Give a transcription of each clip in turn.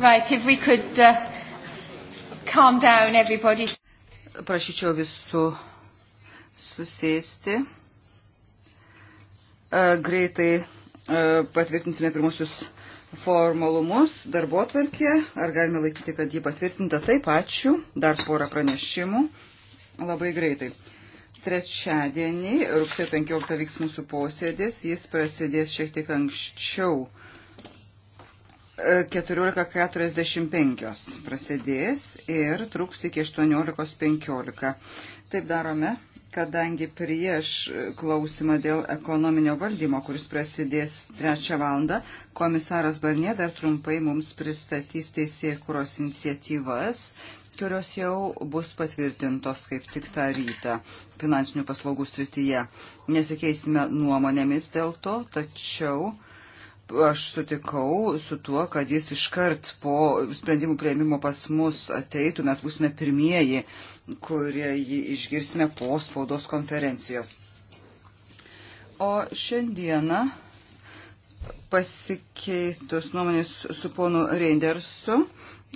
Right, if we could uh, calm down everybody. Prašyčiau visų susėsti. Uh, greitai uh, patvirtinsime pirmusius formalumus darbo tvarkė. Ar galime laikyti, kad ji patvirtinta? Taip, ačiū. Dar porą pranešimų. Labai greitai. Trečiadienį, rugsėjo 15 vyks mūsų posėdis, jis prasidės šiek tiek anksčiau 14.45 prasidės ir truks iki 18.15. Taip darome, kadangi prieš klausimą dėl ekonominio valdymo, kuris prasidės 3 valandą, komisaras Barnė dar trumpai mums pristatys teisėkuros iniciatyvas, kurios jau bus patvirtintos kaip tik tą rytą finansinių paslaugų srityje. Nesikeisime nuomonėmis dėl to, tačiau aš sutikau su tuo, kad jis iškart po sprendimų prieimimo pas mus ateitų, mes būsime pirmieji, kurie jį išgirsime po spaudos konferencijos. O šiandieną pasikeitus nuomonės su ponu Reindersu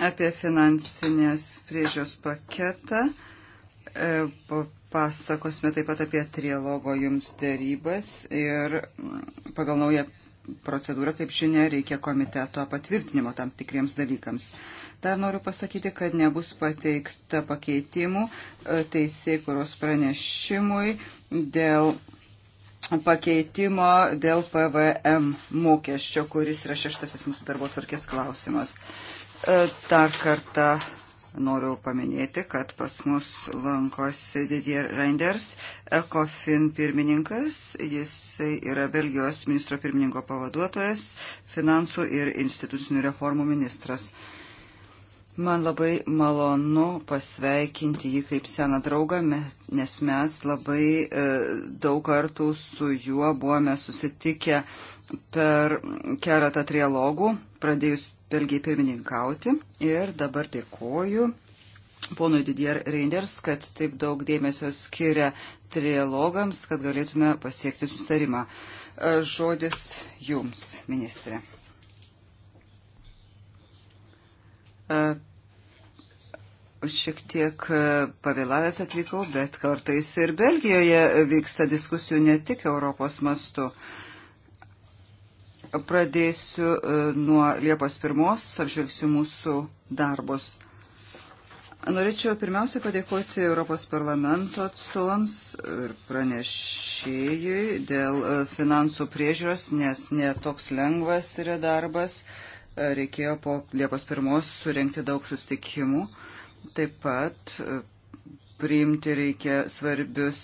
apie finansinės priežios paketą. E, pasakosime taip pat apie trilogo jums dėrybas ir pagal naują procedūrą, kaip žinia, reikia komiteto patvirtinimo tam tikriems dalykams. Dar noriu pasakyti, kad nebus pateikta pakeitimų e, teisėjai, kurios pranešimui dėl pakeitimo dėl PVM mokesčio, kuris yra šeštasis mūsų darbo tvarkės klausimas. E, dar kartą noriu paminėti, kad pas mus lankosi Didier Reinders, ECOFIN pirmininkas, jisai yra Belgijos ministro pirmininko pavaduotojas, finansų ir institucinių reformų ministras. Man labai malonu pasveikinti jį kaip seną draugą, nes mes labai e, daug kartų su juo buvome susitikę per keletą trialogų, pradėjus Belgijai pirmininkauti ir dabar dėkoju ponui Didier Reinders, kad taip daug dėmesio skiria trilogams, kad galėtume pasiekti sustarimą. Žodis jums, ministrė. Šiek tiek pavėlavęs atvykau, bet kartais ir Belgijoje vyksta diskusijų ne tik Europos mastu. Uh, Pradėsiu e, nuo Liepos 1, apžvelgsiu mūsų darbus. Norėčiau pirmiausia padėkoti Europos parlamento atstovams ir pranešėjai dėl e, finansų priežiūros, nes netoks lengvas yra darbas. E, reikėjo po Liepos 1 surinkti daug sustikimų. Taip pat priimti reikia svarbius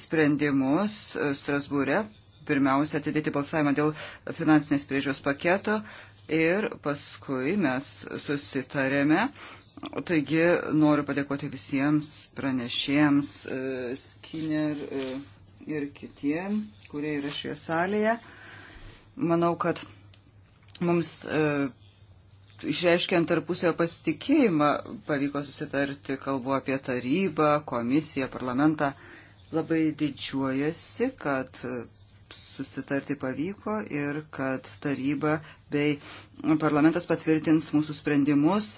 sprendimus Strasbūre pirmiausia atidėti balsavimą dėl finansinės priežios paketo ir paskui mes susitarėme. Taigi noriu padėkoti visiems pranešėjams, e, Skinner e, ir kitiem, kurie yra šioje salėje. Manau, kad mums e, išreiškiant tarpusio pasitikėjimą pavyko susitarti, kalbu apie tarybą, komisiją, parlamentą. Labai didžiuojasi, kad susitarti pavyko ir kad taryba bei parlamentas patvirtins mūsų sprendimus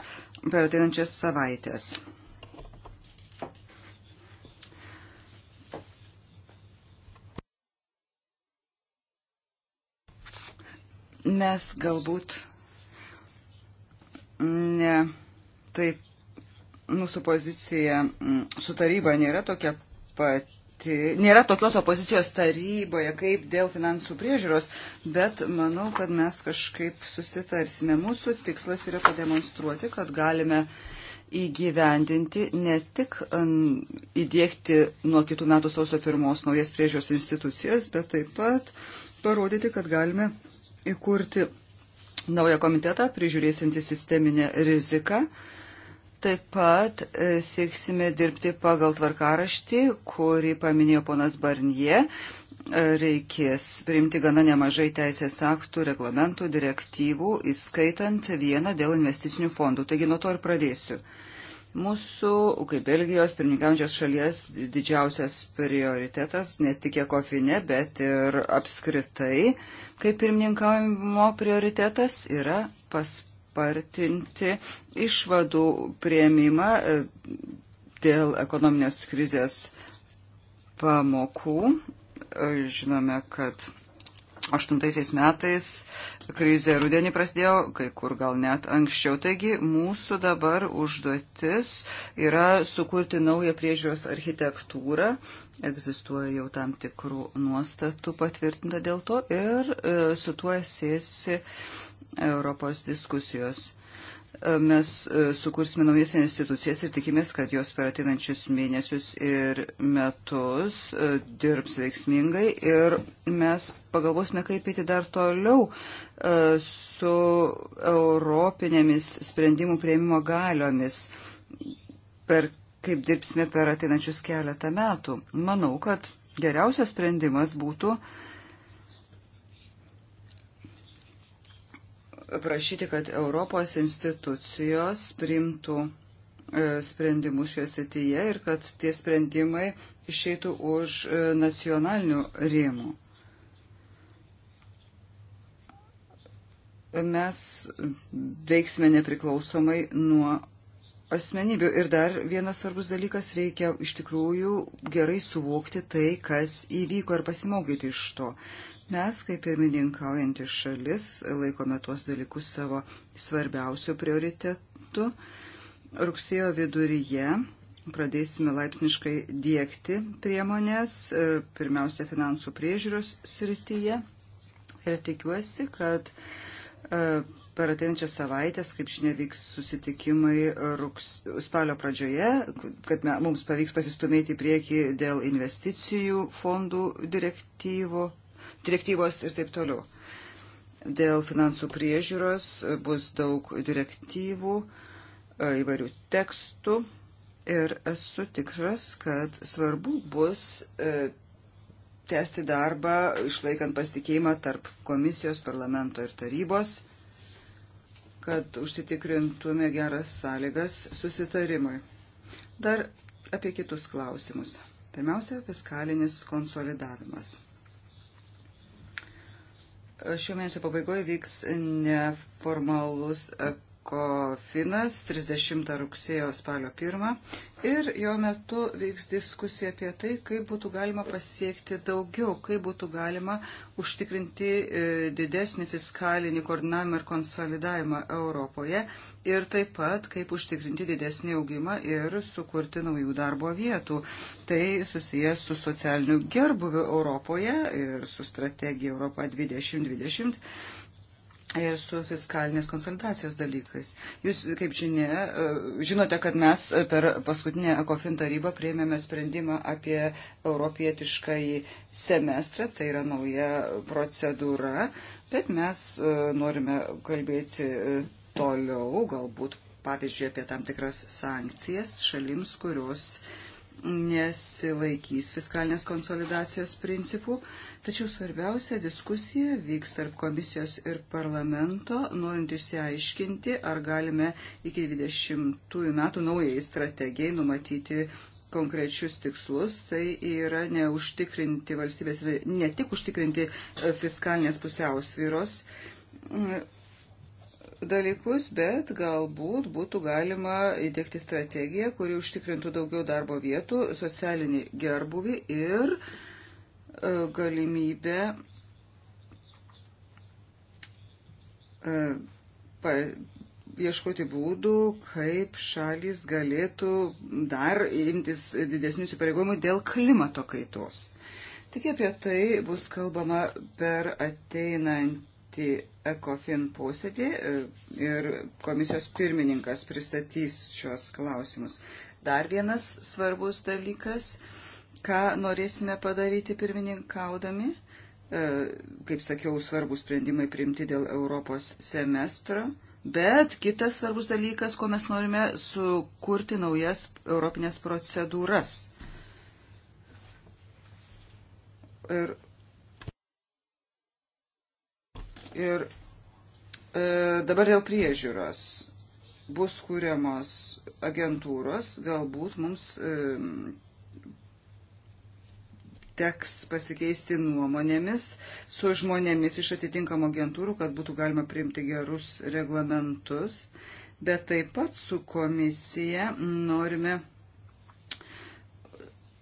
per ateinančias savaitės. mes galbūt ne taip mūsų pozicija mm, su taryba nėra tokia pati pati, nėra tokios opozicijos taryboje kaip dėl finansų priežiūros, bet manau, kad mes kažkaip susitarsime. Mūsų tikslas yra pademonstruoti, kad galime įgyvendinti ne tik įdėkti nuo kitų metų sausio pirmos naujas priežiūros institucijas, bet taip pat parodyti, kad galime įkurti naują komitetą prižiūrėsinti sisteminę riziką Taip pat e, sieksime dirbti pagal tvarkaraštį, kurį paminėjo ponas Barnie. E, reikės priimti gana nemažai teisės aktų, reglamentų, direktyvų, įskaitant vieną dėl investicinių fondų. Taigi nuo to ir pradėsiu. Mūsų, kaip Belgijos pirmininkaujančios šalies, didžiausias prioritetas ne tik ekofine, bet ir apskritai, kaip pirmininkaujimo prioritetas yra pas, paspartinti išvadų prieimimą e, dėl ekonominės krizės pamokų. E, žinome, kad aštuntaisiais metais krizė rudenį prasidėjo, kai kur gal net anksčiau. Taigi mūsų dabar užduotis yra sukurti naują priežiūros architektūrą. Egzistuoja jau tam tikrų nuostatų patvirtinta dėl to ir e, su tuo sėsi Europos diskusijos. E, mes e, sukursime naujas institucijas ir tikimės, kad jos per ateinančius mėnesius ir metus e, dirbs veiksmingai ir mes pagalvosime, kaip įti dar toliau su europinėmis sprendimų prieimimo galiomis, per, kaip dirbsime per ateinančius keletą metų. Manau, kad geriausias sprendimas būtų uh, prašyti, kad Europos institucijos primtų e, sprendimus šioje srityje ir kad tie sprendimai išeitų už e, nacionalinių rėmų. Mes veiksime nepriklausomai nuo asmenybių. Ir dar vienas svarbus dalykas - reikia iš tikrųjų gerai suvokti tai, kas įvyko ir pasimokyti iš to. Mes, kaip pirmininkaujantis šalis, laikome tuos dalykus savo svarbiausių prioritetų. Rugsėjo viduryje pradėsime laipsniškai dėkti priemonės, e, pirmiausia, finansų priežiūros srityje. Ir tikiuosi, kad e, per ateinančią savaitę, kaip žinia, vyks susitikimai rugs, spalio pradžioje, kad me, mums pavyks pasistumėti į priekį dėl investicijų fondų direktyvų direktyvos ir taip toliau. Dėl finansų priežiūros bus daug direktyvų, e, įvairių tekstų ir esu tikras, kad svarbu bus e, tęsti darbą, išlaikant pasitikėjimą tarp komisijos, parlamento ir tarybos, kad užsitikrintume geras sąlygas susitarimui. Dar apie kitus klausimus. Pirmiausia, fiskalinis konsolidavimas. Šiuo mėnesio pabaigoje vyks neformalus kofinas 30 rugsėjo spalio 1. Ir jo metu vyks diskusija apie tai, kaip būtų galima pasiekti daugiau, kaip būtų galima užtikrinti e, didesnį fiskalinį koordinavimą ir konsolidavimą Europoje ir taip pat, kaip užtikrinti didesnį augimą ir sukurti naujų darbo vietų. Tai susijęs su socialiniu gerbuviu Europoje ir su strategija Europa 2020 ir su fiskalinės konsultacijos dalykais. Jūs, kaip žinia, e, žinote, kad mes e, per paskutinę ECOFIN tarybą prieimėme sprendimą apie europietiškąjį semestrą, tai yra nauja procedūra, bet mes e, norime kalbėti toliau, galbūt, pavyzdžiui, apie tam tikras sankcijas šalims, kurios uh, nesilaikys fiskalinės konsolidacijos principų, tačiau svarbiausia diskusija vyks tarp komisijos ir parlamento, norint išsiaiškinti, ar galime iki 20 metų naujai strategijai numatyti konkrečius tikslus, tai yra neužtikrinti valstybės, ne tik užtikrinti fiskalinės pusiausvyros dalykus, bet galbūt būtų galima įdėkti strategiją, kuri užtikrintų daugiau darbo vietų, socialinį gerbuvį ir e, galimybę e, ieškoti būdų, kaip šalis galėtų dar imtis didesnių įsipareigojimų dėl klimato kaitos. Tik apie tai bus kalbama per ateinant kitį ECOFIN posėdį e, ir komisijos pirmininkas pristatys šios klausimus. Dar vienas svarbus dalykas, ką norėsime padaryti pirmininkaudami, e, kaip sakiau, svarbus sprendimai priimti dėl Europos semestro, bet kitas svarbus dalykas, ko mes norime sukurti naujas europinės procedūras. Ir Ir e, dabar dėl priežiūros bus kūriamos agentūros, galbūt mums e, teks pasikeisti nuomonėmis su žmonėmis iš atitinkamų agentūrų, kad būtų galima priimti gerus reglamentus, bet taip pat su komisija norime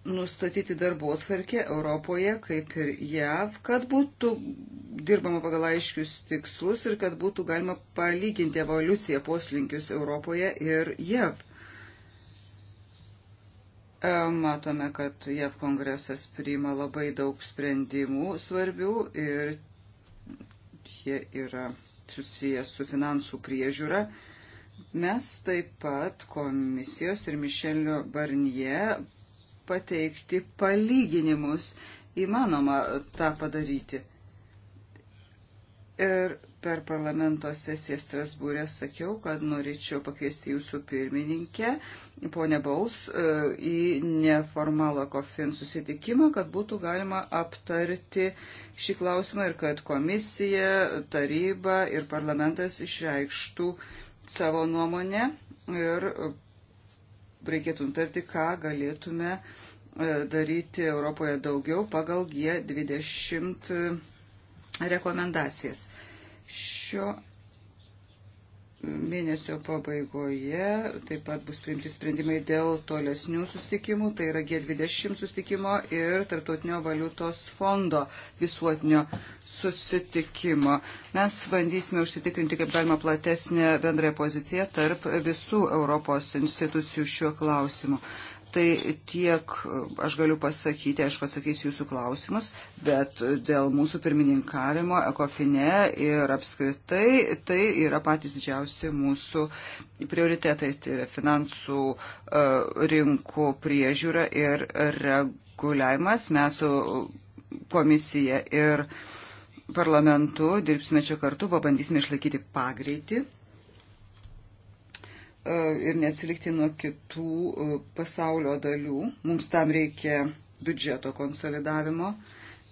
nustatyti darbo atvarkę Europoje, kaip ir JAV, kad būtų dirbama pagal aiškius tikslus ir kad būtų galima palyginti evoliuciją poslinkius Europoje ir JAV. E, matome, kad JAV kongresas priima labai daug sprendimų svarbių ir jie yra susijęs su finansų priežiūra. Mes taip pat komisijos ir Mišelio Barnie pateikti palyginimus. Įmanoma tą padaryti. Ir per parlamento sesiją Strasbūrė sakiau, kad norėčiau pakviesti jūsų pirmininkę, ponę Baus, e, į neformalą kofin susitikimą, kad būtų galima aptarti šį klausimą ir kad komisija, taryba ir parlamentas išreikštų savo nuomonę ir reikėtų nutarti, ką galėtume e, daryti Europoje daugiau pagal G20 e, rekomendacijas. Šio mėnesio pabaigoje taip pat bus priimti sprendimai dėl tolesnių sustikimų, tai yra G20 sustikimo ir Tartautinio valiutos fondo visuotinio susitikimo. Mes bandysime užsitikrinti kaip galima platesnę bendrąją poziciją tarp visų Europos institucijų šiuo klausimu. Tai tiek e, aš galiu pasakyti, aišku, atsakysiu jūsų klausimus, bet dėl mūsų pirmininkavimo ekofine ir apskritai tai yra patys didžiausi mūsų prioritetai, tai yra finansų e, rinkų priežiūra ir reguliavimas. Mes su komisija ir parlamentu dirbsime čia kartu, pabandysime išlaikyti pagreitį E, ir neatsilikti nuo kitų e, pasaulio dalių. Mums tam reikia biudžeto konsolidavimo,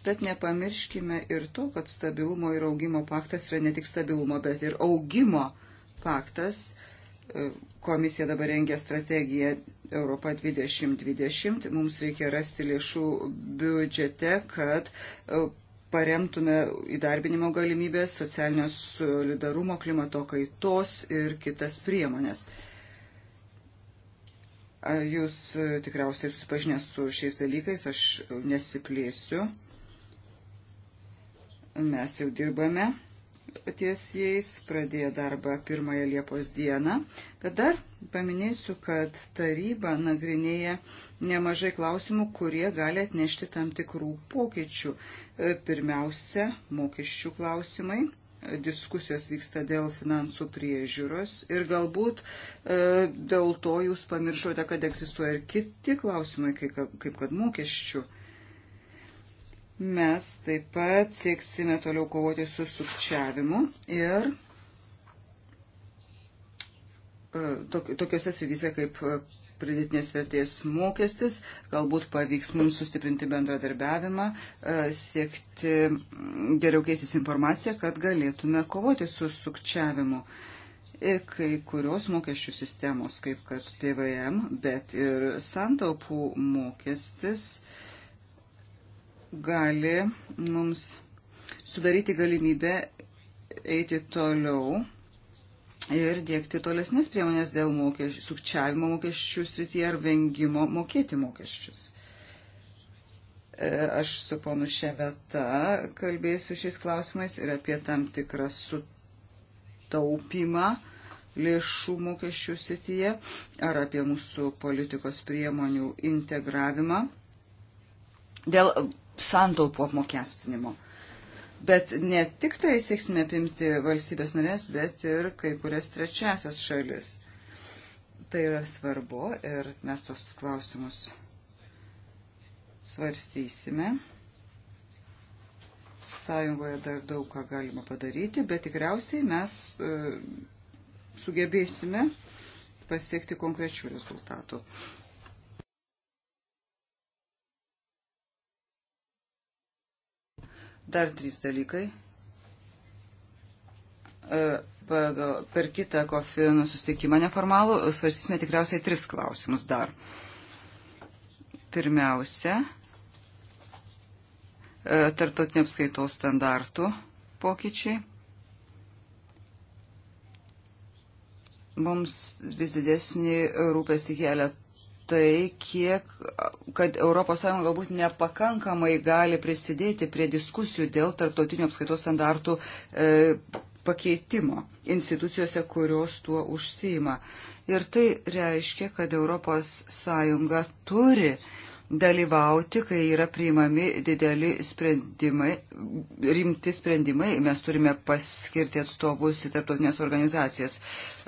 bet nepamirškime ir to, kad stabilumo ir augimo paktas yra ne tik stabilumo, bet ir augimo paktas. E, komisija dabar rengia strategiją Europa 2020. Mums reikia rasti lėšų biudžete, kad paremtume įdarbinimo galimybės, socialinio solidarumo, klimato kaitos ir kitas priemonės. Jūs e, tikriausiai susipažinę su šiais dalykais, aš nesiplėsiu. Mes jau dirbame ties jais pradėjo darbą pirmąją Liepos dieną, bet dar paminėsiu, kad taryba nagrinėja nemažai klausimų, kurie gali atnešti tam tikrų pokyčių. E, pirmiausia, mokesčių klausimai. E, diskusijos vyksta dėl finansų priežiūros ir galbūt e, dėl to jūs pamiršote, kad egzistuoja ir kiti klausimai, kaip, kaip kad mokesčių. E, Mes taip pat sieksime toliau kovoti su sukčiavimu ir e, tokiuose srityse kaip e, pridėtinės vertės mokestis, galbūt pavyks mums sustiprinti bendradarbiavimą, e, siekti geriau keistis informaciją, kad galėtume kovoti su sukčiavimu. Ir kai kurios mokesčių sistemos, kaip kad PVM, bet ir santaupų mokestis, uh, gali mums sudaryti galimybę eiti toliau ir dėkti tolesnės priemonės dėl mokesčių, sukčiavimo mokesčių srityje ar vengimo mokėti mokesčius. E, aš su ponu Ševeta kalbėsiu šiais klausimais ir apie tam tikrą sutaupimą lėšų mokesčių srityje ar apie mūsų politikos priemonių integravimą. Dėl santaupų apmokestinimo. Bet ne tik tai sieksime apimti valstybės narės, bet ir kai kurias trečiasias šalis. Tai yra svarbu ir mes tos klausimus svarstysime. Sąjungoje dar daug ką galima padaryti, bet tikriausiai mes e, sugebėsime pasiekti konkrečių rezultatų. Dar trys dalykai. E, pagal, per kitą kofinų sustikimą neformalų svarstysime tikriausiai tris klausimus dar. Pirmiausia, e, tarptautinio apskaitos standartų pokyčiai. Mums vis didesnį rūpestį kelia tai, kiek, kad ES galbūt nepakankamai gali prisidėti prie diskusijų dėl tarptautinių apskaitos standartų e, pakeitimo institucijose, kurios tuo užsima. Ir tai reiškia, kad ES turi dalyvauti, kai yra priimami dideli sprendimai, rimti sprendimai. Mes turime paskirti atstovus į tarptautinės organizacijas.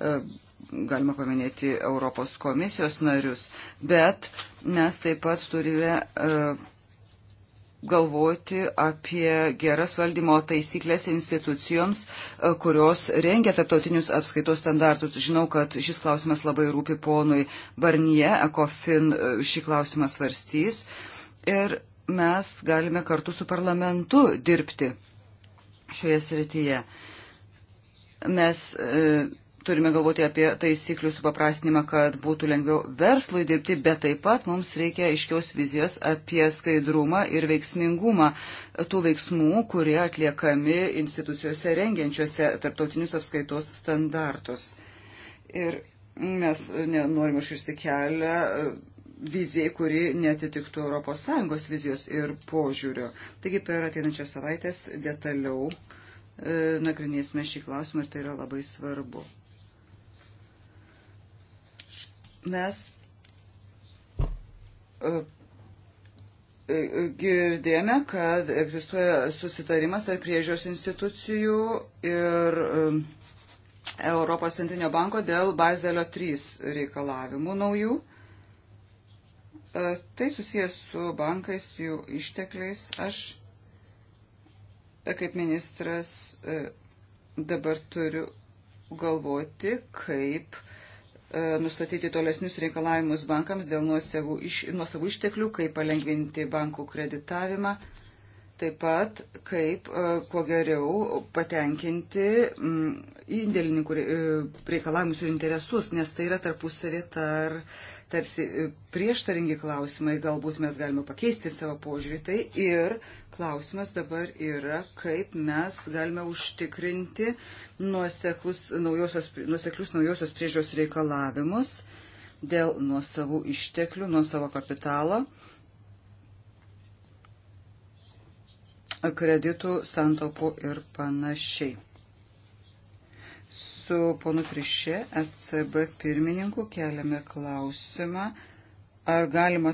E, galima paminėti Europos komisijos narius, bet mes taip pat turime e, galvoti apie geras valdymo taisyklės institucijoms, e, kurios rengia tarptautinius apskaitos standartus. Žinau, kad šis klausimas labai rūpi ponui Barnie, Ekofin e, šį klausimą svarstys ir mes galime kartu su parlamentu dirbti šioje srityje. Mes e, turime galvoti apie taisyklių supaprastinimą, kad būtų lengviau verslui dirbti, bet taip pat mums reikia aiškiaus vizijos apie skaidrumą ir veiksmingumą tų veiksmų, kurie atliekami institucijose rengiančiose tarptautinius apskaitos standartus. Ir mes norime užkirsti kelią e, vizijai, kuri netitiktų ES vizijos ir požiūrio. Taigi per ateinančias savaitės detaliau e, nagrinėsime šį klausimą ir tai yra labai svarbu. Mes e, e, girdėjome, kad egzistuoja susitarimas tarp priežios institucijų ir e, Europos centrinio banko dėl Bazelio 3 reikalavimų naujų. Tai susijęs su bankais, jų ištekliais. Aš kaip ministras dabar turiu galvoti, kaip E, nustatyti tolesnius reikalavimus bankams dėl nuosavų, iš, nuosavų išteklių, kaip palengvinti bankų kreditavimą, taip pat kaip e, kuo geriau patenkinti mm, indėlininkų e, reikalavimus ir interesus, nes tai yra tarpusavė tarp tarsi e, prieštaringi klausimai, galbūt mes galime pakeisti savo požiūrį. Tai ir klausimas dabar yra, kaip mes galime užtikrinti nuoseklius naujosios, nuoseklius naujosios priežios reikalavimus dėl nuosavų išteklių, nuosavo kapitalo, kreditų, santopų ir panašiai su ponu Trišė, ECB pirmininku, keliame klausimą, ar galima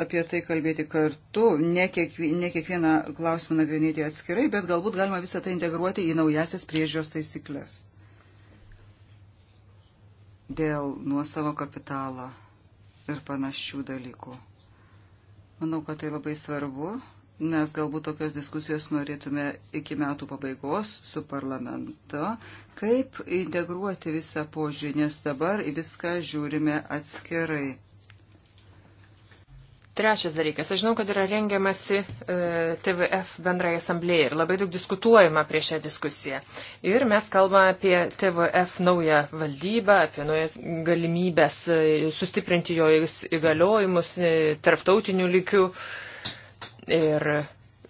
apie tai kalbėti kartu, ne, kiekvi, ne kiekvieną klausimą nagrinėti atskirai, bet galbūt galima visą tai integruoti į naujasias priežios taisyklės dėl nuosavo kapitalo ir panašių dalykų. Manau, kad tai labai svarbu nes galbūt tokios diskusijos norėtume iki metų pabaigos su parlamento, kaip integruoti visą požiūrį, nes dabar į viską žiūrime atskirai. Trečias dalykas. Aš žinau, kad yra rengiamasi e, TVF bendrai asamblėjai ir labai daug diskutuojama prieš šią diskusiją. Ir mes kalbame apie TVF naują valdybą, apie naujas galimybės e, sustiprinti jo įgaliojimus e, tarptautinių lygių. E, Ir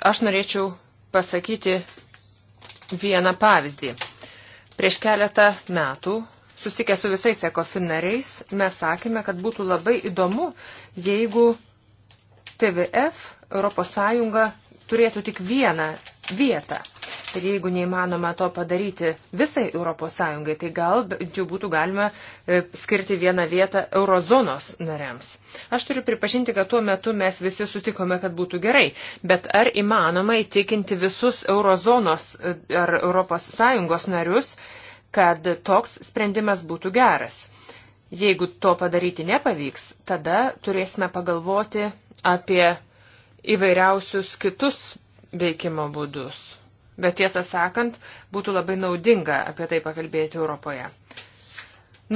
aš norėčiau pasakyti vieną pavyzdį. Prieš keletą metų, susikę su visais ekofinariais, mes sakėme, kad būtų labai įdomu, jeigu TVF ES turėtų tik vieną vietą Ir jeigu neįmanoma to padaryti visai ES, tai gal jau būtų galima e, skirti vieną vietą eurozonos nariams. Aš turiu pripažinti, kad tuo metu mes visi sutikome, kad būtų gerai. Bet ar įmanoma įtikinti visus eurozonos e, ar ES narius, kad toks sprendimas būtų geras? Jeigu to padaryti nepavyks, tada turėsime pagalvoti apie įvairiausius kitus veikimo būdus. Bet tiesą sakant, būtų labai naudinga apie tai pakalbėti Europoje.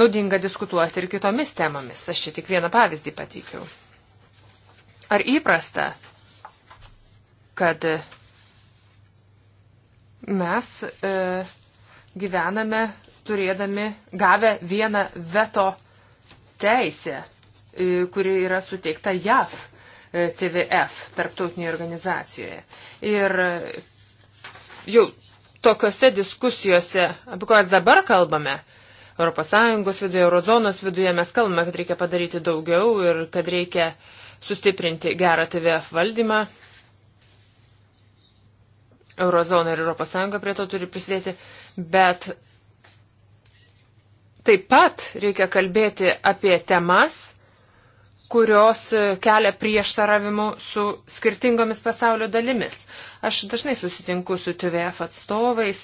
Naudinga diskutuoti ir kitomis temomis. Aš čia tik vieną pavyzdį pateikiau. Ar įprasta, kad mes e, gyvename turėdami, gavę vieną veto teisę, e, kuri yra suteikta JAV? E, TVF, tarptautinėje organizacijoje. Ir jau tokiuose diskusijose, apie kurias dabar kalbame, ES viduje, Eurozonos viduje mes kalbame, kad reikia padaryti daugiau ir kad reikia sustiprinti gerą TVF valdymą. Eurozona ir ES prie to turi prisidėti, bet taip pat reikia kalbėti apie temas, kurios e, kelia prieštaravimų su skirtingomis pasaulio dalimis. Aš dažnai susitinku su TVF atstovais,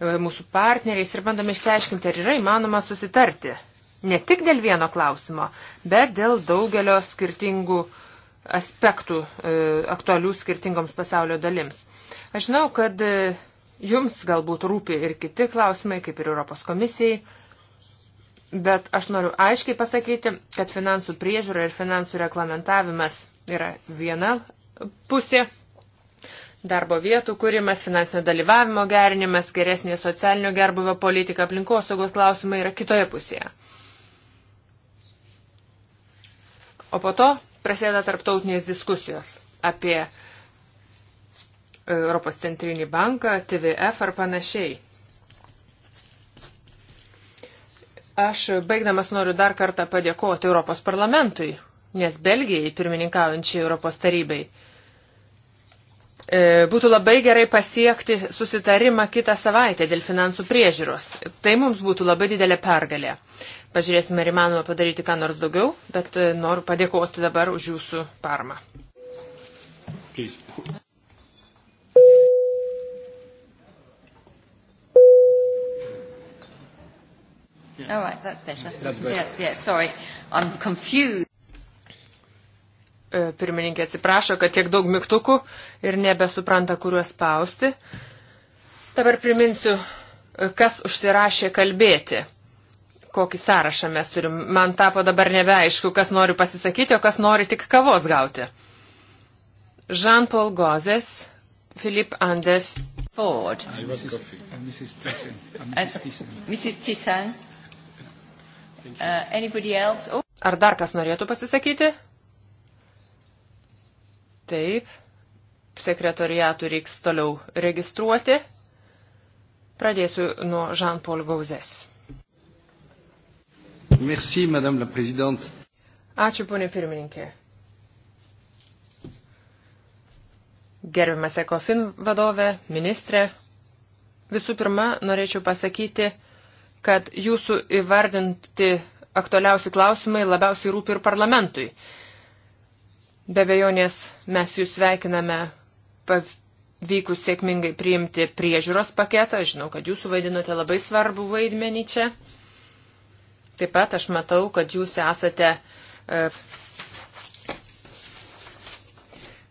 e, mūsų partneriais ir bandome išsiaiškinti, ar yra įmanoma susitarti. Ne tik dėl vieno klausimo, bet dėl daugelio skirtingų aspektų e, aktualių skirtingoms pasaulio dalims. Aš žinau, kad e, jums galbūt rūpi ir kiti klausimai, kaip ir Europos komisijai. Bet aš noriu aiškiai pasakyti, kad finansų priežiūra ir finansų reglamentavimas yra viena pusė. Darbo vietų kūrimas, finansinio dalyvavimo gerinimas, geresnė socialinio gerbuvio politika, aplinkosaugos klausimai yra kitoje pusėje. O po to prasideda tarptautinės diskusijos apie Europos centrinį banką, TVF ar panašiai. Aš baigdamas noriu dar kartą padėkoti Europos parlamentui, nes Belgijai pirmininkaujančiai Europos tarybai. E, būtų labai gerai pasiekti susitarimą kitą savaitę dėl finansų priežiūros. Tai mums būtų labai didelė pergalė. Pažiūrėsime, ar įmanoma padaryti ką nors daugiau, bet e, noriu padėkoti dabar už jūsų parmą. Yeah. All right, that's better. That's better. Yeah, yeah, sorry. I'm confused. E, pirmininkė atsiprašo, kad tiek daug mygtukų ir nebesupranta, kuriuos spausti. Dabar priminsiu, e, kas užsirašė kalbėti, kokį sąrašą mes turim. Man tapo dabar nebeaišku, kas nori pasisakyti, o kas nori tik kavos gauti. Jean-Paul Gozes, Philip Andes. Ford. Mrs. Tissan. Mrs. Uh, Tissan. Uh, oh. Ar dar kas norėtų pasisakyti? Taip. Sekretoriatų reiks toliau registruoti. Pradėsiu nuo Jean-Paul Gauzes. Merci, Madame la Présidente. Ačiū, ponė pirmininkė. Gerbiamas Ekofin vadovė, ministrė, visų pirma, norėčiau pasakyti, kad jūsų įvardinti aktualiausi klausimai labiausiai rūpi ir parlamentui. Be bejonės mes jūs sveikiname pavykus sėkmingai priimti priežiūros paketą. Žinau, kad jūs vaidinote labai svarbų vaidmenį čia. Taip pat aš matau, kad jūs esate e,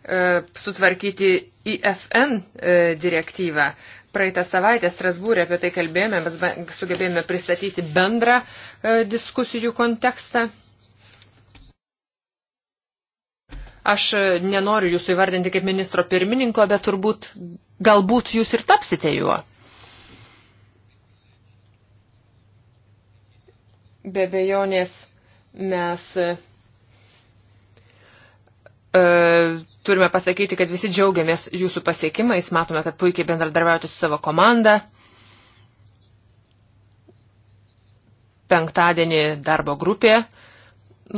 e, sutvarkyti IFN e, direktyvą. Praeitą savaitę Strasbūrė apie tai kalbėjome, mes sugebėjome pristatyti bendrą e, diskusijų kontekstą. Aš e, nenoriu jūsų įvardinti kaip ministro pirmininko, bet turbūt galbūt jūs ir tapsite juo. Be bejonės mes. E, E, turime pasakyti, kad visi džiaugiamės jūsų pasiekimais, matome, kad puikiai bendradarbiaujate su savo komanda. Penktadienį darbo grupė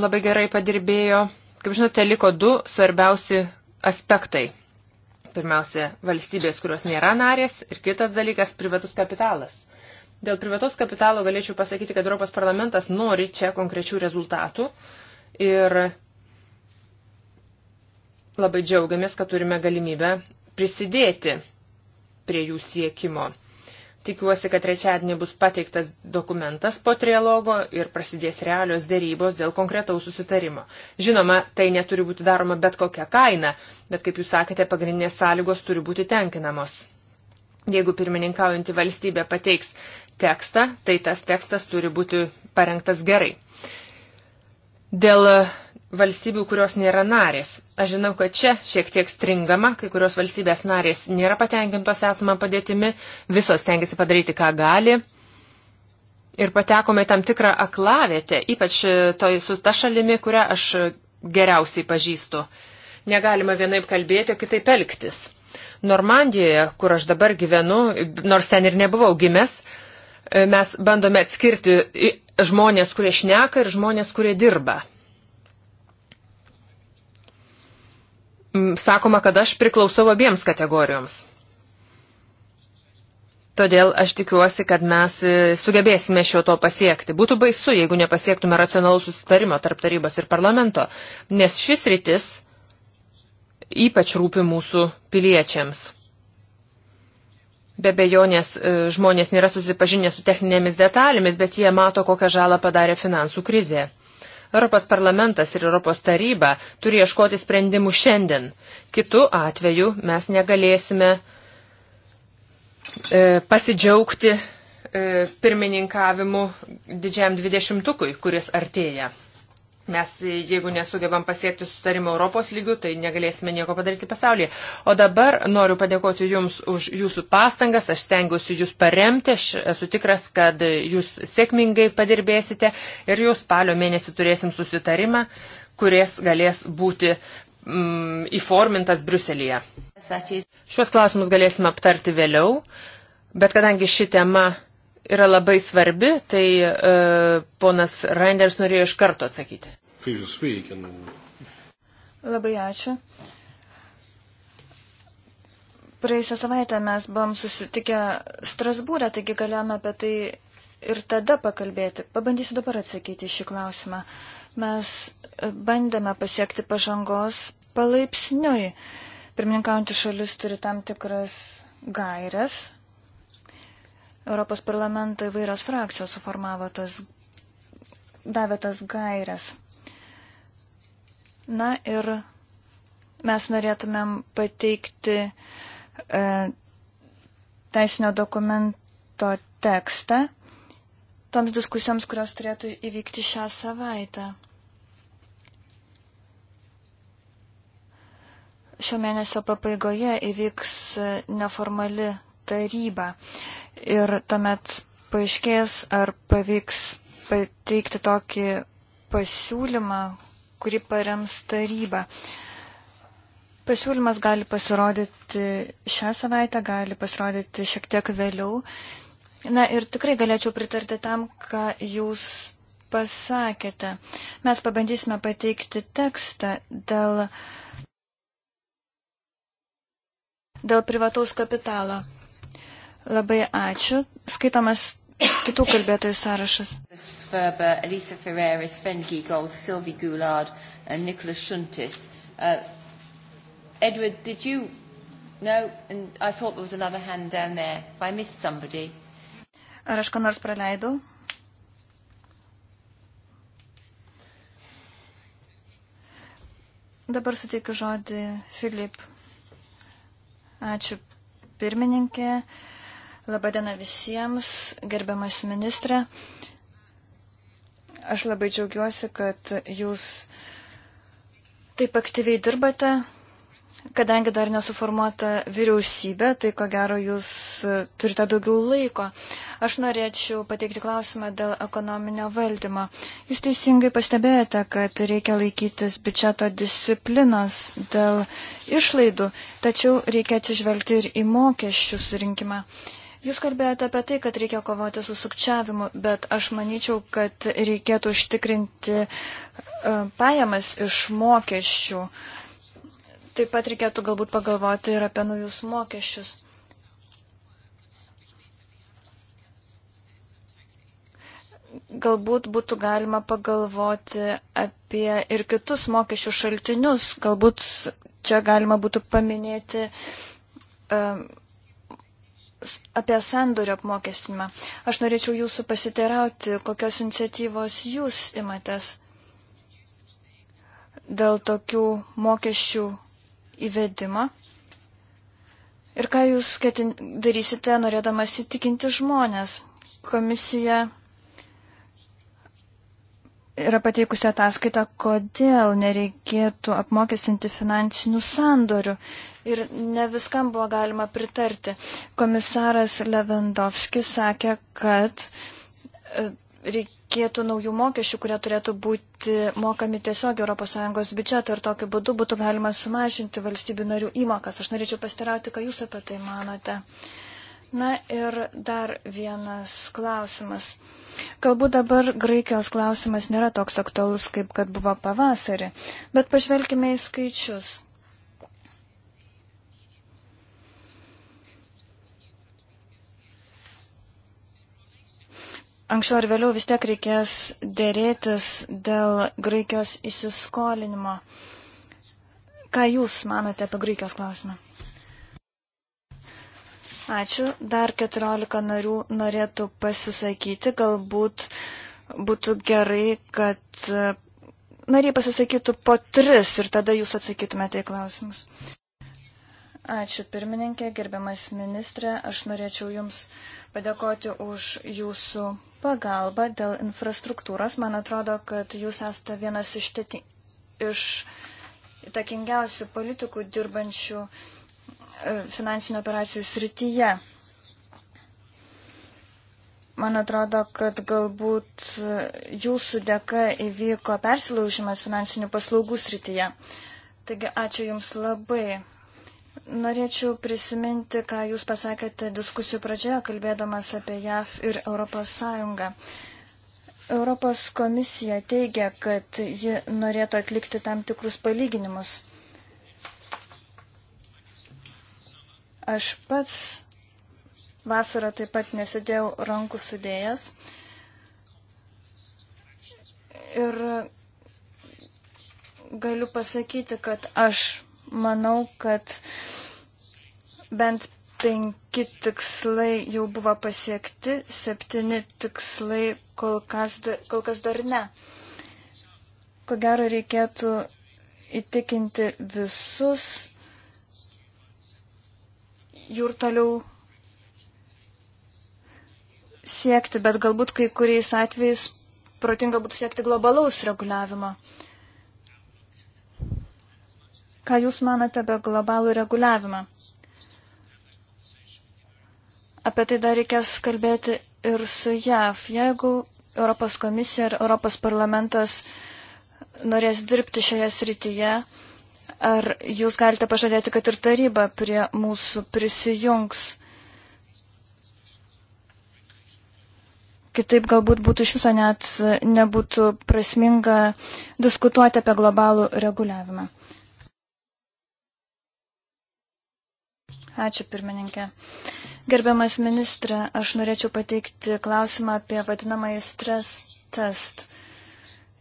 labai gerai padirbėjo. Kaip žinote, liko du svarbiausi aspektai. Pirmiausia, valstybės, kurios nėra narės ir kitas dalykas - privatus kapitalas. Dėl privataus kapitalo galėčiau pasakyti, kad Europos parlamentas nori čia konkrečių rezultatų ir Labai džiaugiamės, kad turime galimybę prisidėti prie jų siekimo. Tikiuosi, kad trečiadienį bus pateiktas dokumentas po trialogo ir prasidės realios dėrybos dėl konkretaus susitarimo. Žinoma, tai neturi būti daroma bet kokia kaina, bet kaip jūs sakėte, pagrindinės sąlygos turi būti tenkinamos. Jeigu pirmininkaujanti valstybė pateiks tekstą, tai tas tekstas turi būti parengtas gerai. Dėl valstybių, kurios nėra narės. Aš žinau, kad čia šiek tiek stringama, kai kurios valstybės narės nėra patenkintos esama padėtimi, visos tengiasi padaryti, ką gali. Ir patekome tam tikrą aklavietę, ypač e, toj, su ta šalimi, kurią aš geriausiai pažįstu. Negalima vienaip kalbėti, o kitaip elgtis. Normandijoje, kur aš dabar gyvenu, nors ten ir nebuvau gimęs, e, mes bandome atskirti žmonės, kurie šneka ir žmonės, kurie dirba. sakoma, kad aš priklausau abiems kategorijoms. Todėl aš tikiuosi, kad mes e, sugebėsime šio to pasiekti. Būtų baisu, jeigu nepasiektume racionalų susitarimo tarp tarybos ir parlamento, nes šis rytis ypač rūpi mūsų piliečiams. Be bejonės e, žmonės nėra susipažinę su techninėmis detalėmis, bet jie mato, kokią žalą padarė finansų krizė. Europos parlamentas ir Europos taryba turi ieškoti sprendimų šiandien. Kitu atveju mes negalėsime e, pasidžiaugti e, pirmininkavimu didžiam dvidešimtukui, kuris artėja. Mes, jeigu nesugebam pasiekti sustarimą Europos lygių, tai negalėsime nieko padaryti pasaulyje. O dabar noriu padėkoti Jums už Jūsų pastangas, aš stengiuosi Jūs paremti, aš esu tikras, kad Jūs sėkmingai padirbėsite ir Jūs spalio mėnesį turėsim susitarimą, kuris galės būti mm, įformintas Bruselėje. Šiuos klausimus galėsime aptarti vėliau, bet kadangi ši tema yra labai svarbi, tai e, ponas Reinders norėjo iš karto atsakyti. Labai ačiū. Praėjusią savaitę mes buvom susitikę Strasbūrę, taigi galėjome apie tai ir tada pakalbėti. Pabandysiu dabar atsakyti šį klausimą. Mes bandėme pasiekti pažangos palaipsniui. Pirmininkaujantį šalis turi tam tikras gairias, Europos parlamento įvairios frakcijos suformavo tas, davė tas gairias. Na ir mes norėtumėm pateikti e, teisinio dokumento tekstą toms diskusijoms, kurios turėtų įvykti šią savaitę. Šio mėnesio pabaigoje įvyks neformali taryba ir tuomet paaiškės, ar pavyks pateikti tokį pasiūlymą, kurį parems taryba. Pasiūlymas gali pasirodyti šią savaitę, gali pasirodyti šiek tiek vėliau. Na ir tikrai galėčiau pritarti tam, ką jūs pasakėte. Mes pabandysime pateikti tekstą dėl, dėl privataus kapitalo. Labai ačiū. Skaitomas kitų kalbėtojų sąrašas. Ferber, Elisa Ferreira, Sven Giegold, Sylvie Goulard and Nicholas Shuntis. Uh, Edward, did you? No, and I thought there was another hand down there. If I missed somebody. Ar aš ką nors praleidau? Dabar suteikiu žodį Filip. Ačiū pirmininkė. Uh, Labadiena visiems, gerbiamas ministrė. Aš labai džiaugiuosi, kad jūs taip aktyviai dirbate. Kadangi dar nesuformuota vyriausybė, tai ko gero jūs turite daugiau laiko. Aš norėčiau pateikti klausimą dėl ekonominio valdymo. Jūs teisingai pastebėjote, kad reikia laikytis biudžeto disciplinos dėl išlaidų, tačiau reikia atsižvelgti ir į mokesčių surinkimą. Uh, Jūs kalbėjote apie tai, kad reikia kovoti su sukčiavimu, bet aš manyčiau, kad reikėtų užtikrinti e, pajamas iš mokesčių. Taip pat reikėtų galbūt pagalvoti ir apie naujus mokesčius. Galbūt būtų galima pagalvoti apie ir kitus mokesčių šaltinius. Galbūt čia galima būtų paminėti. Um, apie sandorio apmokestinimą. Aš norėčiau jūsų pasiteirauti, kokios iniciatyvos jūs imatės dėl tokių mokesčių įvedimo. Ir ką jūs ketin, darysite, norėdamas įtikinti žmonės? Komisija yra pateikusi ataskaitą, kodėl nereikėtų apmokestinti finansinių sandorių. Ir ne viskam buvo galima pritarti. Komisaras Levendovskis sakė, kad e, reikėtų naujų mokesčių, kurie turėtų būti mokami tiesiog ES biudžeto ir tokiu būdu būtų galima sumažinti valstybių narių įmokas. Aš norėčiau pastirauti, ką Jūs apie tai manote. Uh, Na ir dar vienas klausimas. Galbūt dabar Graikijos klausimas nėra toks aktualus, kaip kad buvo pavasarį, bet pažvelkime į skaičius. Anksčiau ar vėliau vis tiek reikės dėrėtis dėl Graikijos įsiskolinimo. Ką Jūs manote apie Graikijos klausimą? Ačiū. Dar 14 narių norėtų pasisakyti. Galbūt būtų gerai, kad e, nariai pasisakytų po tris ir tada jūs atsakytumėte į klausimus. Ačiū pirmininkė, gerbiamas ministrė. Aš norėčiau Jums padėkoti už Jūsų pagalbą dėl infrastruktūros. Man atrodo, kad Jūs esate vienas iš, tėti, iš įtakingiausių politikų dirbančių E, finansinio operacijų srityje. Man atrodo, kad galbūt jūsų dėka įvyko persilaužimas finansinių paslaugų srityje. Taigi ačiū Jums labai. Norėčiau prisiminti, ką Jūs pasakėte diskusijų pradžioje, kalbėdamas apie JAV ir Europos Sąjungą. Europos komisija teigia, kad ji norėtų atlikti tam tikrus palyginimus. Aš pats vasarą taip pat nesidėjau rankų sudėjęs. Ir galiu pasakyti, kad aš manau, kad bent penki tikslai jau buvo pasiekti, septyni tikslai kol kas, kol kas dar ne. Ko gero reikėtų įtikinti visus jų ir toliau siekti, bet galbūt kai kuriais atvejais protinga būtų siekti globalaus reguliavimo. Ką Jūs manate apie globalų reguliavimą? Apie tai dar reikės kalbėti ir su JAV. Jeigu Europos komisija ir Europos parlamentas norės dirbti šioje srityje, Ar jūs galite pažadėti, kad ir taryba prie mūsų prisijungs? Kitaip galbūt būtų iš viso net nebūtų prasminga diskutuoti apie globalų reguliavimą. Ačiū pirmininkė. Gerbiamas ministrė, aš norėčiau pateikti klausimą apie vadinamąjį stres test.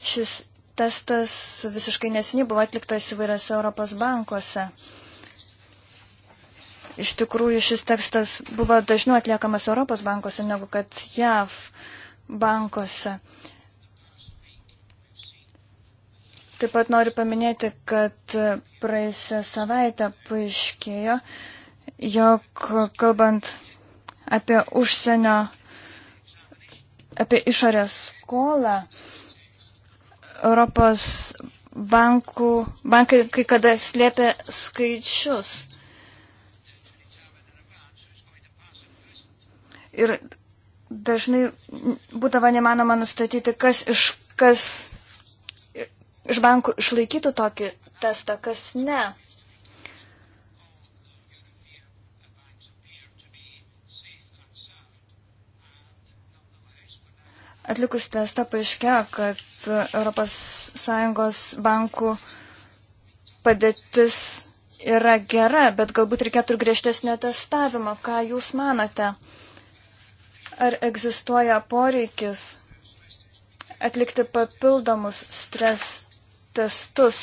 Šis testas visiškai nesiniai buvo atliktas įvairiose Europos bankuose. Iš tikrųjų, šis tekstas buvo dažniau atliekamas Europos bankuose negu kad JAV bankuose. Taip pat noriu paminėti, kad praėjusią savaitę paaiškėjo, jog kalbant apie užsienio, apie išorės skolą, uh, Europos bankų, bankai kai kada slėpė skaičius. Ir dažnai būdavo nemanoma nustatyti, kas iš, kas iš bankų išlaikytų tokį testą, kas ne. Atlikus testą paaiškėjo, kad ES bankų padėtis yra gera, bet galbūt reikėtų ir griežtesnio testavimo. Ką Jūs manote? Ar egzistuoja poreikis atlikti papildomus stres testus?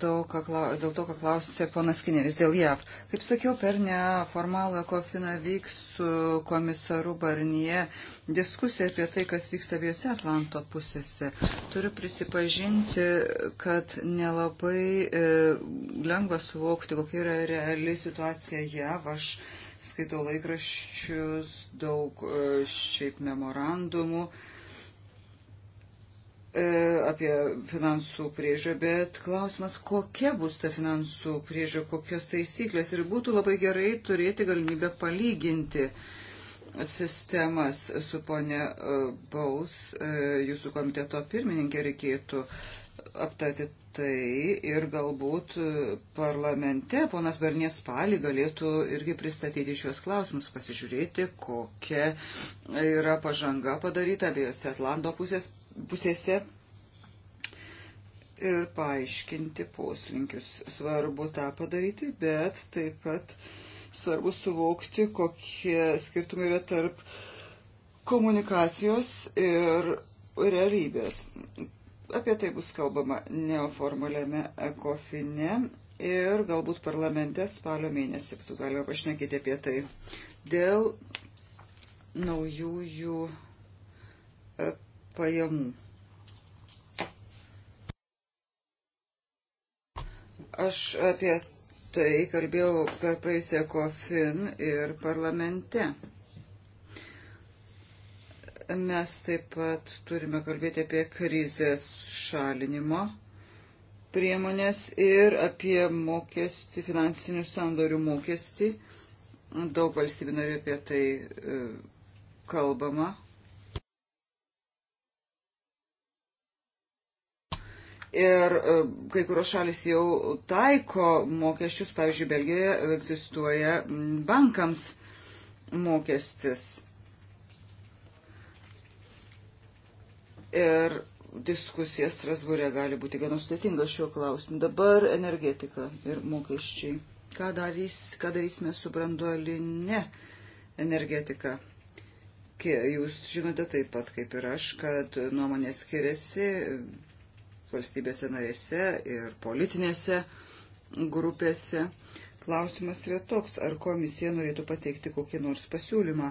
to, ką, dėl to, ką klausė ponas Kineris, dėl JAV. Kaip sakiau, per neformalą kofiną vyks su komisaru Barnie diskusija apie tai, kas vyksta abiejose Atlanto pusėse. Turiu prisipažinti, kad nelabai e, lengva suvokti, kokia yra reali situacija JAV. Aš skaitau laikraščius, daug e, šiaip memorandumų. E, E, apie finansų priežą, bet klausimas, kokia bus ta finansų priežą, kokios taisyklės. Ir būtų labai gerai turėti galimybę palyginti sistemas su ponė e, Baus, e, jūsų komiteto pirmininkė reikėtų aptarti tai ir galbūt parlamente ponas Bernės Spalį galėtų irgi pristatyti šios klausimus, pasižiūrėti, kokia yra pažanga padaryta abiejose Atlanto pusės pusėse ir paaiškinti poslinkius. Svarbu tą padaryti, bet taip pat svarbu suvokti, kokie skirtumai yra tarp komunikacijos ir realybės. Apie tai bus kalbama neoformaliame ekofine ir galbūt parlamente spalio mėnesį būtų galima pašnekėti apie tai. Dėl naujųjų pajamų. Aš apie tai kalbėjau per praeisę kofin ir parlamente. Mes taip pat turime kalbėti apie krizės šalinimo priemonės ir apie mokestį, finansinių sandorių mokestį. Daug valstybių narių apie tai e, kalbama, Ir e, kai kurios šalis jau taiko mokesčius, pavyzdžiui, Belgijoje egzistuoja bankams mokestis. Ir diskusija Strasbūrė gali būti gana sudėtinga šiuo klausimu. Dabar energetika ir mokesčiai. Ką, darys, ką darysime su branduolinė energetika? Jūs žinote taip pat kaip ir aš, kad nuomonės skiriasi, valstybėse narėse ir politinėse grupėse. Klausimas yra toks, ar komisija norėtų pateikti kokį nors pasiūlymą.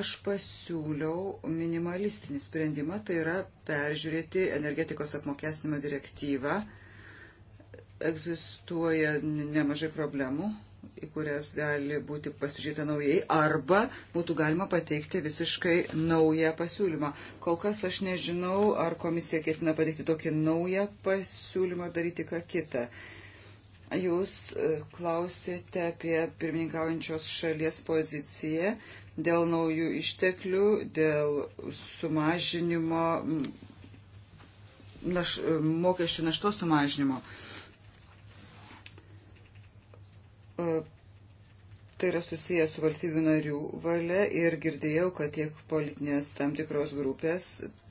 Aš pasiūliau minimalistinį sprendimą, tai yra peržiūrėti energetikos apmokestinimo direktyvą. Egzistuoja nemažai problemų į kurias gali būti pasižiūrėta naujai, arba būtų galima pateikti visiškai naują pasiūlymą. Kol kas aš nežinau, ar komisija ketina pateikti tokį naują pasiūlymą daryti ką kitą. Jūs e, klausėte apie pirmininkaujančios šalies poziciją dėl naujų išteklių, dėl sumažinimo, naš, e, mokesčių našto sumažinimo e, tai yra susijęs su valstybių narių valia ir girdėjau, kad tiek politinės tam tikros grupės,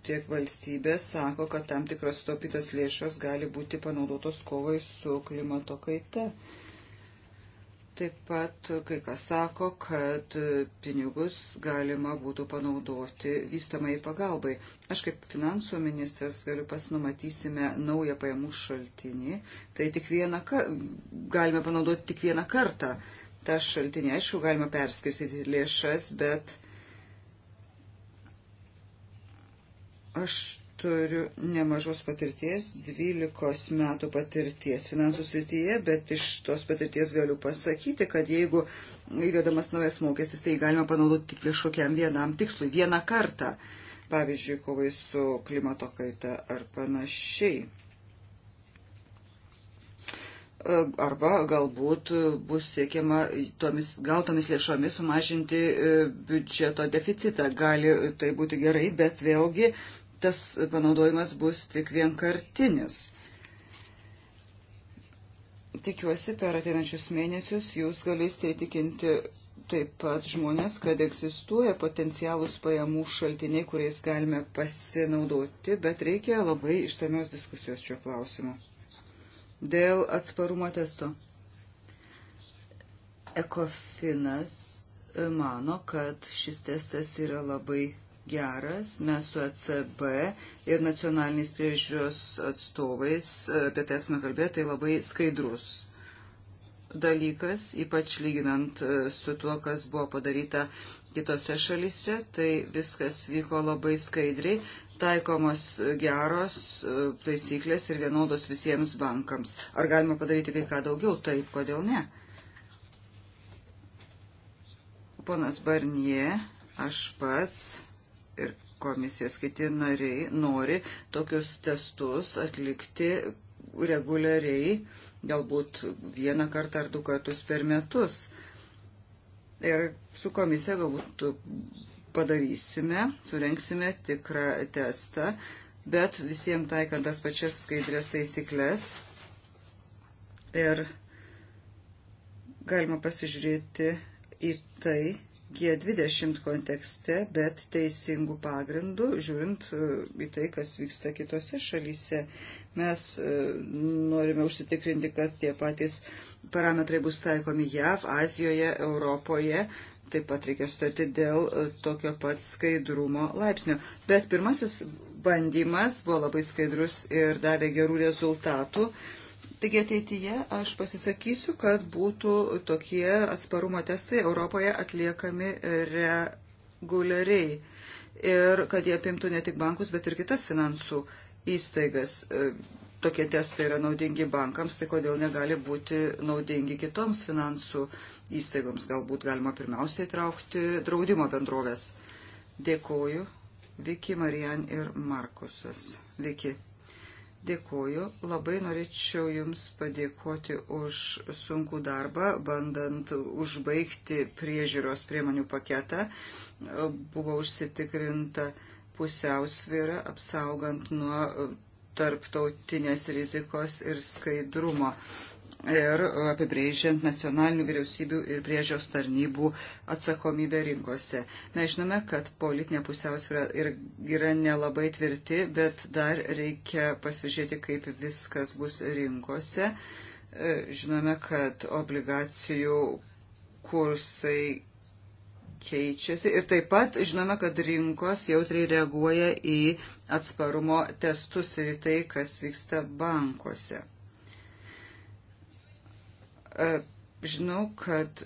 tiek valstybės sako, kad tam tikros stopytos lėšos gali būti panaudotos kovai su klimato kaita. Taip pat kai kas sako, kad pinigus galima būtų panaudoti vystamai pagalbai. Aš kaip finansų ministras galiu pasinumatysime naują pajamų šaltinį. Tai tik vieną, galime panaudoti tik vieną kartą tą šaltinį. Aišku, galima perskirstyti lėšas, bet aš turiu nemažos patirties, 12 metų patirties finansų srityje, bet iš tos patirties galiu pasakyti, kad jeigu įvedamas naujas mokestis, tai galima panaudoti tik kažkokiam vienam tikslui, vieną kartą, pavyzdžiui, kovai su klimato kaita ar panašiai. E, arba galbūt bus siekiama tomis gautomis lėšomis sumažinti e, biudžeto deficitą. Gali tai būti gerai, bet vėlgi tas panaudojimas bus tik vienkartinis. Tikiuosi, per ateinančius mėnesius jūs galėsite įtikinti taip pat žmonės, kad egzistuoja potencialūs pajamų šaltiniai, kuriais galime pasinaudoti, bet reikia labai išsamios diskusijos šiuo klausimu dėl atsparumo testo. Ekofinas e, mano, kad šis testas yra labai geras. Mes su ECB ir nacionaliniais priežiūros atstovais e, apie tai esame kalbėję, tai labai skaidrus dalykas, ypač lyginant e, su tuo, kas buvo padaryta kitose šalise, tai viskas vyko labai skaidriai taikomos geros e, taisyklės ir vienodos visiems bankams. Ar galima padaryti kai ką daugiau? Taip, kodėl ne? Ponas Barnie, aš pats ir komisijos kiti nariai nori tokius testus atlikti reguliariai, galbūt vieną kartą ar du kartus per metus. Ir su komisija galbūt padarysime, surenksime tikrą testą, bet visiems taikant tas pačias skaidrės taisyklės. Ir galima pasižiūrėti į tai G20 kontekste, bet teisingų pagrindų, žiūrint e, į tai, kas vyksta kitose šalyse. Mes e, norime užsitikrinti, kad tie patys parametrai bus taikomi JAV, Azijoje, Europoje, taip pat reikia sutarti dėl e, tokio pat skaidrumo laipsnio. Bet pirmasis bandymas buvo labai skaidrus ir davė gerų rezultatų. Taigi ateityje aš pasisakysiu, kad būtų tokie atsparumo testai Europoje atliekami reguliariai ir kad jie apimtų ne tik bankus, bet ir kitas finansų įstaigas. E, tokie testai yra naudingi bankams, tai kodėl negali būti naudingi kitoms finansų įstaigoms. Galbūt galima pirmiausiai traukti draudimo bendrovės. Dėkoju. Viki, Marijan ir Markusas. Viki. Dėkoju. Labai norėčiau Jums padėkoti už sunkų darbą, bandant užbaigti priežiūros priemonių paketą. Buvo užsitikrinta pusiausvyrą, apsaugant nuo tarptautinės rizikos ir skaidrumo ir apibrėžiant nacionalinių vyriausybių ir priežios tarnybų atsakomybę rinkose. Mes žinome, kad politinė pusiausvyrė yra nelabai tvirti, bet dar reikia pasižiūrėti, kaip viskas bus rinkose. E, žinome, kad obligacijų kursai keičiasi ir taip pat žinome, kad rinkos jautriai reaguoja į atsparumo testus ir į tai, kas vyksta bankuose. E, žinau, kad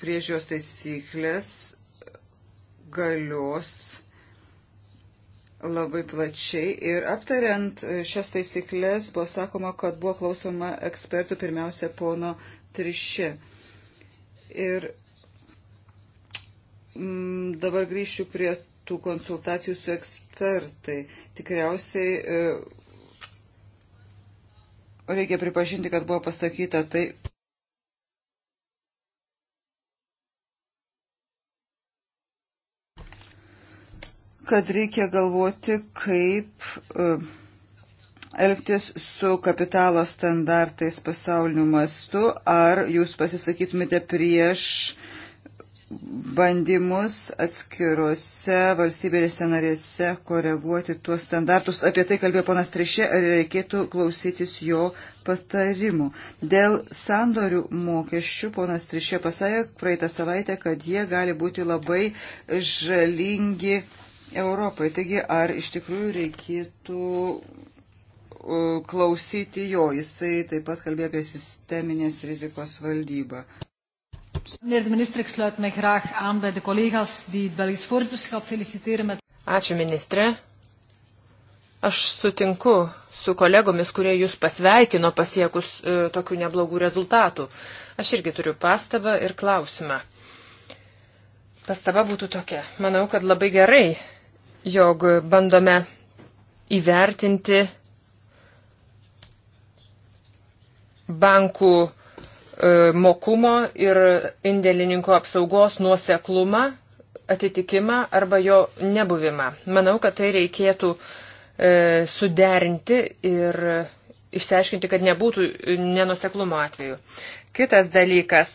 priežios taisyklės galios labai plačiai ir aptariant šias taisyklės buvo sakoma, kad buvo klausoma ekspertų pirmiausia pono Trišė. Ir Mm, dabar grįšiu prie tų konsultacijų su ekspertai. Tikriausiai e, reikia pripažinti, kad buvo pasakyta tai. kad reikia galvoti, kaip uh, elgtis su kapitalo standartais pasauliniu mastu, ar jūs pasisakytumėte prieš uh, bandymus atskiruose valstybėse narėse koreguoti tuos standartus. Apie tai kalbėjo ponas Trišė, ar reikėtų klausytis jo patarimų. Dėl sandorių mokesčių ponas Trišė pasakė praeitą savaitę, kad jie gali būti labai žalingi Europai. Taigi, ar iš tikrųjų reikėtų klausyti jo. Jisai taip pat kalbėjo apie sisteminės rizikos valdybą. Meneer de minister, ik sluit mij graag aan bij de collega's die het Belgisch voorzitterschap feliciteren met. Ačiū ministrė. Aš sutinku su kolegomis, kurie jūs pasveikino pasiekus e, tokių neblogų rezultatų. Aš irgi turiu pastabą ir klausimą. Pastaba būtų tokia. Manau, kad labai gerai, jog bandome įvertinti bankų E, mokumo ir indėlininko apsaugos nuoseklumą, atitikimą arba jo nebuvimą. Manau, kad tai reikėtų e, suderinti ir išsiaiškinti, kad nebūtų nenuseklumo atveju. Kitas dalykas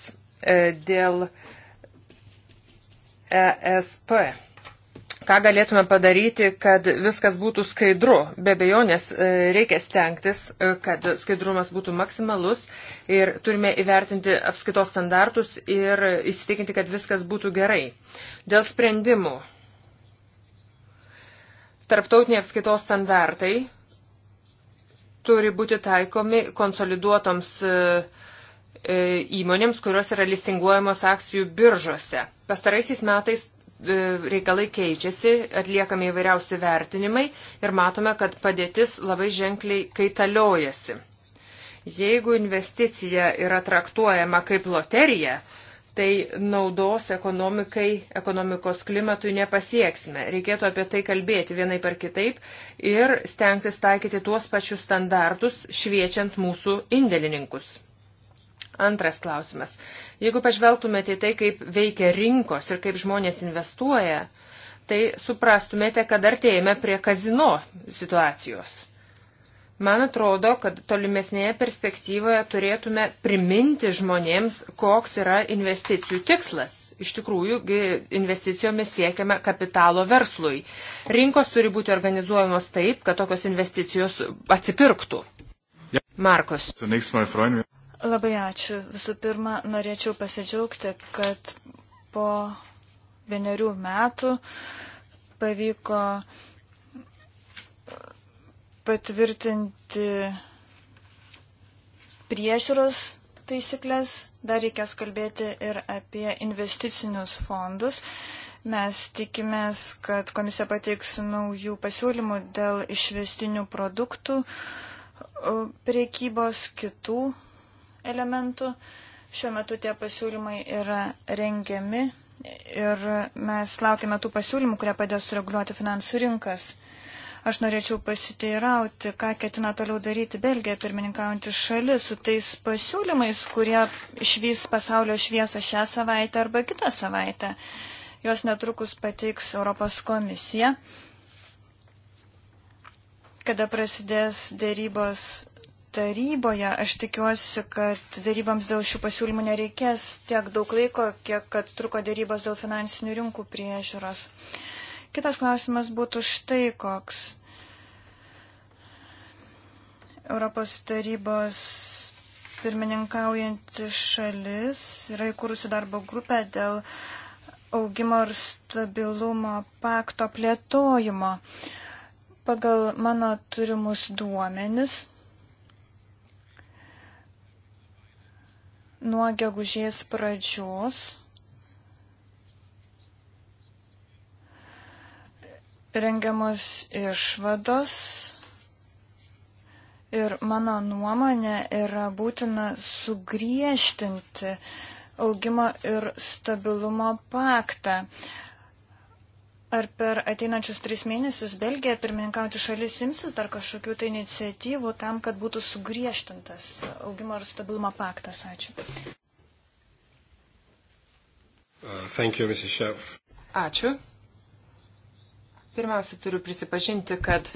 e, dėl ESP ką galėtume padaryti, kad viskas būtų skaidru. Be bejonės e, reikia stengtis, e, kad skaidrumas būtų maksimalus ir turime įvertinti apskaitos standartus ir įsitikinti, kad viskas būtų gerai. Dėl sprendimų. Tarptautiniai apskaitos standartai turi būti taikomi konsoliduotoms e, įmonėms, kurios yra listinguojamos akcijų biržose. Pastaraisiais metais E, reikalai keičiasi, atliekami įvairiausi vertinimai ir matome, kad padėtis labai ženkliai kaitaliojasi. Jeigu investicija yra traktuojama kaip loterija, tai naudos ekonomikai, ekonomikos klimatui nepasieksime. Reikėtų apie tai kalbėti vienai par kitaip ir stengtis taikyti tuos pačius standartus, šviečiant mūsų indėlininkus. Antras klausimas. Jeigu pažvelgtumėte į tai, kaip veikia rinkos ir kaip žmonės investuoja, tai suprastumėte, kad artėjame prie kazino situacijos. Man atrodo, kad tolimesnėje perspektyvoje turėtume priminti žmonėms, koks yra investicijų tikslas. Iš tikrųjų, investicijomis siekiame kapitalo verslui. Rinkos turi būti organizuojamos taip, kad tokios investicijos atsipirktų. Markus. Labai ačiū. Visų pirma, norėčiau pasidžiaugti, kad po vienerių metų pavyko patvirtinti priežiūros taisyklės. Dar reikės kalbėti ir apie investicinius fondus. Mes tikimės, kad komisija pateiks naujų pasiūlymų dėl išvestinių produktų priekybos kitų elementų. Šiuo metu tie pasiūlymai yra rengiami ir mes laukiame tų pasiūlymų, kurie padės sureguliuoti finansų rinkas. Aš norėčiau pasiteirauti, ką ketina toliau daryti Belgija pirmininkaujantį šalį su tais pasiūlymais, kurie išvys pasaulio šviesą šią savaitę arba kitą savaitę. Jos netrukus pateiks Europos komisija, kada prasidės dėrybos taryboje. Aš tikiuosi, kad darybams dėl šių pasiūlymų nereikės tiek daug laiko, kiek kad truko darybos dėl finansinių rinkų priežiūros. Kitas klausimas būtų štai koks. Europos tarybos pirmininkaujanti šalis yra įkūrusi darbo grupę dėl augimo ir stabilumo pakto plėtojimo. Pagal mano turimus duomenis nuo gegužės pradžios rengiamos išvados ir mano nuomonė yra būtina sugriežtinti augimo ir stabilumo paktą. Ar per ateinančius tris mėnesius Belgija pirmininkauti šalis imsis dar kažkokių tai iniciatyvų tam, kad būtų sugriežtintas augimo ir stabilumo paktas? Ačiū. Uh, thank you, Mrs. Chef. Ačiū. Pirmiausia, turiu prisipažinti, kad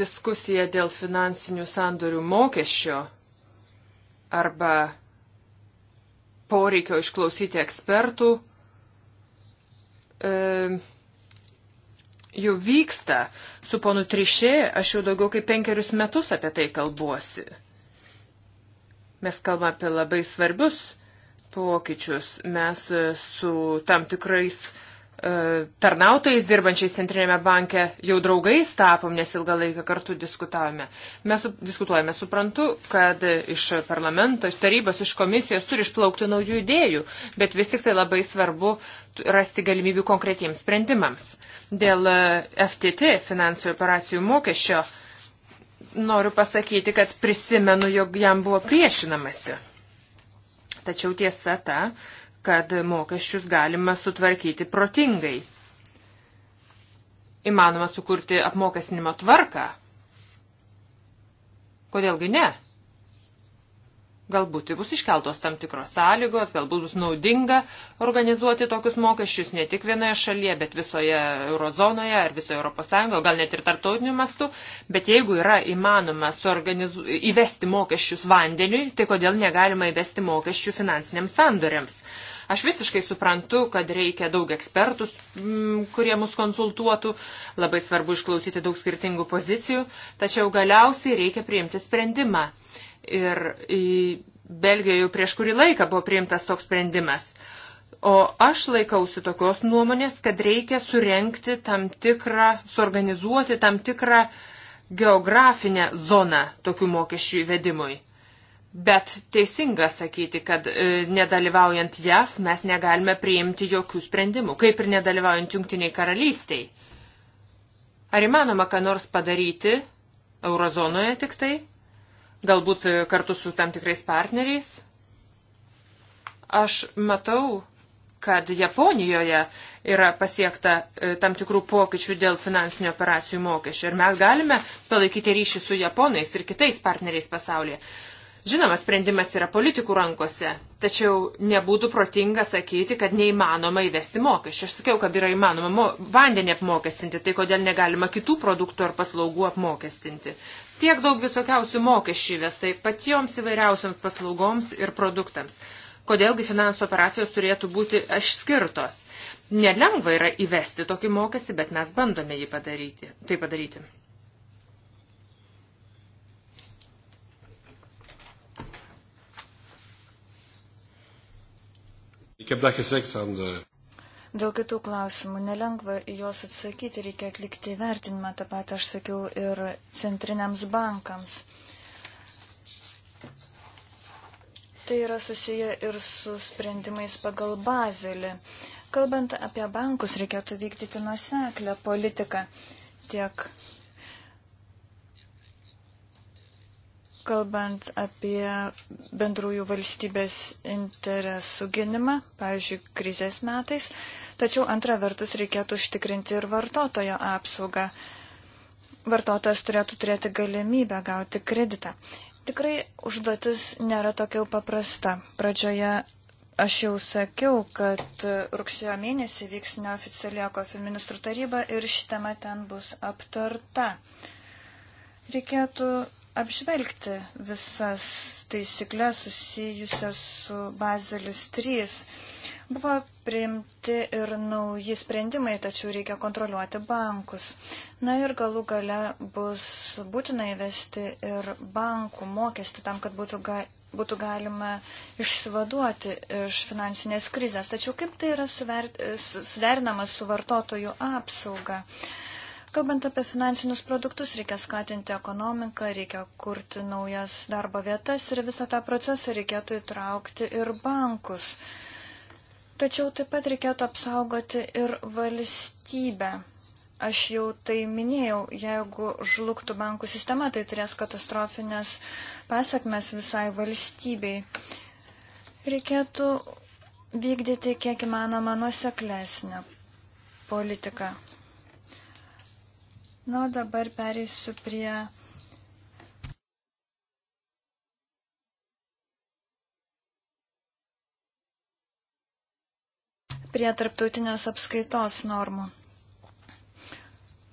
diskusija dėl finansinių sandorių mokesčio arba poreikio išklausyti ekspertų E, jau vyksta. Su ponu Trišė aš jau daugiau kaip penkerius metus apie tai kalbuosi. Mes kalbame apie labai svarbius pokyčius. Mes e, su tam tikrais uh, E, tarnautojais dirbančiais Centrinėme banke jau draugais tapom, nes ilgą laiką kartu diskutavome. Mes diskutuojame, suprantu, kad iš parlamento, iš tarybos, iš komisijos turi išplaukti naujų idėjų, bet vis tik tai labai svarbu rasti galimybių konkretiems sprendimams. Dėl e, FTT finansų operacijų mokesčio noriu pasakyti, kad prisimenu, jog jam buvo priešinamasi. Tačiau tiesa ta, kad mokesčius galima sutvarkyti protingai. Įmanoma sukurti apmokestinimo tvarką. Kodėlgi ne? Galbūt tai bus iškeltos tam tikros sąlygos, galbūt bus naudinga organizuoti tokius mokesčius ne tik vienoje šalyje, bet visoje eurozonoje ar visoje ES, gal net ir tarptautiniu mastu. Bet jeigu yra įmanoma suorganizu... įvesti mokesčius vandeniui, tai kodėl negalima įvesti mokesčių finansiniams sandoriams? Uh, Aš visiškai suprantu, kad reikia daug ekspertų, mm, kurie mus konsultuotų, labai svarbu išklausyti daug skirtingų pozicijų, tačiau galiausiai reikia priimti sprendimą. Ir Belgijoje jau prieš kurį laiką buvo priimtas toks sprendimas. O aš laikausi tokios nuomonės, kad reikia surenkti tam tikrą, suorganizuoti tam tikrą geografinę zoną tokių mokesčių įvedimui. Bet teisinga sakyti, kad e, nedalyvaujant JAV mes negalime priimti jokių sprendimų, kaip ir nedalyvaujant Junktiniai karalystiai. Ar įmanoma ką nors padaryti eurozonoje tik tai, galbūt e, kartu su tam tikrais partneriais? Aš matau, kad Japonijoje yra pasiekta e, tam tikrų pokyčių dėl finansinių operacijų mokesčių ir mes galime palaikyti ryšį su Japonais ir kitais partneriais pasaulyje. Žinoma, sprendimas yra politikų rankose, tačiau nebūtų protinga sakyti, kad neįmanoma įvesti mokesčių. Aš sakiau, kad yra įmanoma mo vandenį apmokestinti, tai kodėl negalima kitų produktų ar paslaugų apmokestinti. Tiek daug visokiausių mokesčių įvestai patiems įvairiausiams paslaugoms ir produktams. Kodėlgi finansų operacijos turėtų būti išskirtos? Nelengva yra įvesti tokį mokestį, bet mes bandome jį padaryti, tai padaryti. heb dat gezegd aan de. Dėl kitų klausimų nelengva į juos atsakyti, reikia atlikti vertinimą, tą patį aš sakiau ir centriniams bankams. Tai yra susiję ir su sprendimais pagal bazelį. Kalbant apie bankus, reikėtų vykdyti nuseklę politiką tiek kalbant apie bendrųjų valstybės interesų gynimą, pavyzdžiui, krizės metais, tačiau antra vertus reikėtų užtikrinti ir vartotojo apsaugą. Vartotojas turėtų turėti galimybę gauti kreditą. Tikrai užduotis nėra tokia paprasta. Pradžioje aš jau sakiau, kad rugsėjo mėnesį vyks neoficialiai kofi ministrų taryba ir ši tema ten bus aptarta. Reikėtų apžvelgti visas taisyklės susijusias su Bazelis 3. Buvo priimti ir nauji sprendimai, tačiau reikia kontroliuoti bankus. Na ir galų gale bus būtina įvesti ir bankų mokestį tam, kad būtų, ga, būtų galima išsivaduoti iš finansinės krizės. Tačiau kaip tai yra suver, suderinama su vartotojų apsauga? Uh, Kalbant apie finansinius produktus, reikia skatinti ekonomiką, reikia kurti naujas darbo vietas ir visą tą procesą reikėtų įtraukti ir bankus. Tačiau taip pat reikėtų apsaugoti ir valstybę. Aš jau tai minėjau, jeigu žlugtų bankų sistema, tai turės katastrofinės pasakmes visai valstybei. Reikėtų vykdyti kiek įmanoma nuoseklesnę politiką. Na, nu, dabar pereisiu prie prie tarptautinės apskaitos normų.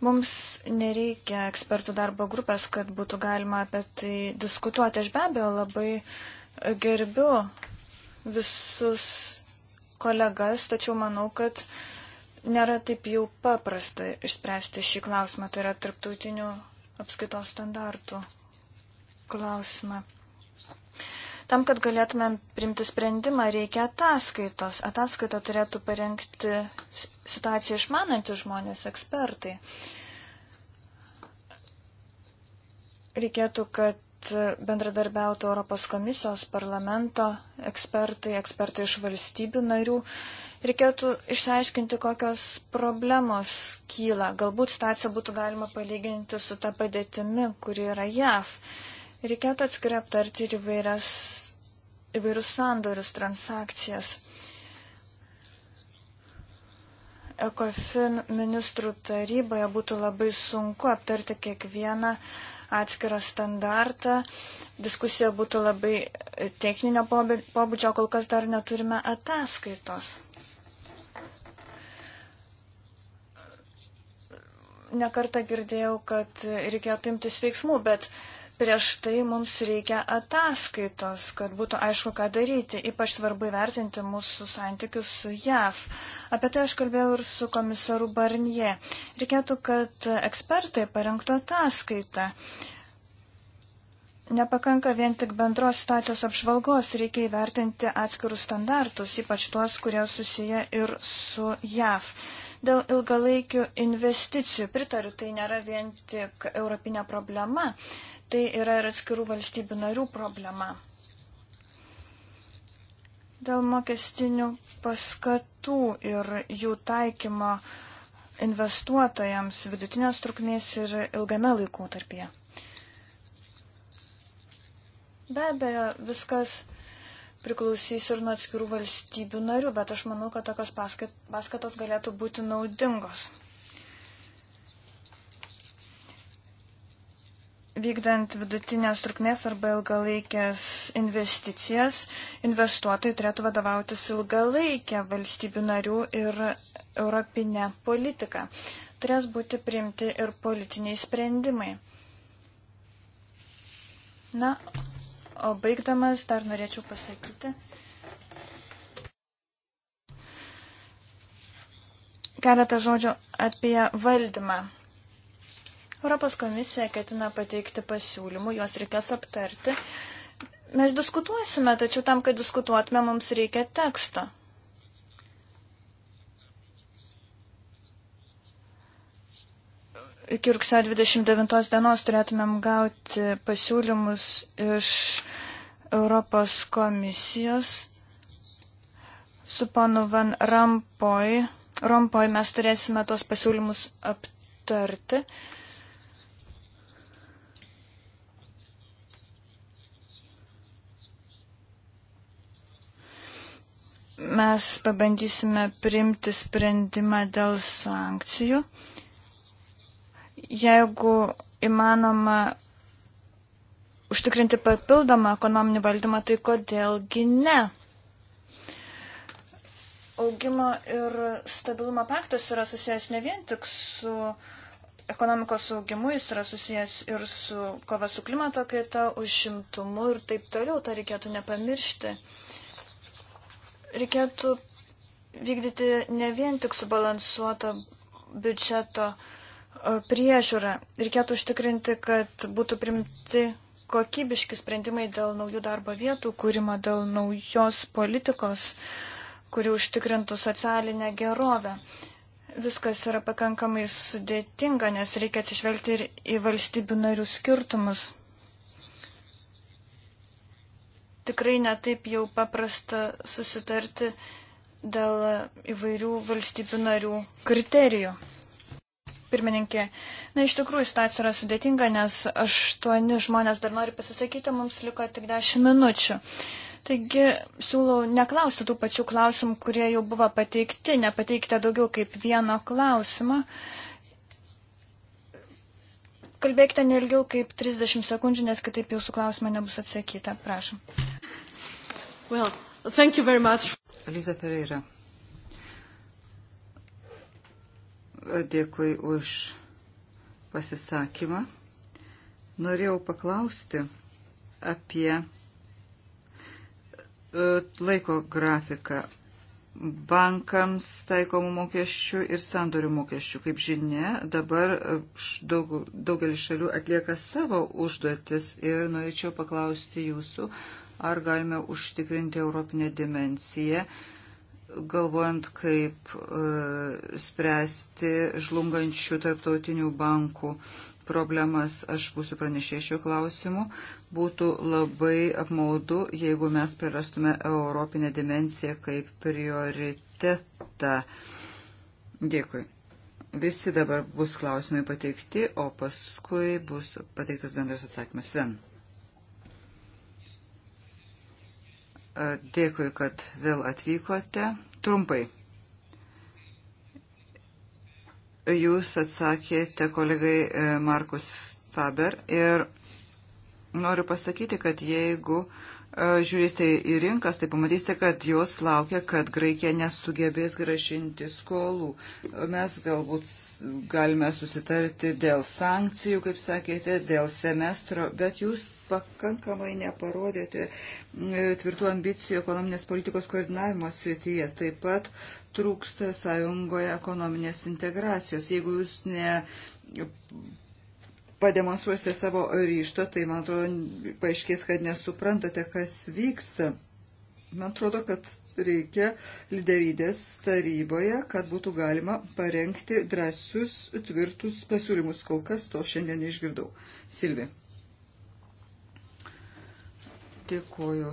Mums nereikia ekspertų darbo grupės, kad būtų galima apie tai diskutuoti. Aš be abejo labai gerbiu visus kolegas, tačiau manau, kad uh, nėra taip jau paprasta išspręsti šį klausimą, tai yra tarptautinių apskaitos standartų klausimą. Tam, kad galėtumėm primti sprendimą, reikia ataskaitos. Ataskaitą turėtų parengti situaciją išmanantys žmonės, ekspertai. Reikėtų, kad kad bendradarbiautų Europos komisijos, parlamento ekspertai, ekspertai iš valstybių narių. Reikėtų išsiaiškinti, kokios problemos kyla. Galbūt situaciją būtų galima palyginti su ta padėtimi, kuri yra JAV. Reikėtų atskirai aptarti ir įvairias, įvairius sandorius, transakcijas. ECOFIN ministrų taryboje būtų labai sunku aptarti kiekvieną uh, atskirą standartą. Diskusija būtų labai techninio pobūdžio, kol kas dar neturime ataskaitos. Nekartą girdėjau, kad reikėtų imtis veiksmų, bet uh, prieš tai mums reikia ataskaitos, kad būtų aišku, ką daryti. Ypač svarbu įvertinti mūsų santykius su JAV. Apie tai aš kalbėjau ir su komisaru Barnie. Reikėtų, kad ekspertai parengtų ataskaitą. Nepakanka vien tik bendros situacijos apžvalgos, reikia įvertinti atskirus standartus, ypač tuos, kurie susiję ir su JAV. Dėl ilgalaikių investicijų pritariu, tai nėra vien tik europinė problema, tai yra ir atskirų valstybių narių problema. Dėl mokestinių paskatų ir jų taikymo investuotojams vidutinės trukmės ir ilgame laikotarpyje. Be abejo, viskas priklausys ir nuo atskirų valstybių narių, bet aš manau, kad tokios paskatos galėtų būti naudingos. Vykdant vidutinės trukmės arba ilgalaikės investicijas, investuotojai turėtų vadovautis ilgalaikę valstybių narių ir europinę politiką. Turės būti priimti ir politiniai sprendimai. Na, O baigdamas dar norėčiau pasakyti. Keletą žodžių apie valdymą. Europos komisija ketina pateikti pasiūlymų, juos reikės aptarti. Mes diskutuosime, tačiau tam, kad diskutuotume, mums reikia teksto. iki rugsėjo 29 dienos turėtumėm gauti pasiūlymus iš Europos komisijos. Su ponu Van Rampoj, Rampoj mes turėsime tuos pasiūlymus aptarti. Mes pabandysime priimti sprendimą dėl sankcijų jeigu įmanoma užtikrinti papildomą ekonominį valdymą, tai kodėlgi ne? Augimo ir stabilumo paktas yra susijęs ne vien tik su ekonomikos augimu, jis yra susijęs ir su kova su klimato kaita, užimtumu ir taip toliau, to reikėtų nepamiršti. Reikėtų vykdyti ne vien tik subalansuotą biudžeto uh, priežiūra. Reikėtų užtikrinti, kad būtų primti kokybiški sprendimai dėl naujų darbo vietų kūrimo, dėl naujos politikos, kuri užtikrintų socialinę gerovę. Viskas yra pakankamai sudėtinga, nes reikia atsižvelgti ir į valstybių narių skirtumus. Tikrai netaip jau paprasta susitarti dėl įvairių valstybių narių kriterijų. Pirmininkė, na iš tikrųjų situacija yra sudėtinga, nes aštuoni žmonės dar nori pasisakyti, mums liko tik dešimt minučių. Taigi siūlau neklausti tų pačių klausimų, kurie jau buvo pateikti, nepateikite daugiau kaip vieno klausimą. Kalbėkite nelgiau kaip 30 sekundžių, nes kitaip jūsų klausimą nebus atsakyta. Prašom. Well, Eliza Pereira. Dėkui už pasisakymą. Norėjau paklausti apie e, laiko grafiką bankams taikomų mokesčių ir sandorių mokesčių. Kaip žinia, dabar e, daug, daugelis šalių atlieka savo užduotis ir norėčiau paklausti jūsų, ar galime užtikrinti europinę dimenciją, uh, galvojant, kaip e, spręsti žlungančių tarptautinių bankų problemas. Aš būsiu pranešė šiuo klausimu. Būtų labai apmaudu, jeigu mes prarastume europinę dimenciją kaip prioritetą. Dėkui. Visi dabar bus klausimai pateikti, o paskui bus pateiktas bendras atsakymas. Sven. Dėkui, kad vėl atvykote trumpai. Jūs atsakėte kolegai e, Markus Faber ir noriu pasakyti, kad jeigu uh, E, žiūrėsite į rinkas, tai pamatysite, kad jos laukia, kad Graikija nesugebės gražinti skolų. E, mes galbūt galime susitarti dėl sankcijų, kaip sakėte, dėl semestro, bet jūs pakankamai neparodėte e, tvirtų ambicijų ekonominės politikos koordinavimo srityje. Taip pat trūksta sąjungoje ekonominės integracijos. Jeigu jūs ne pademonstruosite savo ryšto, tai man atrodo, paaiškės, kad nesuprantate, kas vyksta. Man atrodo, kad reikia lyderydės taryboje, kad būtų galima parengti drąsius, tvirtus pasiūlymus. Kol kas to šiandien išgirdau. Silvi. Dėkuoju,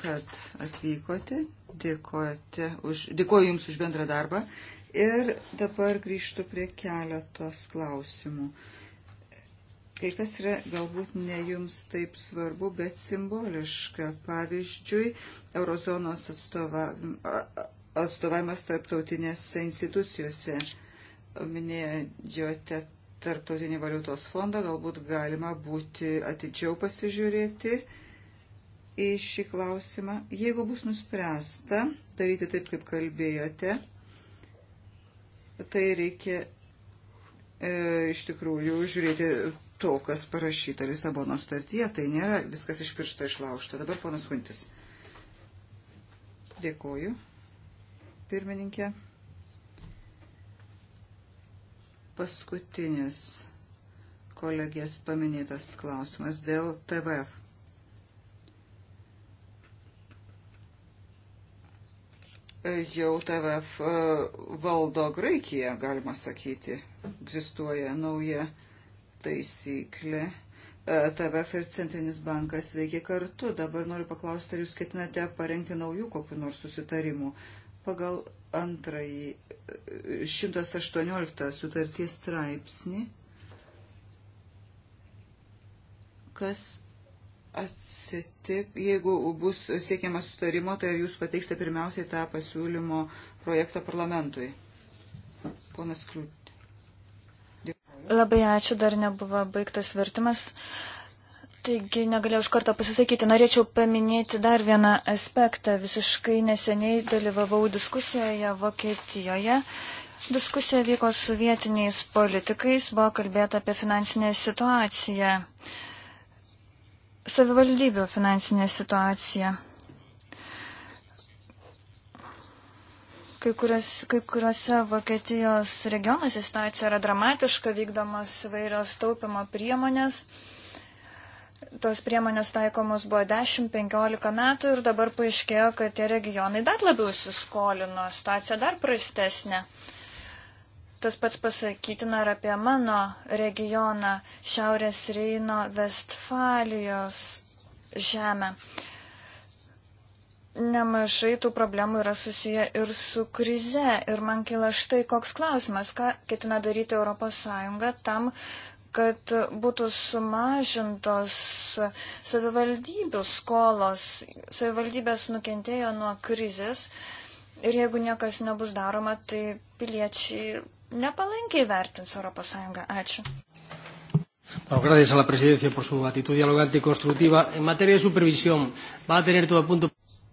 kad atvykote. Dėkojate už, dėkuoju Jums už bendrą darbą. Ir dabar grįžtu prie keletos klausimų. Uh, Kai kas yra galbūt ne jums taip svarbu, bet simboliška. Pavyzdžiui, eurozonos atstova, atstovavimas tarptautinėse institucijose. Minėjote tarptautinį valiutos fondą, galbūt galima būti atidžiau pasižiūrėti į šį klausimą. Jeigu bus nuspręsta daryti taip, kaip kalbėjote, tai reikia e, iš tikrųjų žiūrėti to, kas parašyta Lisabono sutartyje, tai nėra viskas iš piršto išlaužta. Dabar ponas Huntis. Dėkoju, pirmininkė. Paskutinis kolegės paminėtas klausimas dėl TVF. jau TVF e, valdo Graikiją, galima sakyti. Egzistuoja nauja taisyklė. E, TVF ir Centrinis bankas veikia kartu. Dabar noriu paklausti, ar jūs ketinate parengti naujų kokiu nors susitarimų. Pagal antrąjį 118 e, sutarties straipsnį, kas atsitik, jeigu bus siekiama sutarimo, tai ar jūs pateiksite pirmiausiai tą pasiūlymo projektą parlamentui? Ponas Kliūtė. Labai ačiū, dar nebuvo baigtas vertimas. Taigi negalėjau iš karto pasisakyti. Norėčiau paminėti dar vieną aspektą. Visiškai neseniai dalyvavau diskusijoje Vokietijoje. Diskusija vyko su vietiniais politikais, buvo kalbėta apie finansinę situaciją, savivaldybių finansinę situaciją. Kai, kurias, kai kuriuose Vokietijos regionuose situacija yra dramatiška, vykdomas vairios taupimo priemonės. Tos priemonės taikomos buvo 10-15 metų ir dabar paaiškėjo, kad tie regionai dar labiau suskolino, situacija dar prastesnė tas pats pasakytina ir apie mano regioną Šiaurės Reino Vestfalijos žemę nemažai tų problemų yra susiję ir su krize. Ir man kila štai koks klausimas, ką ketina daryti ES tam, kad būtų sumažintos savivaldybių skolos. Savivaldybės nukentėjo nuo krizės ir jeigu niekas nebus daroma, tai piliečiai nepalankiai vertins ES. Ačiū. Bueno, gracias a la Presidencia por su actitud dialogante y constructiva. En materia de supervisión, va a tener todo a punto.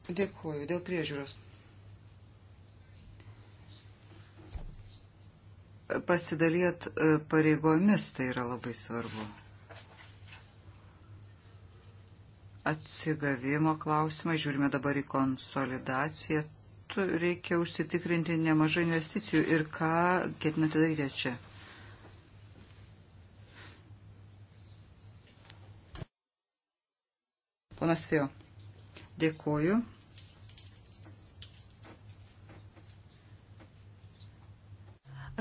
Dėkuoju dėl priežiūros. Pasidalėt e, pareigomis tai yra labai svarbu. Atsigavimo klausimą, žiūrime dabar į konsolidaciją. Tu reikia užsitikrinti nemažai investicijų ir ką ketinate daryti čia? Ponas Fio. Dėkuoju.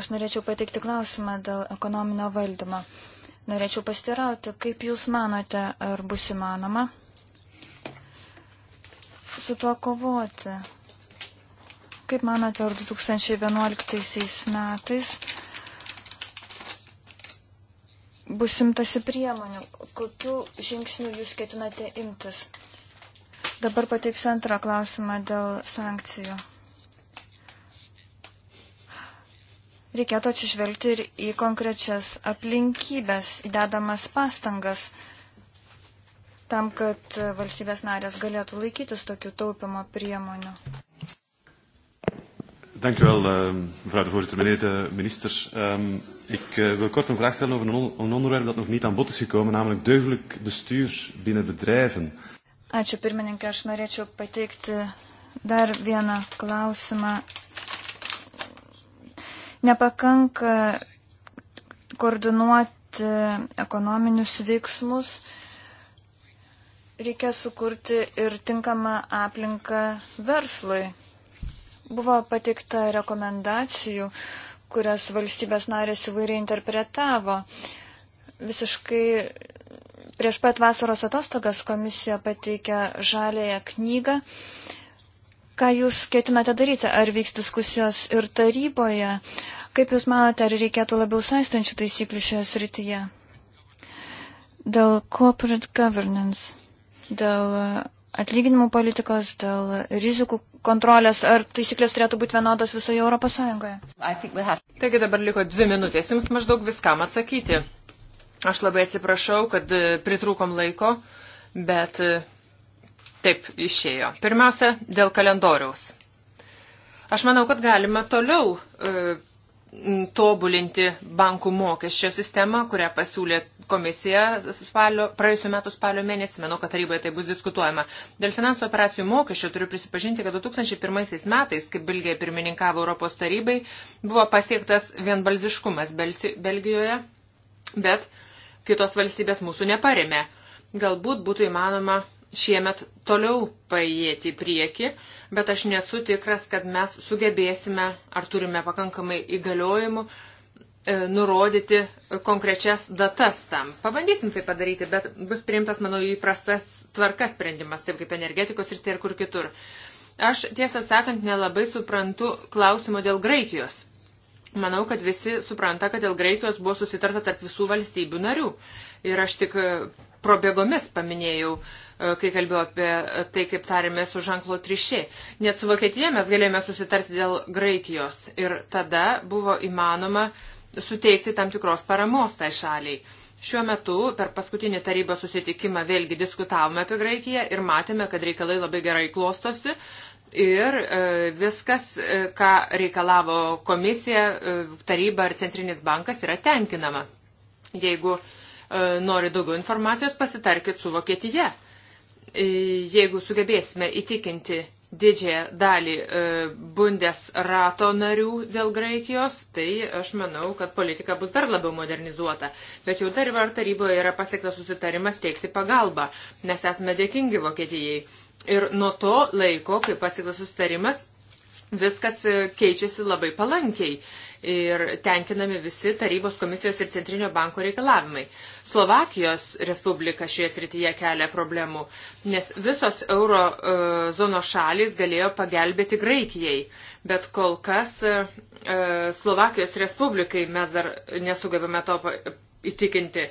Aš norėčiau pateikti klausimą dėl ekonominio valdymo. Norėčiau pastirauti, kaip Jūs manote, ar bus įmanoma su tuo kovoti? Kaip manote, ar 2011 metais bus imtasi priemonių? Kokiu žingsniu Jūs ketinate imtis? Dabar pateiksiu antrą klausimą dėl sankcijų. Reikėtų atsižvelgti ir į konkrečias aplinkybės, įdedamas pastangas tam, kad valstybės narės galėtų laikytis tokių taupimo priemonių. Dank u wel, eh, mevrouw de voorzitter. Meneer de minister, ehm, ik eh, wil kort een vraag stellen over een onderwerp dat nog niet aan bod is gekomen, namelijk deugdelijk bestuur binnen bedrijven. Uh, Ačiū pirmininkė, aš norėčiau pateikti dar vieną klausimą. Nepakanka koordinuoti ekonominius veiksmus, reikia sukurti ir tinkamą aplinką verslui. Buvo pateikta rekomendacijų, kurias valstybės narės įvairiai interpretavo. Visiškai Prieš pat vasaros atostogas komisija pateikė žalėją knygą. Ką jūs ketinate daryti? Ar vyks diskusijos ir taryboje? Kaip jūs manote, ar reikėtų labiau saistančių taisyklių šioje srityje? Dėl corporate governance, dėl atlyginimų politikos, dėl rizikų kontrolės, ar taisyklės turėtų būti vienodos visoje Europos Sąjungoje? Taigi dabar liko dvi minutės jums maždaug viskam atsakyti. Aš labai atsiprašau, kad e, pritrūkom laiko, bet e, taip išėjo. Pirmiausia, dėl kalendoriaus. Aš manau, kad galima toliau e, tobulinti bankų mokesčio sistemą, kurią pasiūlė komisija spalio, praėjusiu metu spalio mėnesį. Manau, kad taryboje tai bus diskutuojama. Dėl finansų operacijų mokesčio turiu prisipažinti, kad 2001 metais, kai Belgija pirmininkavo Europos tarybai, buvo pasiektas vienbalziškumas Belgijoje, bet kitos valstybės mūsų neparėmė. Galbūt būtų įmanoma šiemet toliau paėjėti į priekį, bet aš nesu tikras, kad mes sugebėsime ar turime pakankamai įgaliojimų e, nurodyti konkrečias datas tam. Pabandysim tai padaryti, bet bus priimtas, manau, įprastas tvarkas sprendimas, taip kaip energetikos ir tai ir kur kitur. Aš tiesą sakant nelabai suprantu klausimo dėl Graikijos. Manau, kad visi supranta, kad dėl Graikijos buvo susitarta tarp visų valstybių narių. Ir aš tik e, probėgomis paminėjau, e, kai kalbėjau apie tai, kaip tarėme su Žanklo Trišė. Net su Vokietija mes galėjome susitarti dėl Graikijos. Ir tada buvo įmanoma suteikti tam tikros paramos tai šaliai. Šiuo metu per paskutinį tarybos susitikimą vėlgi diskutavome apie Graikiją ir matėme, kad reikalai labai gerai klostosi ir e, viskas, e, ką reikalavo komisija, e, taryba ar centrinis bankas, yra tenkinama. Jeigu nori daugiau informacijos, pasitarkit su Vokietija. Jeigu sugebėsime įtikinti didžiąją dalį Bundesrato narių dėl Graikijos, tai aš manau, kad politika bus dar labiau modernizuota. Bet jau dar ir taryboje yra pasiektas susitarimas teikti pagalbą. Mes esame dėkingi Vokietijai. Ir nuo to laiko, kai pasiektas sustarimas, viskas e, keičiasi labai palankiai ir tenkinami visi tarybos komisijos ir centrinio banko reikalavimai. Slovakijos Respublika šioje srityje kelia problemų, nes visos euro uh, e, zono šalis galėjo pagelbėti Graikijai, bet kol kas uh, Slovakijos Respublikai mes dar nesugebame to įtikinti,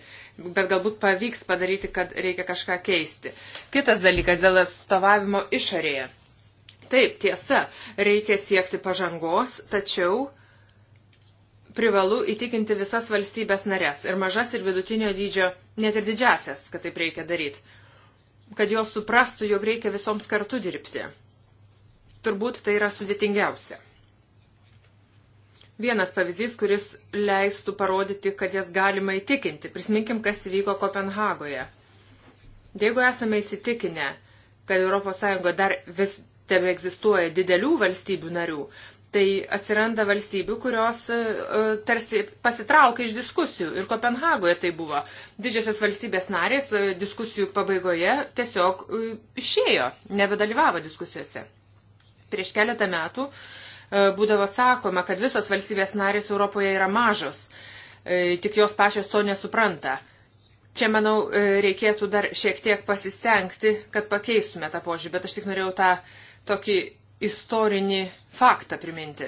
bet galbūt pavyks padaryti, kad reikia kažką keisti. Kitas dalykas dėl atstovavimo išorėje. Taip, tiesa, reikia siekti pažangos, tačiau privalu įtikinti visas valstybės narės ir mažas ir vidutinio dydžio, net ir didžiasias, kad taip reikia daryti, kad jos suprastų, jog reikia visoms kartu dirbti. Turbūt tai yra sudėtingiausia vienas pavyzdys, kuris leistų parodyti, kad jas galima įtikinti. Prisiminkim, kas įvyko Kopenhagoje. Jeigu esame įsitikinę, kad ES dar vis tebe egzistuoja didelių valstybių narių, tai atsiranda valstybių, kurios uh, tarsi pasitraukia iš diskusijų. Ir Kopenhagoje tai buvo. Didžiosios valstybės narės uh, diskusijų pabaigoje tiesiog uh, išėjo, nebedalyvavo diskusijose. Prieš keletą metų uh, E, būdavo sakoma, kad visos valstybės narės Europoje yra mažos, e, tik jos pačios to nesupranta. Čia, manau, e, reikėtų dar šiek tiek pasistengti, kad pakeistume tą požiūrį, bet aš tik norėjau tą tokį istorinį faktą priminti.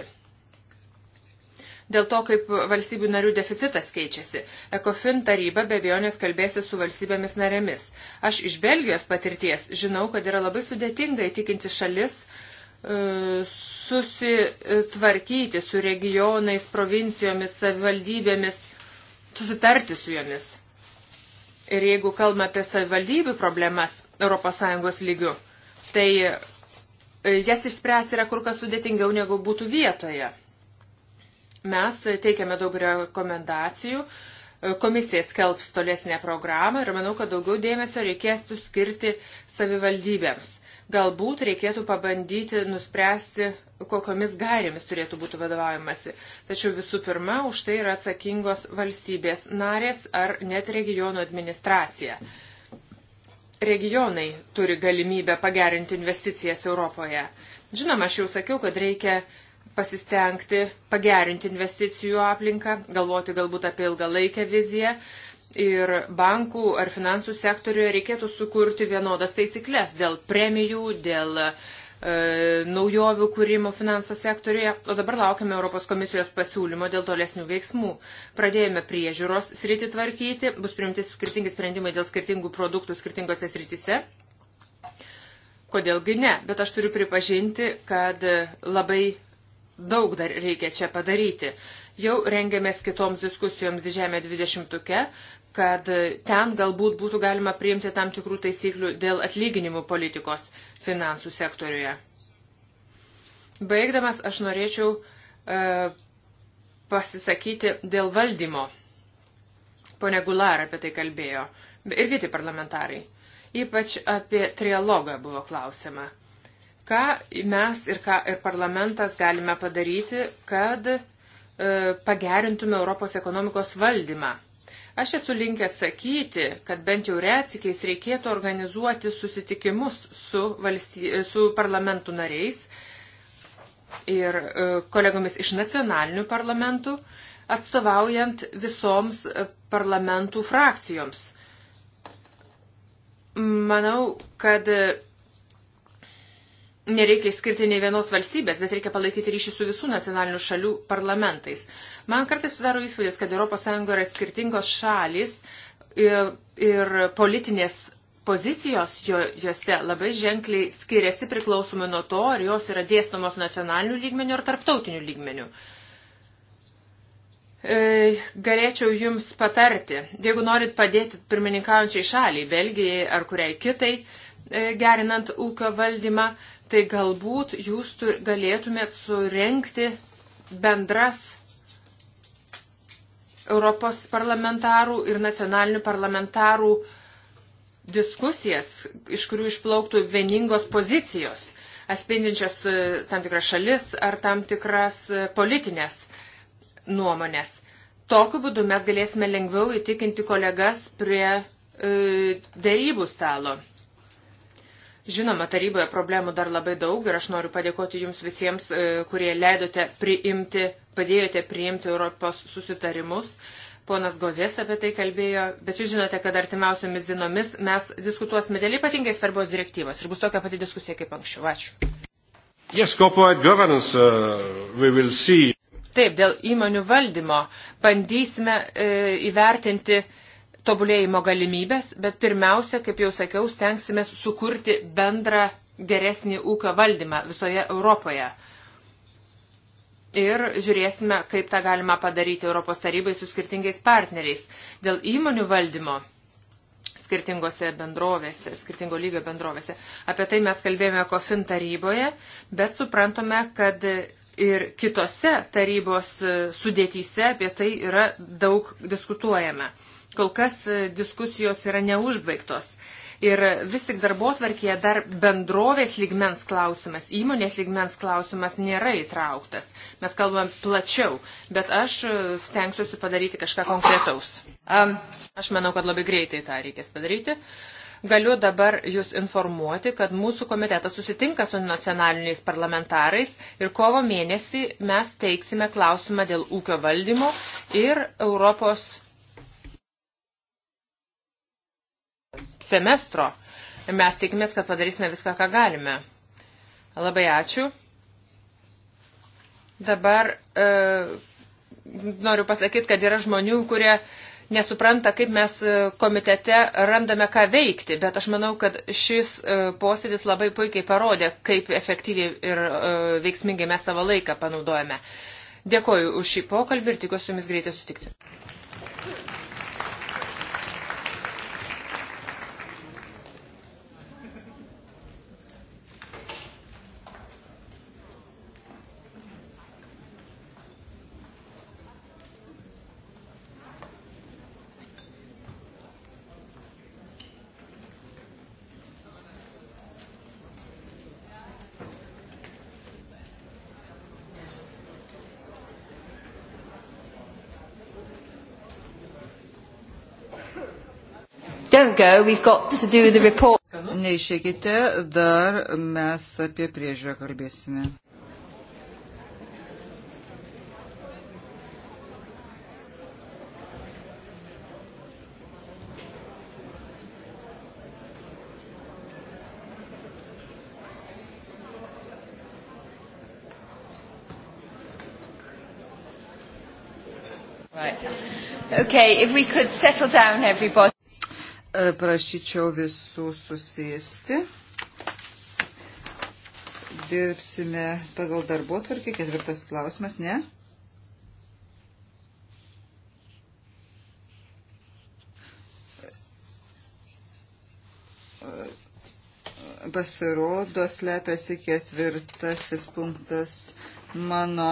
Dėl to, kaip valstybių narių deficitas keičiasi, ECOFIN taryba be abejonės kalbėsi su valstybėmis narėmis. Aš iš Belgijos patirties žinau, kad yra labai sudėtinga įtikinti šalis, uh, E, susitvarkyti su regionais, provincijomis, savivaldybėmis, susitarti su jomis. Ir jeigu kalbame apie savivaldybių problemas ES lygių, tai e, jas išspręsti yra kur kas sudėtingiau negu būtų vietoje. Mes teikiame daug rekomendacijų, e, komisija skelbs tolesnę programą ir manau, kad daugiau dėmesio reikės skirti savivaldybėms Galbūt reikėtų pabandyti nuspręsti, kokiomis gairėmis turėtų būti vadovaujamasi. Tačiau visų pirma, už tai yra atsakingos valstybės narės ar net regiono administracija. Regionai turi galimybę pagerinti investicijas Europoje. Žinoma, aš jau sakiau, kad reikia pasistengti pagerinti investicijų aplinką, galvoti galbūt apie ilgalaikę viziją, ir bankų ar finansų sektoriuje reikėtų sukurti vienodas taisyklės dėl premijų, dėl e, naujovių kūrimo finansų sektoriuje. O dabar laukiame Europos komisijos pasiūlymo dėl tolesnių veiksmų. Pradėjome priežiūros sritį tvarkyti, bus priimti skirtingi sprendimai dėl skirtingų produktų skirtingose srityse. Kodėlgi ne, bet aš turiu pripažinti, kad labai daug dar reikia čia padaryti. Jau rengiamės kitoms diskusijoms Žemė 20-uke, kad ten galbūt būtų galima priimti tam tikrų taisyklių dėl atlyginimų politikos finansų sektoriuje. Baigdamas aš norėčiau e, pasisakyti dėl valdymo. Pone Gular apie tai kalbėjo. Ir kiti tai parlamentarai. Ypač apie trialogą buvo klausima. Ką mes ir, ką, ir parlamentas galime padaryti, kad e, pagerintume Europos ekonomikos valdymą? Aš esu linkęs sakyti, kad bent jau reacikiais reikėtų organizuoti susitikimus su, valsty... su parlamentų nariais ir e, kolegomis iš nacionalinių parlamentų, atstovaujant visoms e, parlamentų frakcijoms. Manau, kad e, nereikia išskirti nei vienos valstybės, bet reikia palaikyti ryšį su visų nacionalinių šalių parlamentais. Man kartais sudaro įspūdis, kad ES yra skirtingos šalis ir, e, ir politinės pozicijos jo, jose labai ženkliai skiriasi priklausomai nuo to, ar jos yra dėstomos nacionalinių lygmenių ar tarptautinių lygmenių. E, galėčiau Jums patarti, jeigu norit padėti pirmininkaujančiai šaliai, Belgijai ar kuriai kitai, e, gerinant ūkio valdymą, tai galbūt jūs galėtumėt surenkti bendras Europos parlamentarų ir nacionalinių parlamentarų diskusijas, iš kurių išplauktų vieningos pozicijos, atspindinčios e, tam tikras šalis ar tam tikras e, politinės nuomonės. Tokiu būdu mes galėsime lengviau įtikinti kolegas prie e, dėrybų stalo. Žinoma, taryboje problemų dar labai daug ir aš noriu padėkoti jums visiems, e, kurie leidote priimti, padėjote priimti Europos susitarimus. Ponas Gozės apie tai kalbėjo, bet jūs žinote, kad artimiausiomis dienomis mes diskutuosime dėl ypatingai svarbios direktyvos ir bus tokia pati diskusija kaip anksčiau. Ačiū. Yes, uh, Taip, dėl įmonių valdymo bandysime e, įvertinti tobulėjimo galimybės, bet pirmiausia, kaip jau sakiau, stengsime sukurti bendrą geresnį ūkio valdymą visoje Europoje. Ir žiūrėsime, kaip tą galima padaryti Europos tarybai su skirtingais partneriais. Dėl įmonių valdymo skirtingose bendrovėse, skirtingo lygio bendrovėse. Apie tai mes kalbėjome COFIN taryboje, bet suprantame, kad ir kitose tarybos sudėtyse apie tai yra daug diskutuojama. Kol kas e, diskusijos yra neužbaigtos. Ir vis tik darbo tvarkėje dar bendrovės lygmens klausimas, įmonės lygmens klausimas nėra įtrauktas. Mes kalbam plačiau, bet aš e, stengsiuosi padaryti kažką konkretaus. Aš manau, kad labai greitai tą reikės padaryti. Galiu dabar Jūs informuoti, kad mūsų komitetas susitinka su nacionaliniais parlamentarais ir kovo mėnesį mes teiksime klausimą dėl ūkio valdymo ir Europos semestro. Mes tikimės, kad padarysime viską, ką galime. Labai ačiū. Dabar e, noriu pasakyti, kad yra žmonių, kurie nesupranta, kaip mes e, komitete randame ką veikti, bet aš manau, kad šis e, posėdis labai puikiai parodė, kaip efektyviai ir e, veiksmingai mes savo laiką panaudojame. Dėkoju už šį pokalbį ir tikiuosi jumis greitai susitikti. Neišėkite, dar mes apie priežiūrą kalbėsime. Right. Okay, if we could settle down everybody. E, prašyčiau visų susėsti. Dirbsime pagal darbo tvarkį. Ketvirtas klausimas, ne? Pasirodo, slepiasi ketvirtasis punktas mano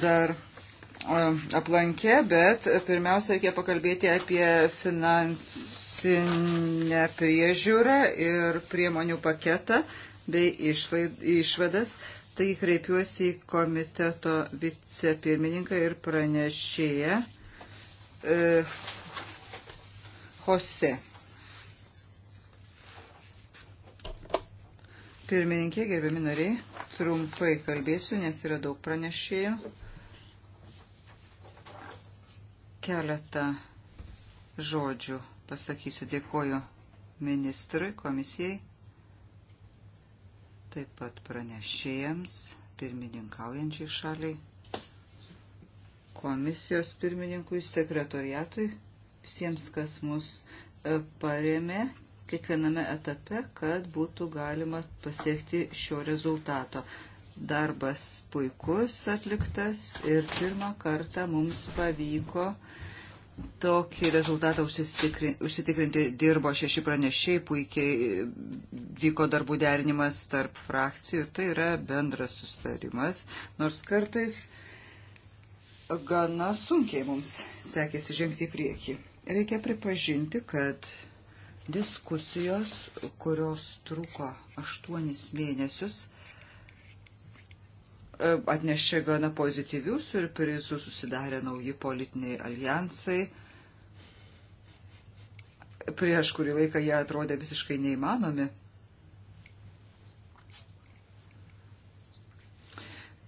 dar e, aplankė, bet pirmiausia, reikia pakalbėti apie finansų finansinę priežiūrą ir priemonių paketą bei išvadas, tai kreipiuosi į komiteto vicepirmininką ir pranešėją eh, Jose. Pirmininkė, gerbiami nariai, trumpai kalbėsiu, nes yra daug pranešėjų. Keletą žodžių pasakysiu. Dėkoju ministrui, komisijai, taip pat pranešėjams, pirmininkaujančiai šaliai, komisijos pirmininkui, sekretoriatui, visiems, kas mus e, paremė kiekviename etape, kad būtų galima pasiekti šio rezultato. Darbas puikus atliktas ir pirmą kartą mums pavyko uh, Tokį rezultatą užsitikrinti dirbo šeši pranešiai, puikiai vyko darbų derinimas tarp frakcijų, tai yra bendras sustarimas, nors kartais gana sunkiai mums sekėsi žengti į priekį. Reikia pripažinti, kad diskusijos, kurios truko aštuonis mėnesius, E, atnešė gana pozityvių surprizų, susidarė nauji politiniai alijansai. Prieš kurį laiką jie atrodė visiškai neįmanomi.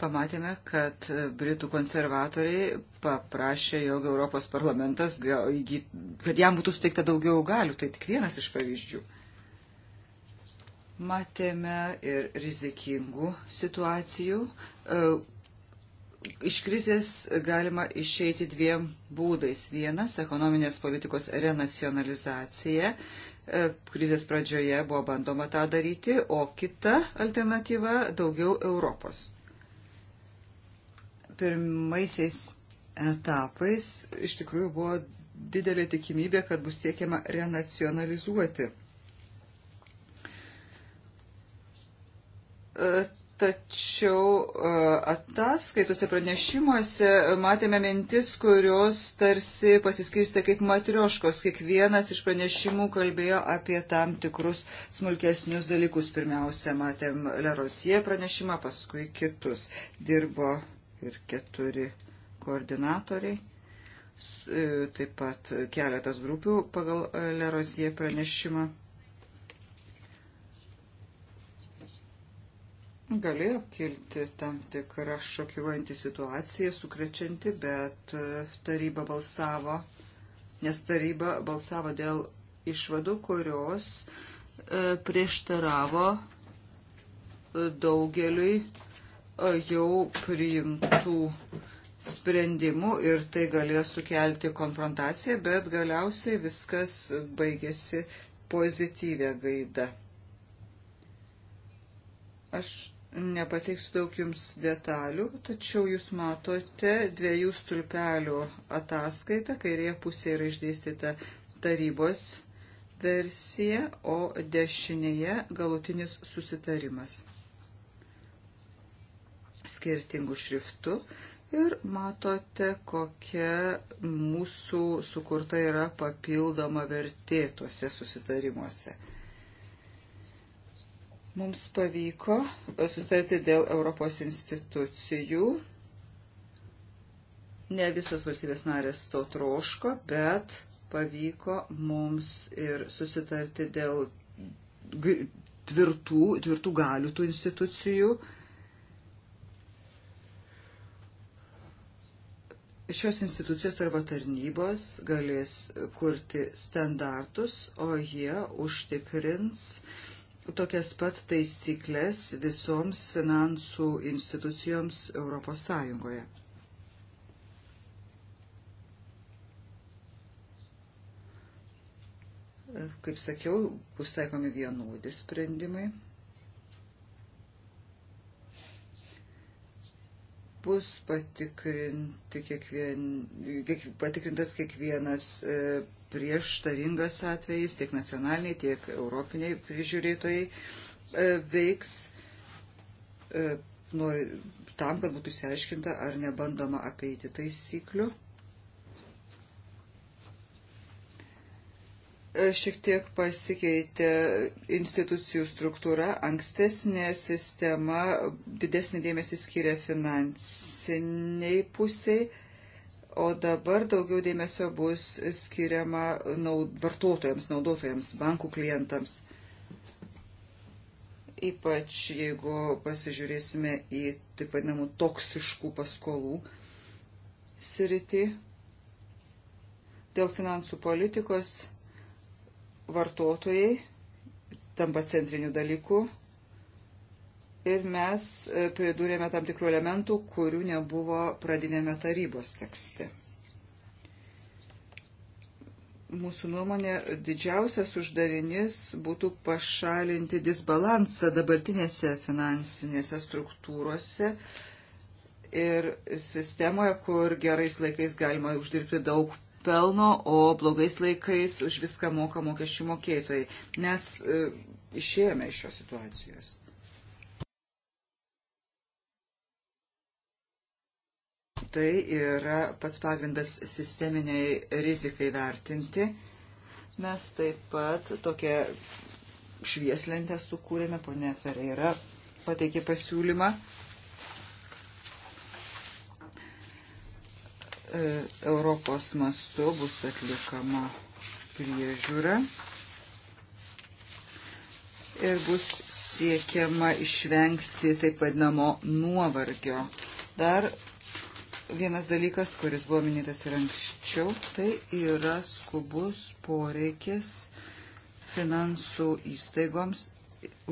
Pamatėme, kad Britų konservatoriai paprašė, jog Europos parlamentas, kad jam būtų suteikta daugiau galių. Tai tik vienas iš pavyzdžių matėme ir rizikingų situacijų, E, iš krizės galima išeiti dviem būdais. Vienas - ekonominės politikos renacionalizacija. E, krizės pradžioje buvo bandoma tą daryti, o kita alternatyva - daugiau Europos. Pirmaisiais etapais iš tikrųjų buvo didelė tikimybė, kad bus siekiama renacionalizuoti e, Tačiau e, ataskaitose pranešimuose matėme mintis, kurios tarsi pasiskirstė kaip matrioškos. Kiekvienas iš pranešimų kalbėjo apie tam tikrus smulkesnius dalykus. Pirmiausia, matėm Lerosie pranešimą, paskui kitus. Dirbo ir keturi koordinatoriai. E, taip pat keletas grupių pagal Lerosie pranešimą. Galėjo kilti tam tikra šokiruojanti situacija, sukrečianti, bet e, taryba balsavo, nes taryba balsavo dėl išvadų, kurios e, prieštaravo e, daugeliui jau priimtų sprendimų ir tai galėjo sukelti konfrontaciją, bet galiausiai viskas baigėsi pozityvę gaidą. Aš nepateiksiu daug jums detalių, tačiau jūs matote dviejų stulpelių ataskaitą, kairėje pusėje yra išdėstyta tarybos versija, o dešinėje galutinis susitarimas skirtingų šriftų ir matote, kokia mūsų sukurta yra papildoma vertė tuose susitarimuose. Mums pavyko e, sustarti dėl Europos institucijų. Ne visos valstybės narės to troško, bet pavyko mums ir susitarti dėl tvirtų, tvirtų galių tų institucijų. Šios institucijos arba tarnybos galės kurti standartus, o jie užtikrins uh, tokias pat taisyklės visoms finansų institucijoms Europos Sąjungoje. Kaip sakiau, bus taikomi vienodi sprendimai. Bus patikrinti kiekvien, kiek, patikrintas kiekvienas e, prieštaringas atvejis, tiek nacionaliniai, tiek europiniai prižiūrėtojai e, veiks e, nori, tam, kad būtų išsiaiškinta, ar nebandoma apeiti taisyklių. E, šiek tiek pasikeitė institucijų struktūra, ankstesnė sistema didesnį dėmesį skiria finansiniai pusiai O dabar daugiau dėmesio bus skiriama naud, vartotojams, naudotojams, bankų klientams. Ypač jeigu pasižiūrėsime į taip vadinamų toksiškų paskolų sritį. Dėl finansų politikos vartotojai tampa centriniu dalyku ir mes e, pridūrėme tam tikrų elementų, kurių nebuvo pradinėme tarybos tekste. Mūsų nuomonė didžiausias uždavinys būtų pašalinti disbalansą dabartinėse finansinėse struktūrose ir sistemoje, kur gerais laikais galima uždirbti daug pelno, o blogais laikais už viską moka mokesčių mokėtojai. Mes e, išėjome iš šios situacijos. Tai yra pats pagrindas sisteminiai rizikai vertinti. Mes taip pat tokią švieslentę sukūrėme, ponė Ferreira pateikė pasiūlymą. E, Europos mastu bus atliekama priežiūra ir bus siekiama išvengti taip vadinamo nuovargio. Dar vienas dalykas, kuris buvo minėtas ir anksčiau, tai yra skubus poreikis finansų įstaigoms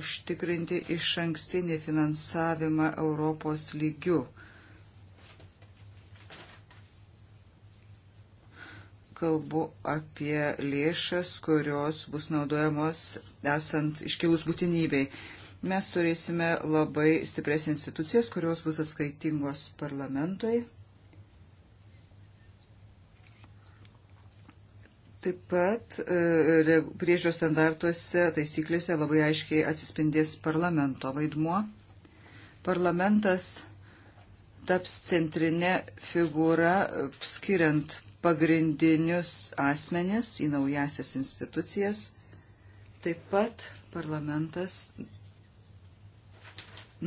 užtikrinti iš ankstinį finansavimą Europos lygių. Kalbu apie lėšas, kurios bus naudojamos esant iškilus būtinybei. Mes turėsime labai stiprias institucijas, kurios bus atskaitingos parlamentoj Taip pat e, priežiūros standartuose, taisyklėse labai aiškiai atsispindės parlamento vaidmuo. Parlamentas taps centrinė figūra, e, skiriant pagrindinius asmenis į naujasias institucijas. Taip pat parlamentas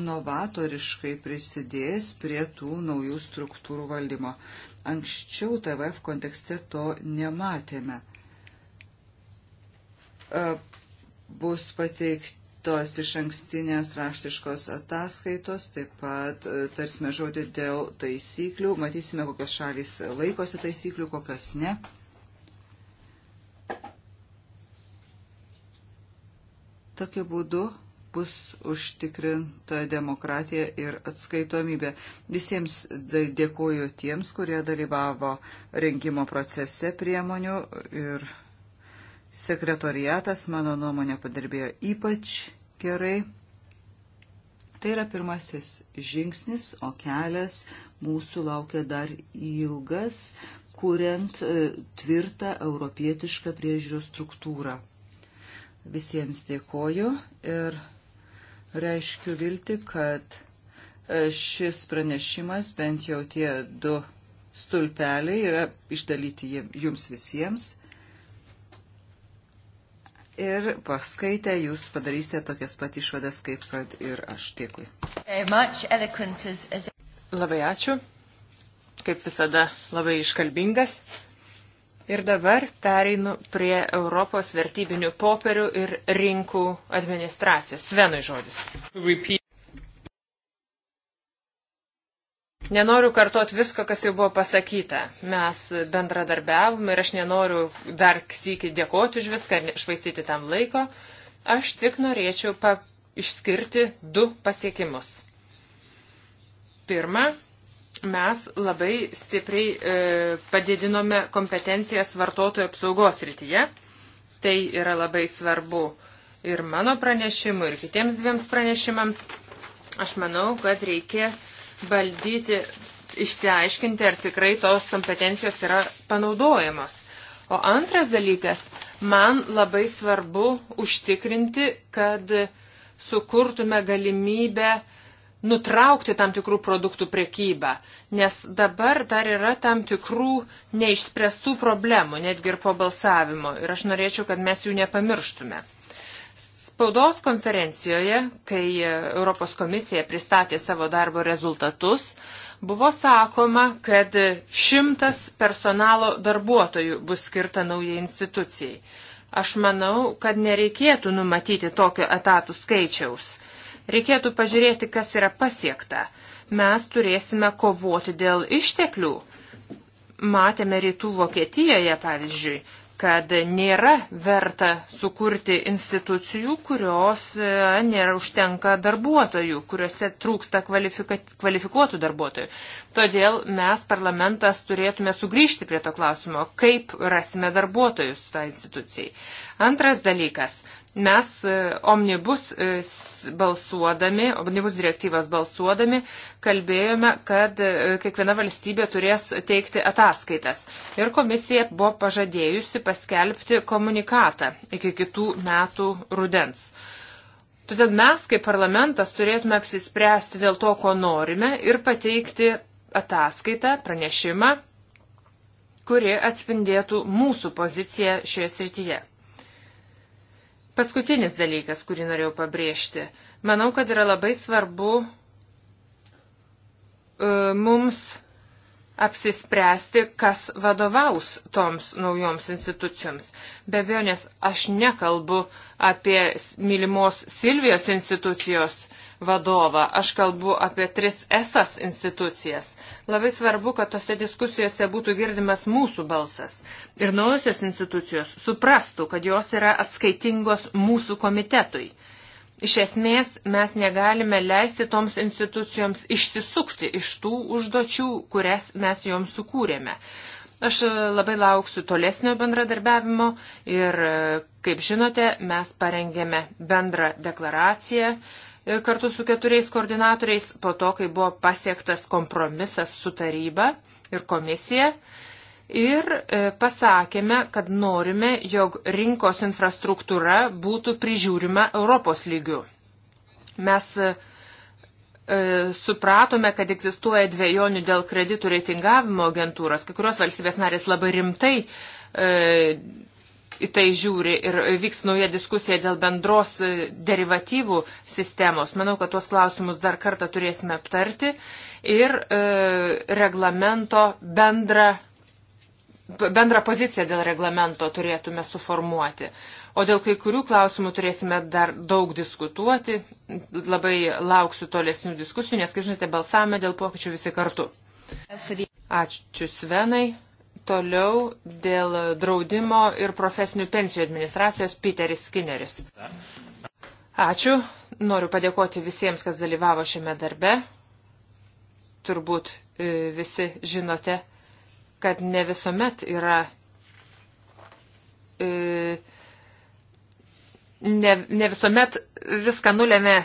novatoriškai prisidės prie tų naujų struktūrų valdymo. Anksčiau TVF kontekste to nematėme. E, bus pateiktos iš ankstinės raštiškos ataskaitos, taip pat e, tarsime žodį dėl taisyklių, matysime, kokios šalys laikosi taisyklių, kokios ne. Tokiu būdu bus užtikrinta demokratija ir atskaitomybė. Visiems dėkoju tiems, kurie dalyvavo rengimo procese priemonių ir sekretoriatas, mano nuomonė, padirbėjo ypač gerai. Tai yra pirmasis žingsnis, o kelias mūsų laukia dar ilgas, kuriant e, tvirtą europietišką priežiūros struktūrą. Visiems dėkoju ir reiškiu vilti, kad e, šis pranešimas, bent jau tie du stulpeliai, yra išdalyti jums visiems. Ir paskaitę jūs padarysite tokias pat išvadas, kaip kad ir aš. Dėkui. Labai ačiū. Kaip visada, labai iškalbingas. Ir dabar pereinu prie Europos vertybinių popierių ir rinkų administracijos. Svenui žodis. Nenoriu kartot visko, kas jau buvo pasakyta. Mes bendradarbiavome ir aš nenoriu dar sykį dėkoti už viską ir švaistyti tam laiko. Aš tik norėčiau pa išskirti du pasiekimus. Pirma, mes labai stipriai e, padidinome kompetencijas vartotojų apsaugos rytyje. Tai yra labai svarbu ir mano pranešimui, ir kitiems dviems pranešimams. Aš manau, kad reikės valdyti, išsiaiškinti, ar tikrai tos kompetencijos yra panaudojamos. O antras dalykas, man labai svarbu užtikrinti, kad sukurtume galimybę nutraukti tam tikrų produktų prekybą, nes dabar dar yra tam tikrų neišspręstų problemų, netgi ir po balsavimo, ir aš norėčiau, kad mes jų nepamirštume. Spaudos konferencijoje, kai Europos komisija pristatė savo darbo rezultatus, buvo sakoma, kad šimtas personalo darbuotojų bus skirta naujai institucijai. Aš manau, kad nereikėtų numatyti tokio etatų skaičiaus Reikėtų pažiūrėti, kas yra pasiekta. Mes turėsime kovoti dėl išteklių. Matėme rytų Vokietijoje, pavyzdžiui, kad nėra verta sukurti institucijų, kurios e, nėra užtenka darbuotojų, kuriuose trūksta kvalifikuotų darbuotojų. Todėl mes, parlamentas, turėtume sugrįžti prie to klausimo, kaip rasime darbuotojus tą tai institucijai. Antras dalykas mes e, omnibus e, balsuodami, omnibus direktyvas balsuodami, kalbėjome, kad e, kiekviena valstybė turės teikti ataskaitas. Ir komisija buvo pažadėjusi paskelbti komunikatą iki kitų metų rudens. Todėl mes kaip parlamentas turėtume apsispręsti dėl to, ko norime ir pateikti ataskaitą, pranešimą, kuri atspindėtų mūsų poziciją šioje srityje. Paskutinis dalykas, kurį norėjau pabrėžti. Manau, kad yra labai svarbu e, mums apsispręsti, kas vadovaus toms naujoms institucijoms. Be abejo, nes aš nekalbu apie mylimos Silvijos institucijos uh, vadovą. Aš kalbu apie tris esas institucijas. Labai svarbu, kad tose diskusijose būtų girdimas mūsų balsas. Ir naujosios institucijos suprastų, kad jos yra atskaitingos mūsų komitetui. Iš esmės, mes negalime leisti toms institucijoms išsisukti iš tų užduočių, kurias mes joms sukūrėme. Aš labai lauksiu tolesnio bendradarbiavimo ir, kaip žinote, mes parengėme bendrą deklaraciją E, kartu su keturiais koordinatoriais, po to, kai buvo pasiektas kompromisas su taryba ir komisija. Ir e, pasakėme, kad norime, jog rinkos infrastruktūra būtų prižiūrima Europos lygių. Mes e, supratome, kad egzistuoja dviejonių dėl kreditų reitingavimo agentūros. Kai kurios valstybės narės labai rimtai e, į tai žiūri ir vyks nauja diskusija dėl bendros e, derivatyvų sistemos. Manau, kad tuos klausimus dar kartą turėsime aptarti ir e, reglamento bendrą, bendrą poziciją dėl reglamento turėtume suformuoti. O dėl kai kurių klausimų turėsime dar daug diskutuoti. Labai lauksiu tolesnių diskusijų, nes, kaip žinote, balsavome dėl pokyčių visi kartu. Ačiū Svenai. Toliau dėl draudimo ir profesinių pensijų administracijos Peteris Skinneris. Ačiū. Noriu padėkoti visiems, kas dalyvavo šiame darbe. Turbūt e, visi žinote, kad ne visuomet yra. E, ne, ne visuomet viską nulėmė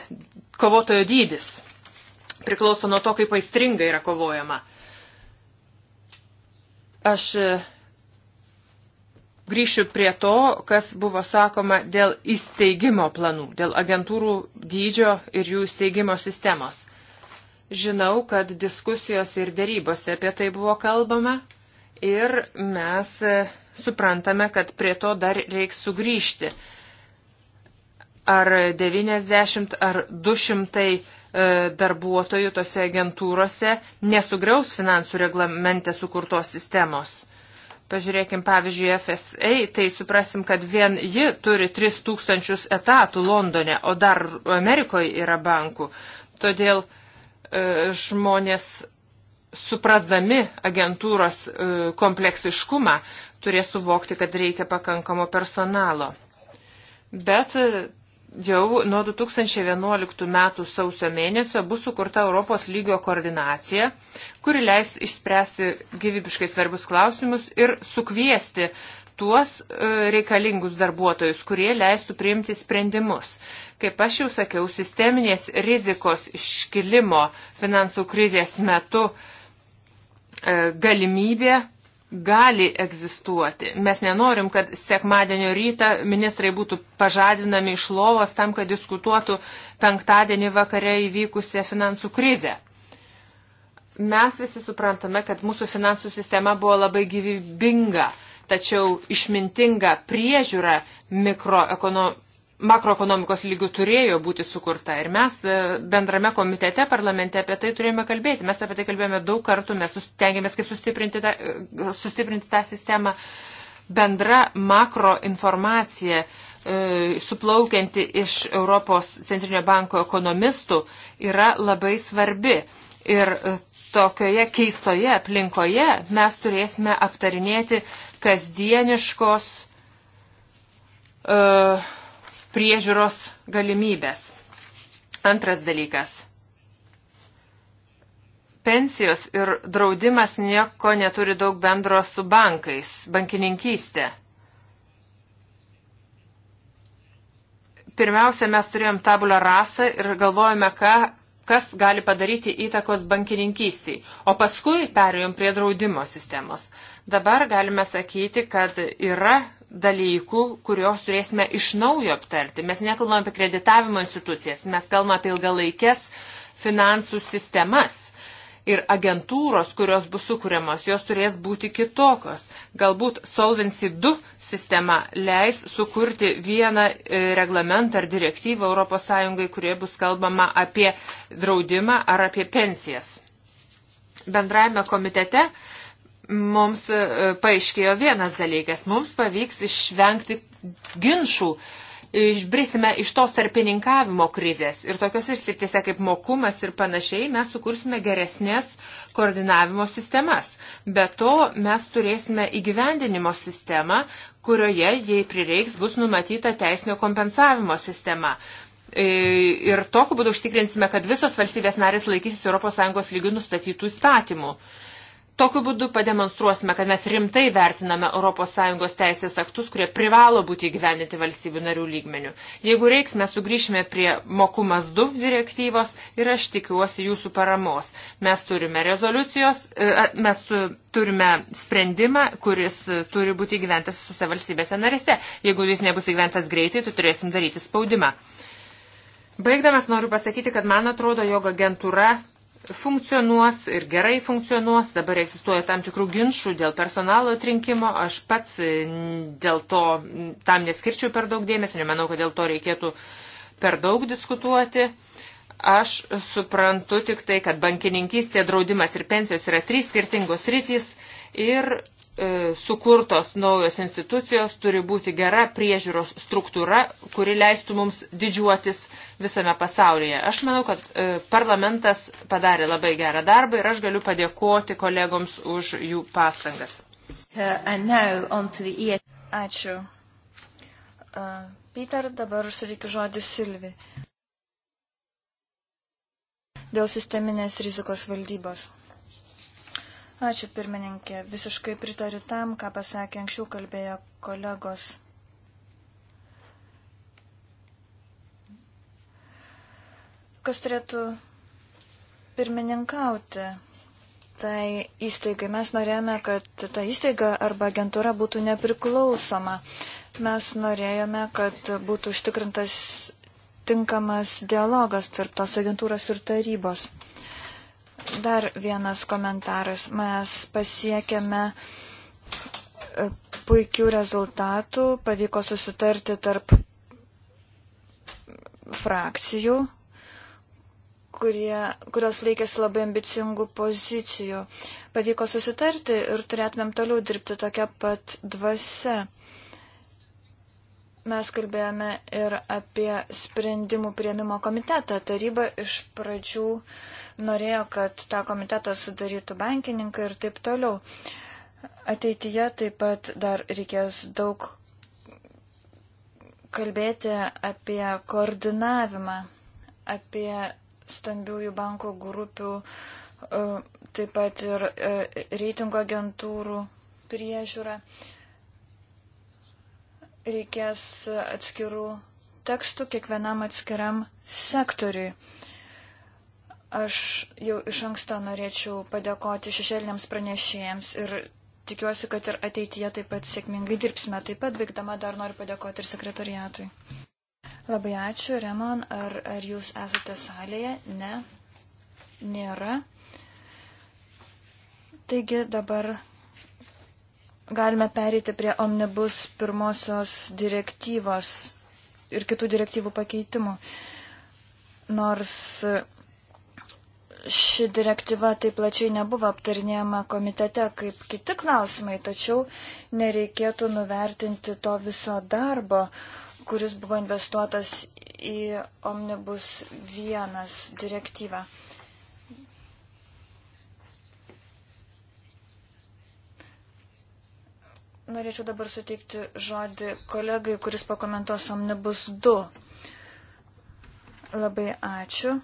kovotojo dydis. Priklauso nuo to, kaip aistringai yra kovojama. Aš e, grįšiu prie to, kas buvo sakoma dėl įsteigimo planų, dėl agentūrų dydžio ir jų įsteigimo sistemos. Žinau, kad diskusijos ir dėrybose apie tai buvo kalbama ir mes e, suprantame, kad prie to dar reiks sugrįžti. Ar 90 ar 200 E, darbuotojų tose agentūrose nesugriaus finansų reglamente sukurtos sistemos. Pažiūrėkim, pavyzdžiui, FSA, tai suprasim, kad vien ji turi 3000 etatų Londone, o dar Amerikoje yra bankų. Todėl e, žmonės, suprasdami agentūros e, kompleksiškumą, turės suvokti, kad reikia pakankamo personalo. Bet e, jau nuo 2011 metų sausio mėnesio bus sukurta Europos lygio koordinacija, kuri leis išspręsti gyvybiškai svarbus klausimus ir sukviesti tuos e, reikalingus darbuotojus, kurie leistų priimti sprendimus. Kaip aš jau sakiau, sisteminės rizikos iškilimo finansų krizės metu e, galimybė gali egzistuoti. Mes nenorim, kad sekmadienio rytą ministrai būtų pažadinami iš lovos tam, kad diskutuotų penktadienį vakare įvykusią finansų krizę. Mes visi suprantame, kad mūsų finansų sistema buvo labai gyvybinga, tačiau išmintinga priežiūra mikroekonomikos makroekonomikos lygių turėjo būti sukurta. Ir mes e, bendrame komitete parlamente apie tai turėjome kalbėti. Mes apie tai kalbėjome daug kartų, mes stengiamės kaip sustiprinti tą, e, sustiprinti tą sistemą. Bendra makroinformacija e, suplaukianti iš Europos centrinio banko ekonomistų yra labai svarbi. Ir tokioje keistoje aplinkoje mes turėsime aptarinėti kasdieniškos uh, priežiūros galimybės. Antras dalykas. Pensijos ir draudimas nieko neturi daug bendro su bankais, bankininkystė. Pirmiausia, mes turėjom tabulą rasą ir galvojame, ką, kas gali padaryti įtakos bankininkystiai, o paskui perėjom prie draudimo sistemos. Dabar galime sakyti, kad yra dalykų, kuriuos turėsime iš naujo aptarti. Mes nekalbame apie kreditavimo institucijas, mes kalbame apie ilgalaikės finansų sistemas. Ir agentūros, kurios bus sukūriamos, jos turės būti kitokios. Galbūt Solvency 2 sistema leis sukurti vieną e, reglamentą ar direktyvą ES, kurioje bus kalbama apie draudimą ar apie pensijas. Bendraime komitete uh, mums e, paaiškėjo vienas dalykas. Mums pavyks išvengti ginčių. Išbrisime iš tos tarpininkavimo krizės ir tokios išsiktise kaip mokumas ir panašiai mes sukursime geresnės koordinavimo sistemas. Be to mes turėsime įgyvendinimo sistemą, kurioje, jei prireiks, bus numatyta teisinio kompensavimo sistema. E, ir tokiu būdu užtikrinsime, kad visos valstybės narės laikysis ES lygių nustatytų įstatymų. Tokiu būdu pademonstruosime, kad mes rimtai vertiname ES teisės aktus, kurie privalo būti įgyveninti valstybių narių lygmenių. Jeigu reiks, mes sugrįšime prie mokumas 2 direktyvos ir aš tikiuosi jūsų paramos. Mes turime rezoliucijos, e, mes turime sprendimą, kuris turi būti įgyventas visose valstybėse narėse. Jeigu jis nebus įgyventas greitai, tai turėsim daryti spaudimą. Baigdamas noriu pasakyti, kad man atrodo, jog agentūra funkcionuos ir gerai funkcionuos. Dabar egzistuoja tam tikrų ginčių dėl personalo atrinkimo. Aš pats e, dėl to tam neskirčiau per daug dėmesio, nemanau, kad dėl to reikėtų per daug diskutuoti. Aš suprantu tik tai, kad bankininkystė, draudimas ir pensijos yra trys skirtingos rytis ir e, sukurtos naujos institucijos turi būti gera priežiūros struktūra, kuri leistų mums didžiuotis visame pasaulyje. Aš manau, kad e, parlamentas padarė labai gerą darbą ir aš galiu padėkoti kolegoms už jų pastangas. E Ačiū. Uh, Peter, dabar suteikiu žodį Silvi. Dėl sisteminės rizikos valdybos. Ačiū pirmininkė. Visiškai pritariu tam, ką pasakė anksčiau kalbėjo kolegos. Kas turėtų pirmininkauti tai įstaigai? Mes norėjome, kad ta įstaiga arba agentūra būtų nepriklausoma. Mes norėjome, kad būtų užtikrintas tinkamas dialogas tarp tos agentūros ir tarybos. Dar vienas komentaras. Mes pasiekėme e, puikių rezultatų, pavyko susitarti tarp frakcijų kurie, kurios laikėsi labai ambicingų pozicijų. Pavyko susitarti ir turėtumėm toliau dirbti tokia pat dvasia. Mes kalbėjome ir apie sprendimų prieimimo komitetą. Taryba iš pradžių norėjo, kad tą komitetą sudarytų bankininkai ir taip toliau. Ateityje taip pat dar reikės daug kalbėti apie koordinavimą, apie stambiųjų banko grupių, e, taip pat ir e, reitingo agentūrų priežiūra. Reikės atskirų tekstų kiekvienam atskiram sektoriui. Aš jau iš anksto norėčiau padėkoti šešėliniams pranešėjams ir tikiuosi, kad ir ateityje taip pat sėkmingai dirbsime. Taip pat veikdama dar noriu padėkoti ir sekretoriatui. Labai ačiū, Remon. Ar, ar jūs esate salėje? Ne, nėra. Taigi dabar galime pereiti prie omnibus pirmosios direktyvos ir kitų direktyvų pakeitimų. Nors ši direktyva taip plačiai nebuvo aptarinėjama komitete kaip kiti klausimai, tačiau nereikėtų nuvertinti to viso darbo, kuris buvo investuotas į Omnibus 1 direktyvą. Norėčiau dabar suteikti žodį kolegai, kuris pakomentuos Omnibus 2. Labai ačiū.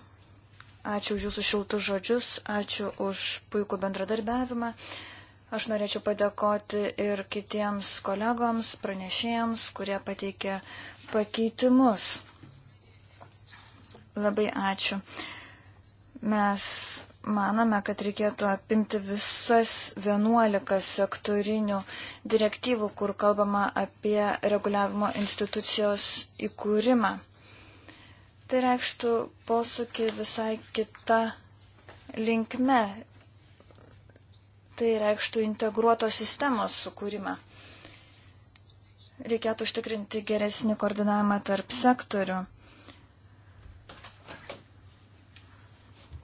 Ačiū už jūsų šiltus žodžius, ačiū už puikų bendradarbiavimą. Aš norėčiau padėkoti ir kitiems kolegoms, pranešėjams, kurie pateikė pakeitimus. Labai ačiū. Mes manome, kad reikėtų apimti visas 11 sektorinių direktyvų, kur kalbama apie reguliavimo institucijos įkūrimą. Tai reikštų posūkį visai kita linkme. Tai reikštų integruotos sistemos sukūrimą reikėtų užtikrinti geresnį koordinavimą tarp sektorių.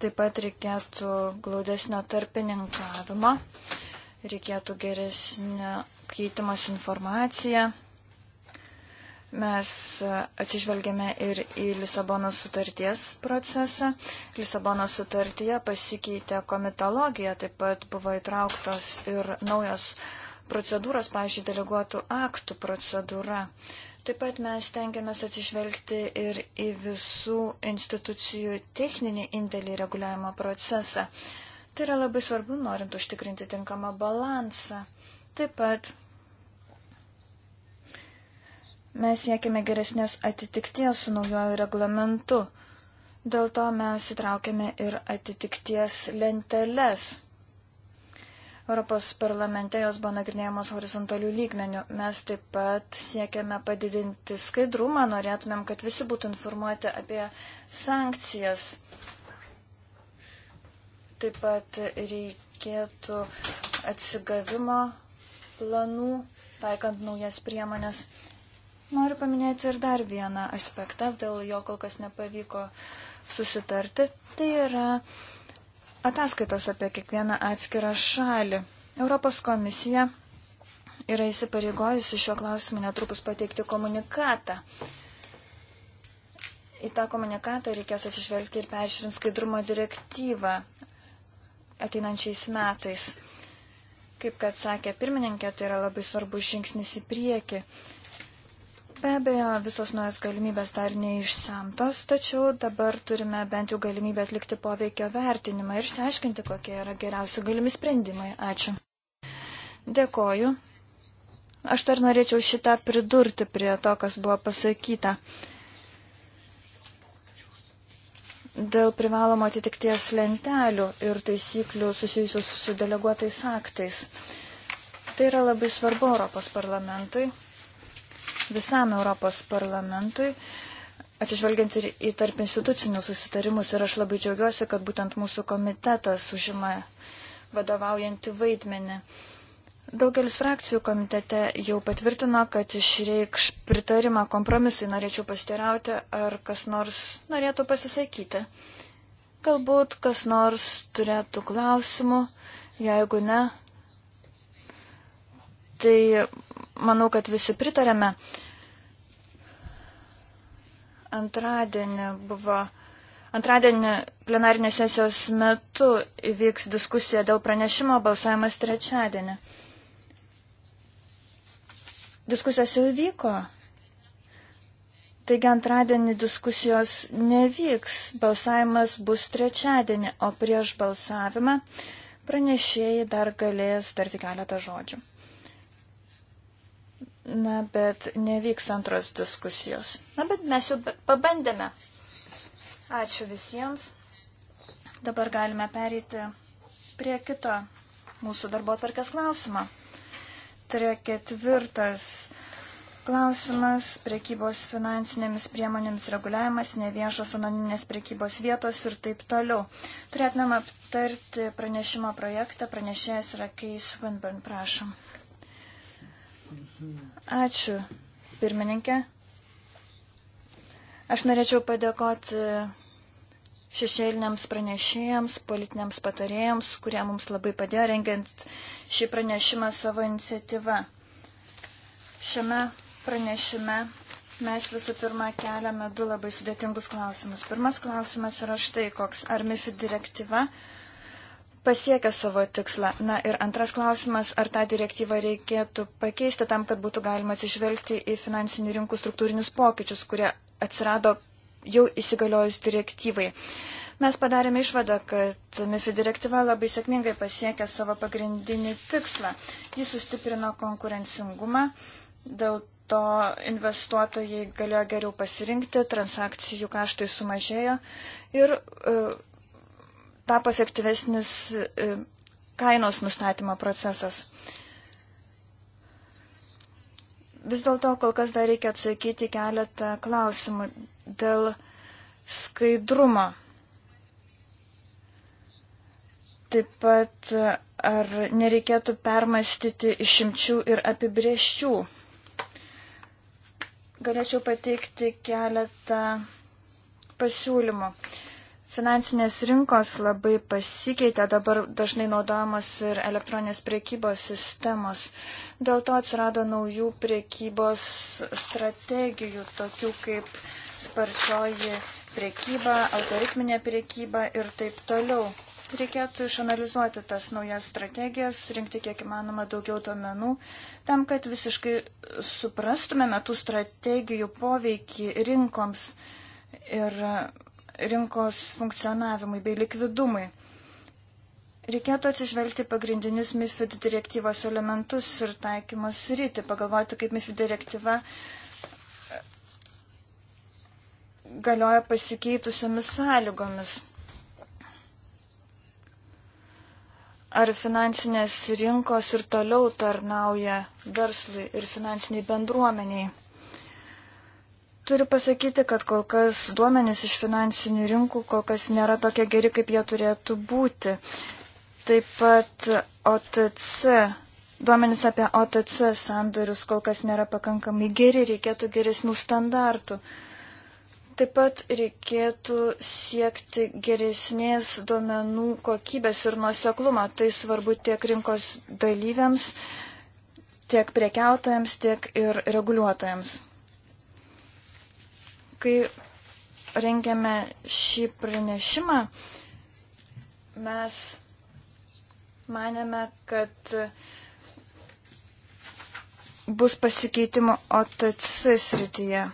Taip pat reikėtų glaudesnio tarpininkavimo, reikėtų geresnio keitimas informacija. Mes atsižvelgėme ir į Lisabono sutarties procesą. Lisabono sutartyje pasikeitė komitologija, taip pat buvo įtrauktos ir naujos uh, procedūros, pavyzdžiui, deleguotų aktų procedūra. Taip pat mes tengiamės atsižvelgti ir į visų institucijų techninį indėlį reguliavimo procesą. Tai yra labai svarbu, norint užtikrinti tinkamą balansą. Taip pat mes siekime geresnės atitikties su naujoju reglamentu. Dėl to mes įtraukėme ir atitikties lenteles. Europos parlamente jos buvo nagrinėjamos horizontalių lygmenių. Mes taip pat siekiame padidinti skaidrumą, norėtumėm, kad visi būtų informuoti apie sankcijas. Taip pat reikėtų atsigavimo planų, taikant naujas priemonės. Noriu paminėti ir dar vieną aspektą, dėl jo kol kas nepavyko susitarti. Tai yra uh, ataskaitos apie kiekvieną atskirą šalį. Europos komisija yra įsipareigojusi šiuo klausimu netrukus pateikti komunikatą. Į tą komunikatą reikės atsižvelgti ir peržiūrint skaidrumo direktyvą ateinančiais metais. Kaip kad sakė pirmininkė, tai yra labai svarbus žingsnis į priekį. Be abejo, visos nuos galimybės dar neišsamtos, tačiau dabar turime bent jau galimybę atlikti poveikio vertinimą ir išsiaiškinti, kokie yra geriausi galimi sprendimai. Ačiū. Dėkoju. Aš dar norėčiau šitą pridurti prie to, kas buvo pasakyta. Dėl privalomo atitikties lentelių ir taisyklių susijusių su deleguotais aktais. Tai yra labai svarbu Europos parlamentui visam Europos parlamentui, atsižvelgiant ir į tarp institucinius susitarimus. Ir aš labai džiaugiuosi, kad būtent mūsų komitetas užima vadovaujantį vaidmenį. Daugelis frakcijų komitete jau patvirtino, kad išreikš pritarimą kompromisui. Norėčiau pastirauti, ar kas nors norėtų pasisakyti. Galbūt kas nors turėtų klausimų, jeigu ne, tai manau, kad visi pritarėme. Antradienį buvo. Antradienį plenarinės sesijos metu įvyks diskusija dėl pranešimo, balsavimas trečiadienį. Diskusijos jau įvyko. Taigi antradienį diskusijos nevyks, balsavimas bus trečiadienį, o prieš balsavimą pranešėjai dar galės tarti keletą žodžių. Na, bet nevyks antros diskusijos. Na, bet mes jau pabandėme. Ačiū visiems. Dabar galime pereiti prie kito mūsų darbo tvarkės klausimą. Tai yra ketvirtas klausimas - priekybos finansinėmis priemonėmis reguliavimas, neviešos anoniminės priekybos vietos ir taip toliau. Turėtumėm aptarti pranešimo projektą. Pranešėjas yra Keis Winburn, prašom. Mhm. Ačiū, pirmininkė. Aš norėčiau padėkoti šešėliniams pranešėjams, politiniams patarėjams, kurie mums labai padėjo rengiant šį pranešimą savo iniciatyvą. Šiame pranešime mes visų pirma keliame du labai sudėtingus klausimus. Pirmas klausimas yra štai koks. Ar MIFID direktyva pasiekia savo tikslą. Na ir antras klausimas, ar tą direktyvą reikėtų pakeisti tam, kad būtų galima atsižvelgti į finansinių rinkų struktūrinius pokyčius, kurie atsirado jau įsigaliojus direktyvai. Mes padarėme išvadą, kad MIFI direktyva labai sėkmingai pasiekė savo pagrindinį tikslą. Jis sustiprino konkurencingumą, dėl to investuotojai galėjo geriau pasirinkti, transakcijų kaštai sumažėjo ir uh, tapo efektyvesnis e, kainos nustatymo procesas. Vis dėlto kol kas dar reikia atsakyti keletą klausimų dėl skaidrumo. Taip pat e, ar nereikėtų permastyti išimčių ir apibrieščių. Galėčiau pateikti keletą pasiūlymų. Uh, Finansinės rinkos labai pasikeitė, dabar dažnai naudojamos ir elektroninės priekybos sistemos. Dėl to atsirado naujų priekybos strategijų, tokių kaip sparčioji priekyba, algoritminė priekyba ir taip toliau. Reikėtų išanalizuoti tas naujas strategijas, surinkti kiek įmanoma daugiau duomenų, tam, kad visiškai suprastumėme tų strategijų poveikį rinkoms ir rinkos funkcionavimui bei likvidumui. Reikėtų atsižvelgti pagrindinius MIFID direktyvos elementus ir taikymas rytį, pagalvoti, kaip MIFID direktyva e, galioja pasikeitusiamis sąlygomis. Ar finansinės rinkos ir toliau tarnauja verslui ir finansiniai bendruomeniai? Turiu pasakyti, kad kol kas duomenys iš finansinių rinkų kol kas nėra tokie geri, kaip jie turėtų būti. Taip pat OTC, duomenys apie OTC sandorius kol kas nėra pakankamai geri, reikėtų geresnių standartų. Taip pat reikėtų siekti geresnės duomenų kokybės ir nuoseklumą. Tai svarbu tiek rinkos dalyviams, tiek prekiautojams, tiek ir reguliuotojams. Kai rengėme šį pranešimą, mes manėme, kad bus pasikeitimo OTC srityje.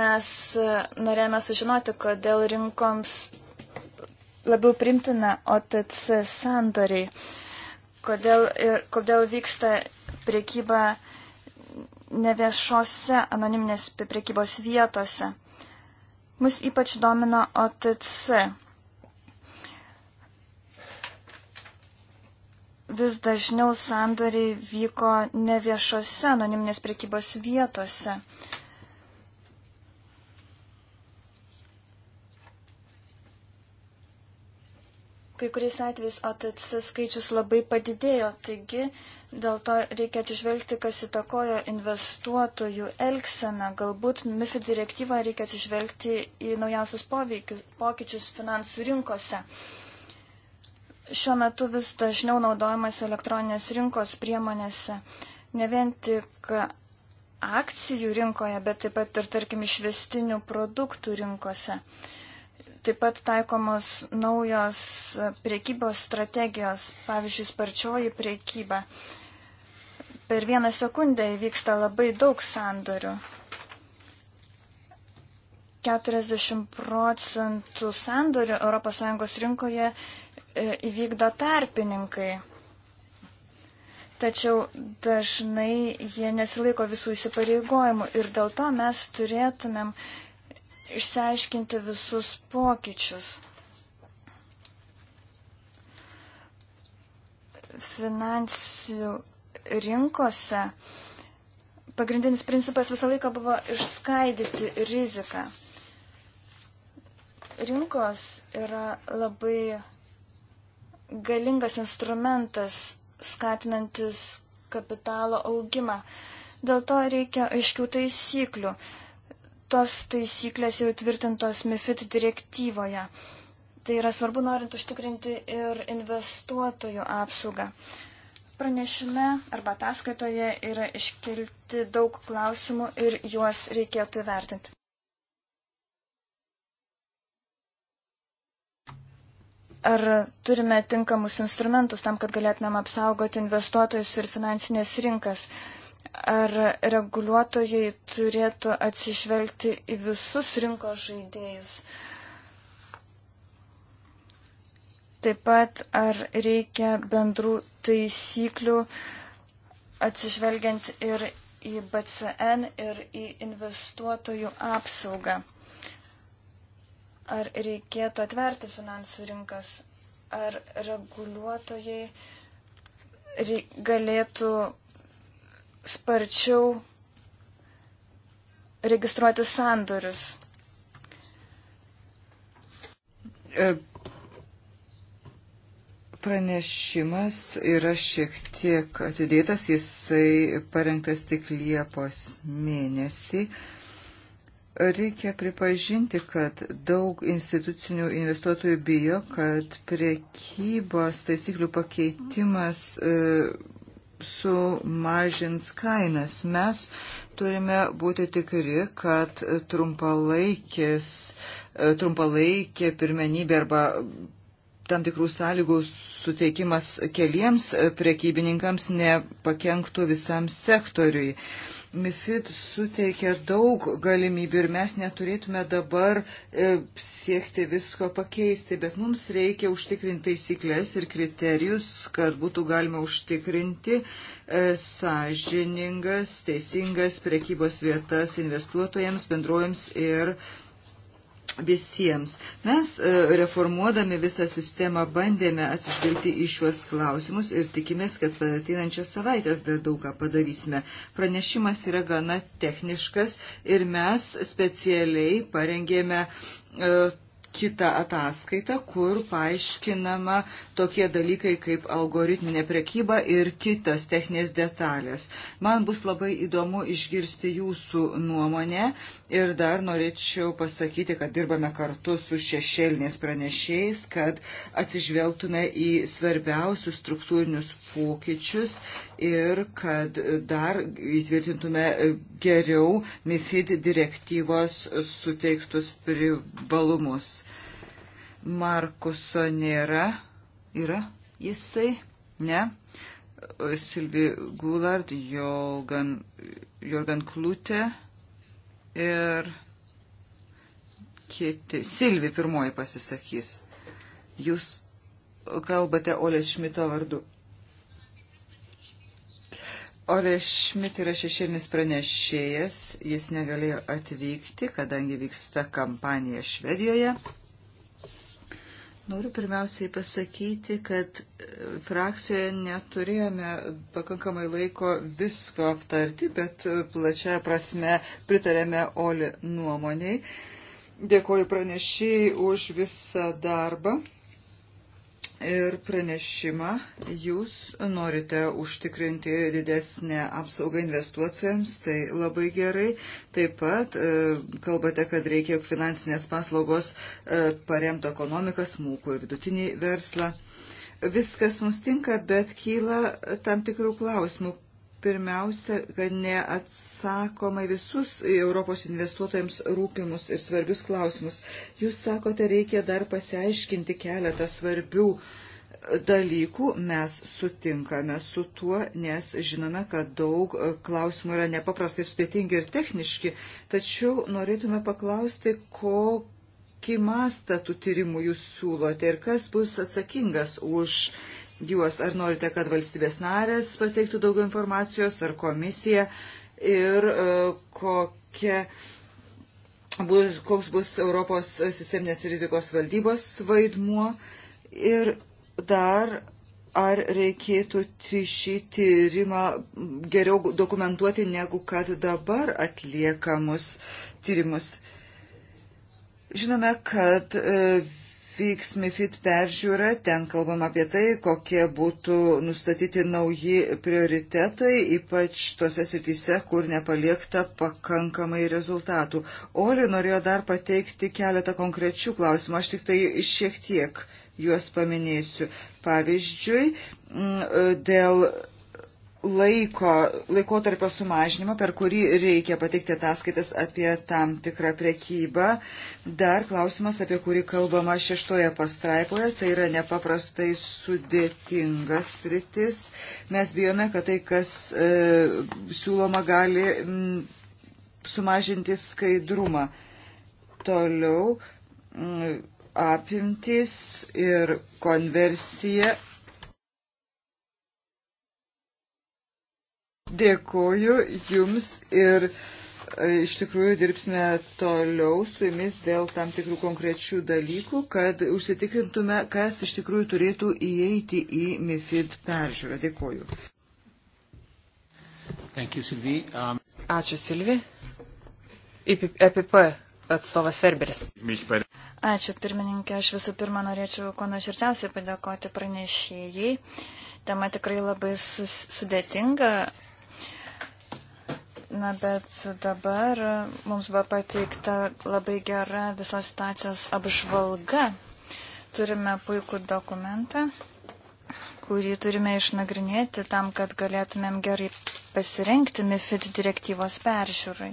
Mes norėjome sužinoti, kodėl rinkoms labiau primtina OTC sandoriai. Kodėl, ir, kodėl vyksta priekyba neviešose anoniminės priekybos vietose. Mus ypač domina OTC. Vis dažniau sandoriai vyko neviešose anoniminės priekybos vietose. Kai kuriais atvejais OTC skaičius labai padidėjo, taigi dėl to reikia atsižvelgti, kas įtakojo investuotojų elgseną. Galbūt MIFID direktyvą reikia atsižvelgti į naujausius poveikius, pokyčius finansų rinkose. Šiuo metu vis dažniau naudojamas elektroninės rinkos priemonėse. Ne vien tik akcijų rinkoje, bet taip pat ir, tarkim, išvestinių produktų rinkose. Uh, Taip pat taikomos naujos priekybos strategijos, pavyzdžiui, sparčioji priekyba. Per vieną sekundę įvyksta labai daug sandorių. 40 procentų sandorių ES rinkoje e, įvykdo tarpininkai. Tačiau dažnai jie nesilaiko visų įsipareigojimų ir dėl to mes turėtumėm uh, išsiaiškinti visus pokyčius. Finansų rinkose pagrindinis principas visą laiką buvo išskaidyti riziką. Rinkos yra labai galingas instrumentas skatinantis kapitalo augimą. Dėl to reikia aiškių taisyklių tos taisyklės jau tvirtintos MIFID direktyvoje. Tai yra svarbu norint užtikrinti ir investuotojų apsaugą. Pranešime arba ataskaitoje yra iškelti daug klausimų ir juos reikėtų vertinti. Ar turime tinkamus instrumentus tam, kad galėtumėm apsaugoti investuotojus ir finansinės rinkas? Uh, ar reguliuotojai turėtų atsižvelgti į visus rinkos žaidėjus. Taip pat, ar reikia bendrų taisyklių atsižvelgiant ir į BCN ir į investuotojų apsaugą. Ar reikėtų atverti finansų rinkas, ar reguliuotojai galėtų sparčiau registruoti sandorius. E, pranešimas yra šiek tiek atidėtas, jisai parengtas tik Liepos mėnesį. Reikia pripažinti, kad daug institucinių investuotojų bijo, kad priekybos taisyklių pakeitimas e, sumažins kainas. Mes turime būti tikri, kad e, trumpalaikė pirmenybė arba tam tikrų sąlygų suteikimas keliems prekybininkams nepakenktų visam sektoriui. MIFID suteikia daug galimybių ir mes neturėtume dabar e, siekti visko pakeisti, bet mums reikia užtikrinti taisyklės ir kriterijus, kad būtų galima užtikrinti e, sąžiningas, teisingas prekybos vietas investuotojams, bendrojams ir visiems. Mes e, reformuodami visą sistemą bandėme atsižvelgti į šiuos klausimus ir tikimės, kad per ateinančias savaitės dar daug ką padarysime. Pranešimas yra gana techniškas ir mes specialiai parengėme e, kitą ataskaitą, kur paaiškinama tokie dalykai kaip algoritminė prekyba ir kitos techninės detalės. Man bus labai įdomu išgirsti jūsų nuomonę Ir dar norėčiau pasakyti, kad dirbame kartu su šešėlinės pranešėjais, kad atsižvelgtume į svarbiausius struktūrinius pokyčius ir kad dar įtvirtintume geriau MIFID direktyvos suteiktus privalumus. Markuso nėra. Yra jisai? Ne. Silvi Gulard, Jorgan, Jorgan Klutė ir kiti. Silvi pirmoji pasisakys. Jūs kalbate Olės Šmito vardu. Olė Šmit yra šešėlinis pranešėjas, jis negalėjo atvykti, kadangi vyksta kampanija Švedijoje. Noriu pirmiausiai pasakyti, kad e, frakcijoje neturėjome pakankamai laiko visko aptarti, bet e, plačiaja prasme pritarėme Oli nuomoniai. Dėkoju pranešėjai už visą darbą ir pranešimą jūs norite užtikrinti didesnę apsaugą investuotojams, tai labai gerai. Taip pat e, kalbate, kad reikia finansinės paslaugos e, paremto ekonomiką, smulkų ir vidutinį verslą. Viskas mums tinka, bet kyla tam tikrų klausimų pirmiausia, kad neatsakoma visus Europos investuotojams rūpimus ir svarbius klausimus. Jūs sakote, reikia dar pasiaiškinti keletą svarbių e, dalykų. Mes sutinkame su tuo, nes žinome, kad daug e, klausimų yra nepaprastai sudėtingi ir techniški. Tačiau norėtume paklausti, kokį mastą tų tyrimų jūs siūlote ir kas bus atsakingas už juos, ar norite, kad valstybės narės pateiktų daugiau informacijos, ar komisija, ir e, kokia bus, koks bus Europos sisteminės rizikos valdybos vaidmuo. Ir dar ar reikėtų šį tyrimą geriau dokumentuoti, negu kad dabar atliekamus tyrimus. Žinome, kad e, vyks MIFID peržiūra, ten kalbam apie tai, kokie būtų nustatyti nauji prioritetai, ypač tose srityse, kur nepaliekta pakankamai rezultatų. Oli norėjo dar pateikti keletą konkrečių klausimų, aš tik tai šiek tiek juos paminėsiu. Pavyzdžiui, dėl laiko, laikotarpio sumažinimo, per kurį reikia pateikti ataskaitas apie tam tikrą prekybą. Dar klausimas, apie kurį kalbama šeštoje pastraipoje, tai yra nepaprastai sudėtingas rytis. Mes bijome, kad tai, kas e, siūloma, gali m, sumažinti skaidrumą. Toliau m, apimtis ir konversija Dėkoju Jums ir e, iš tikrųjų dirbsime toliau su Jumis dėl tam tikrų konkrečių dalykų, kad užsitikrintume, kas iš tikrųjų turėtų įeiti į MIFID peržiūrą. Dėkoju. You, Sylvie. Um... Ačiū Silvi. EPP atstovas Ferberis. Ačiū pirmininkė. Aš visų pirma norėčiau kuo nuoširčiausiai padėkoti pranešėjai. Tema tikrai labai sudėtinga. Na, bet dabar mums buvo pateikta labai gera visos situacijos apžvalga. Turime puikų dokumentą, kurį turime išnagrinėti tam, kad galėtumėm gerai pasirenkti MIFID direktyvos peržiūrai.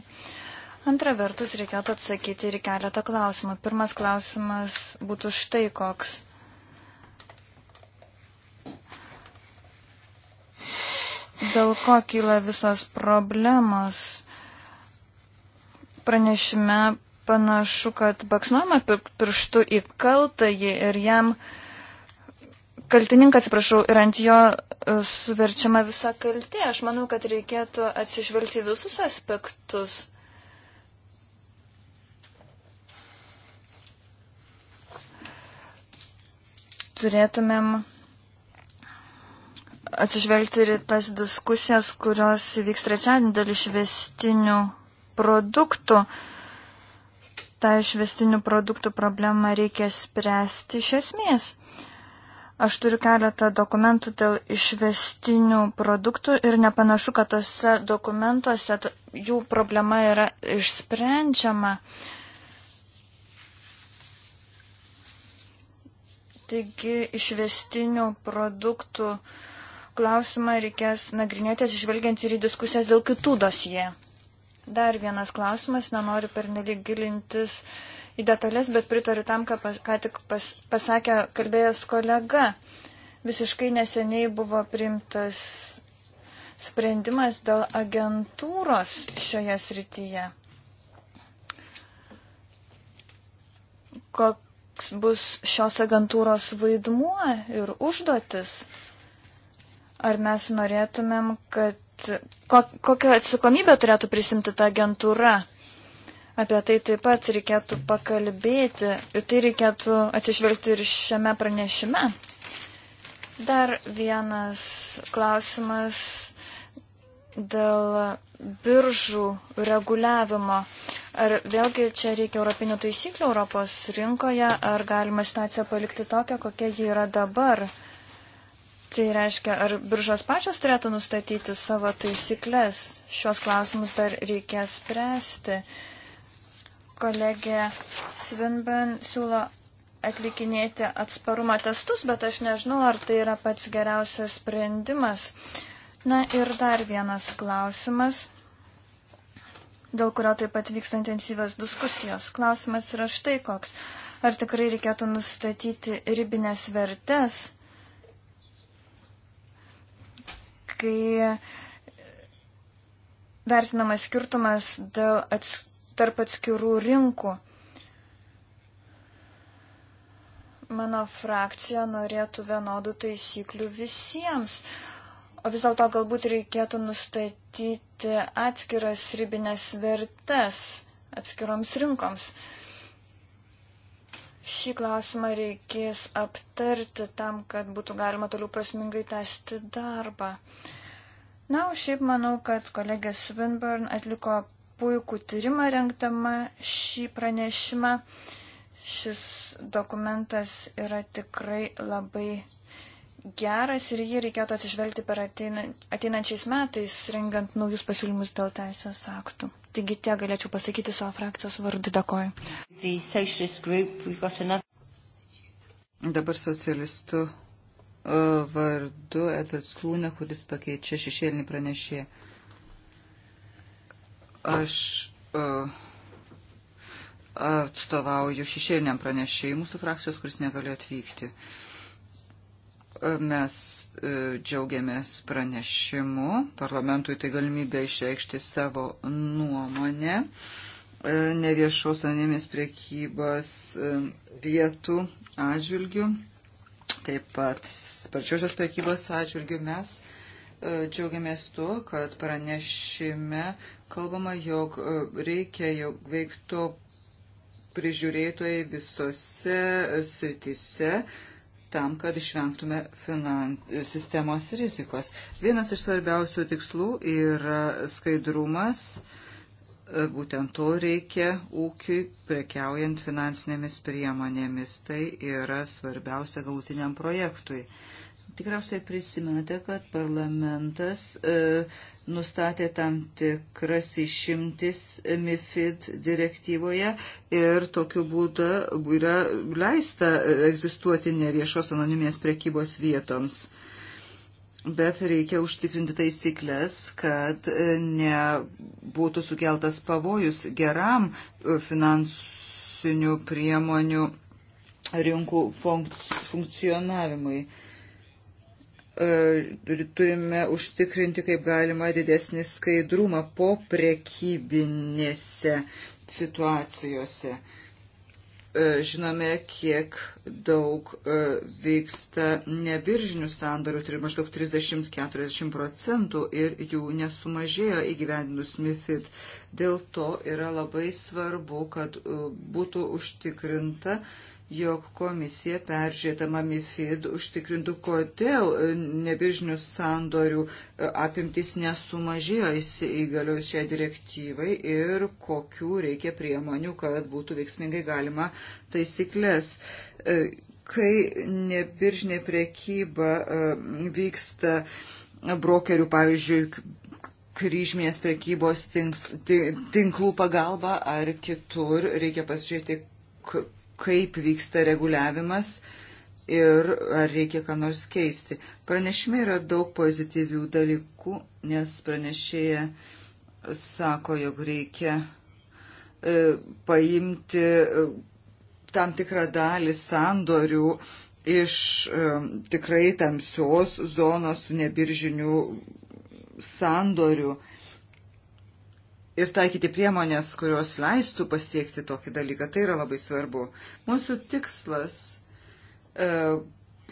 Antra vertus, reikėtų atsakyti ir keletą klausimų. Pirmas klausimas būtų štai koks. dėl ko kyla visos problemos. Pranešime panašu, kad baksnuojama pirštų į kaltąjį ir jam kaltininkas, atsiprašau, ir ant jo e, suverčiama visa kaltė. Aš manau, kad reikėtų atsižvelgti visus aspektus. Turėtumėm atsižvelgti ir tas diskusijas, kurios vyks trečiadienį dėl išvestinių produktų. Ta išvestinių produktų problema reikia spręsti iš esmės. Aš turiu keletą dokumentų dėl išvestinių produktų ir nepanašu, kad tose dokumentuose jų problema yra išsprendžiama. Taigi išvestinių produktų uh, klausimą reikės nagrinėti atsižvelgiant ir į diskusijas dėl kitų dosijų. Dar vienas klausimas, nenoriu pernelyg gilintis į detalės, bet pritariu tam, ką, pas, ką tik pas, pasakė kalbėjęs kolega. Visiškai neseniai buvo priimtas sprendimas dėl agentūros šioje srityje. Koks bus šios agentūros vaidmuo ir užduotis? Ar mes norėtumėm, kad ko, kokią atsakomybę turėtų prisimti ta agentūra? Apie tai taip pat reikėtų pakalbėti ir tai reikėtų atsižvelgti ir šiame pranešime. Dar vienas klausimas dėl biržų reguliavimo. Ar vėlgi čia reikia europinių taisyklių Europos rinkoje, ar galima situaciją palikti tokią, kokia ji yra dabar? Tai reiškia, ar biržos pačios turėtų nustatyti savo taisyklės? Šios klausimus dar reikės spręsti. Kolegė Svinben siūlo atlikinėti atsparumo testus, bet aš nežinau, ar tai yra pats geriausias sprendimas. Na ir dar vienas klausimas, dėl kurio taip pat vyksta intensyvios diskusijos. Klausimas yra štai koks. Ar tikrai reikėtų nustatyti ribinės vertės? kai vertinamas skirtumas ats, tarp atskirų rinkų. Mano frakcija norėtų vienodų taisyklių visiems, o vis dėlto galbūt reikėtų nustatyti atskiras ribinės vertes atskiroms rinkoms. Uh, Šį klausimą reikės aptarti tam, kad būtų galima toliau prasmingai tęsti darbą. Na, o šiaip manau, kad kolegė Swinburne atliko puikų tyrimą renkdama šį pranešimą. Šis dokumentas yra tikrai labai geras ir jį reikėtų atsižvelgti per ateinančiais metais, rengiant naujus pasiūlymus dėl teisės aktų. Taigi tie galėčiau pasakyti savo frakcijos vardu. Dėkoju. Dabar socialistų e, vardu Edvards Klūne, kuris pakeičia šešėlinį pranešėją. Aš uh, atstovauju šešėliniam pranešėjui mūsų frakcijos, kuris negalėjo atvykti. Uh, Mes e, džiaugiamės pranešimu, parlamentui tai galimybė išreikšti savo nuomonę e, neviešos anėmės priekybos e, vietų atžvilgių, taip pat sparčiosios priekybos atžvilgių mes džiaugiamės tuo, kad pranešime kalbama, jog reikia, jog veiktų prižiūrėtojai visose sritise, tam, kad išvengtume finan... sistemos rizikos. Vienas iš svarbiausių tikslų yra skaidrumas. E, būtent to reikia ūkiui prekiaujant finansinėmis priemonėmis. Tai yra svarbiausia galutiniam projektui. Tikriausiai prisimenate, kad parlamentas e, nustatė tam tikras išimtis MIFID direktyvoje ir tokiu būdu yra leista egzistuoti ne viešos anoniminės prekybos vietoms. Bet reikia užtikrinti taisyklės, kad nebūtų sukeltas pavojus geram finansinių priemonių rinkų funkcionavimui. E, turime užtikrinti kaip galima didesnį skaidrumą po prekybinėse situacijose. E, žinome, kiek daug e, vyksta nebiržinių sandorių, turi maždaug 30-40 procentų ir jų nesumažėjo įgyvendinus MIFID. Dėl to yra labai svarbu, kad būtų užtikrinta uh, jog komisija peržiūrėtama MIFID užtikrintų, kodėl e, nebiržinių sandorių e, apimtis nesumažėjo įsigaliojus šią direktyvai ir kokių reikia priemonių, kad būtų veiksmingai galima taisyklės. E, kai nebiržinė priekyba vyksta brokerių, pavyzdžiui, kryžminės prekybos tinklų pagalba ar kitur, reikia pasižiūrėti, kaip vyksta reguliavimas ir ar reikia ką nors keisti. Pranešime yra daug pozityvių dalykų, nes pranešėja sako, jog reikia e, paimti e, tam tikrą dalį sandorių iš e, tikrai tamsios zonos su nebiržinių sandorių. E, ir taikyti priemonės, kurios leistų pasiekti tokį dalyką. Tai yra labai svarbu. Mūsų tikslas e,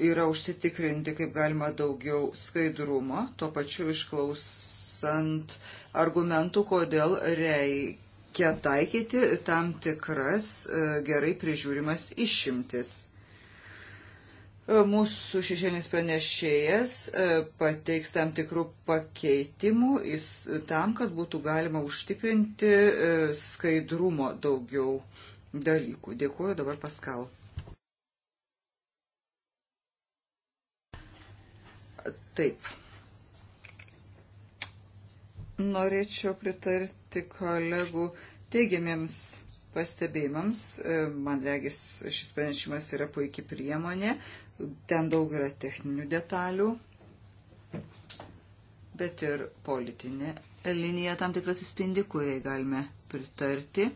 yra užsitikrinti kaip galima daugiau skaidrumo, tuo pačiu išklausant argumentų, kodėl reikia taikyti tam tikras e, gerai prižiūrimas išimtis. E, mūsų šešėlinis pranešėjas e, pateiks tam tikrų pakeitimų jis, e, tam, kad būtų galima užtikrinti skaidrumo daugiau dalykų. Dėkuoju dabar Paskal. Taip. Norėčiau pritarti kolegų teigiamiems pastebėjimams. Man regis, šis pranešimas yra puikiai priemonė Ten daug yra techninių detalių, bet ir politinė linija tam tikras įspindi, kuriai galime pritarti.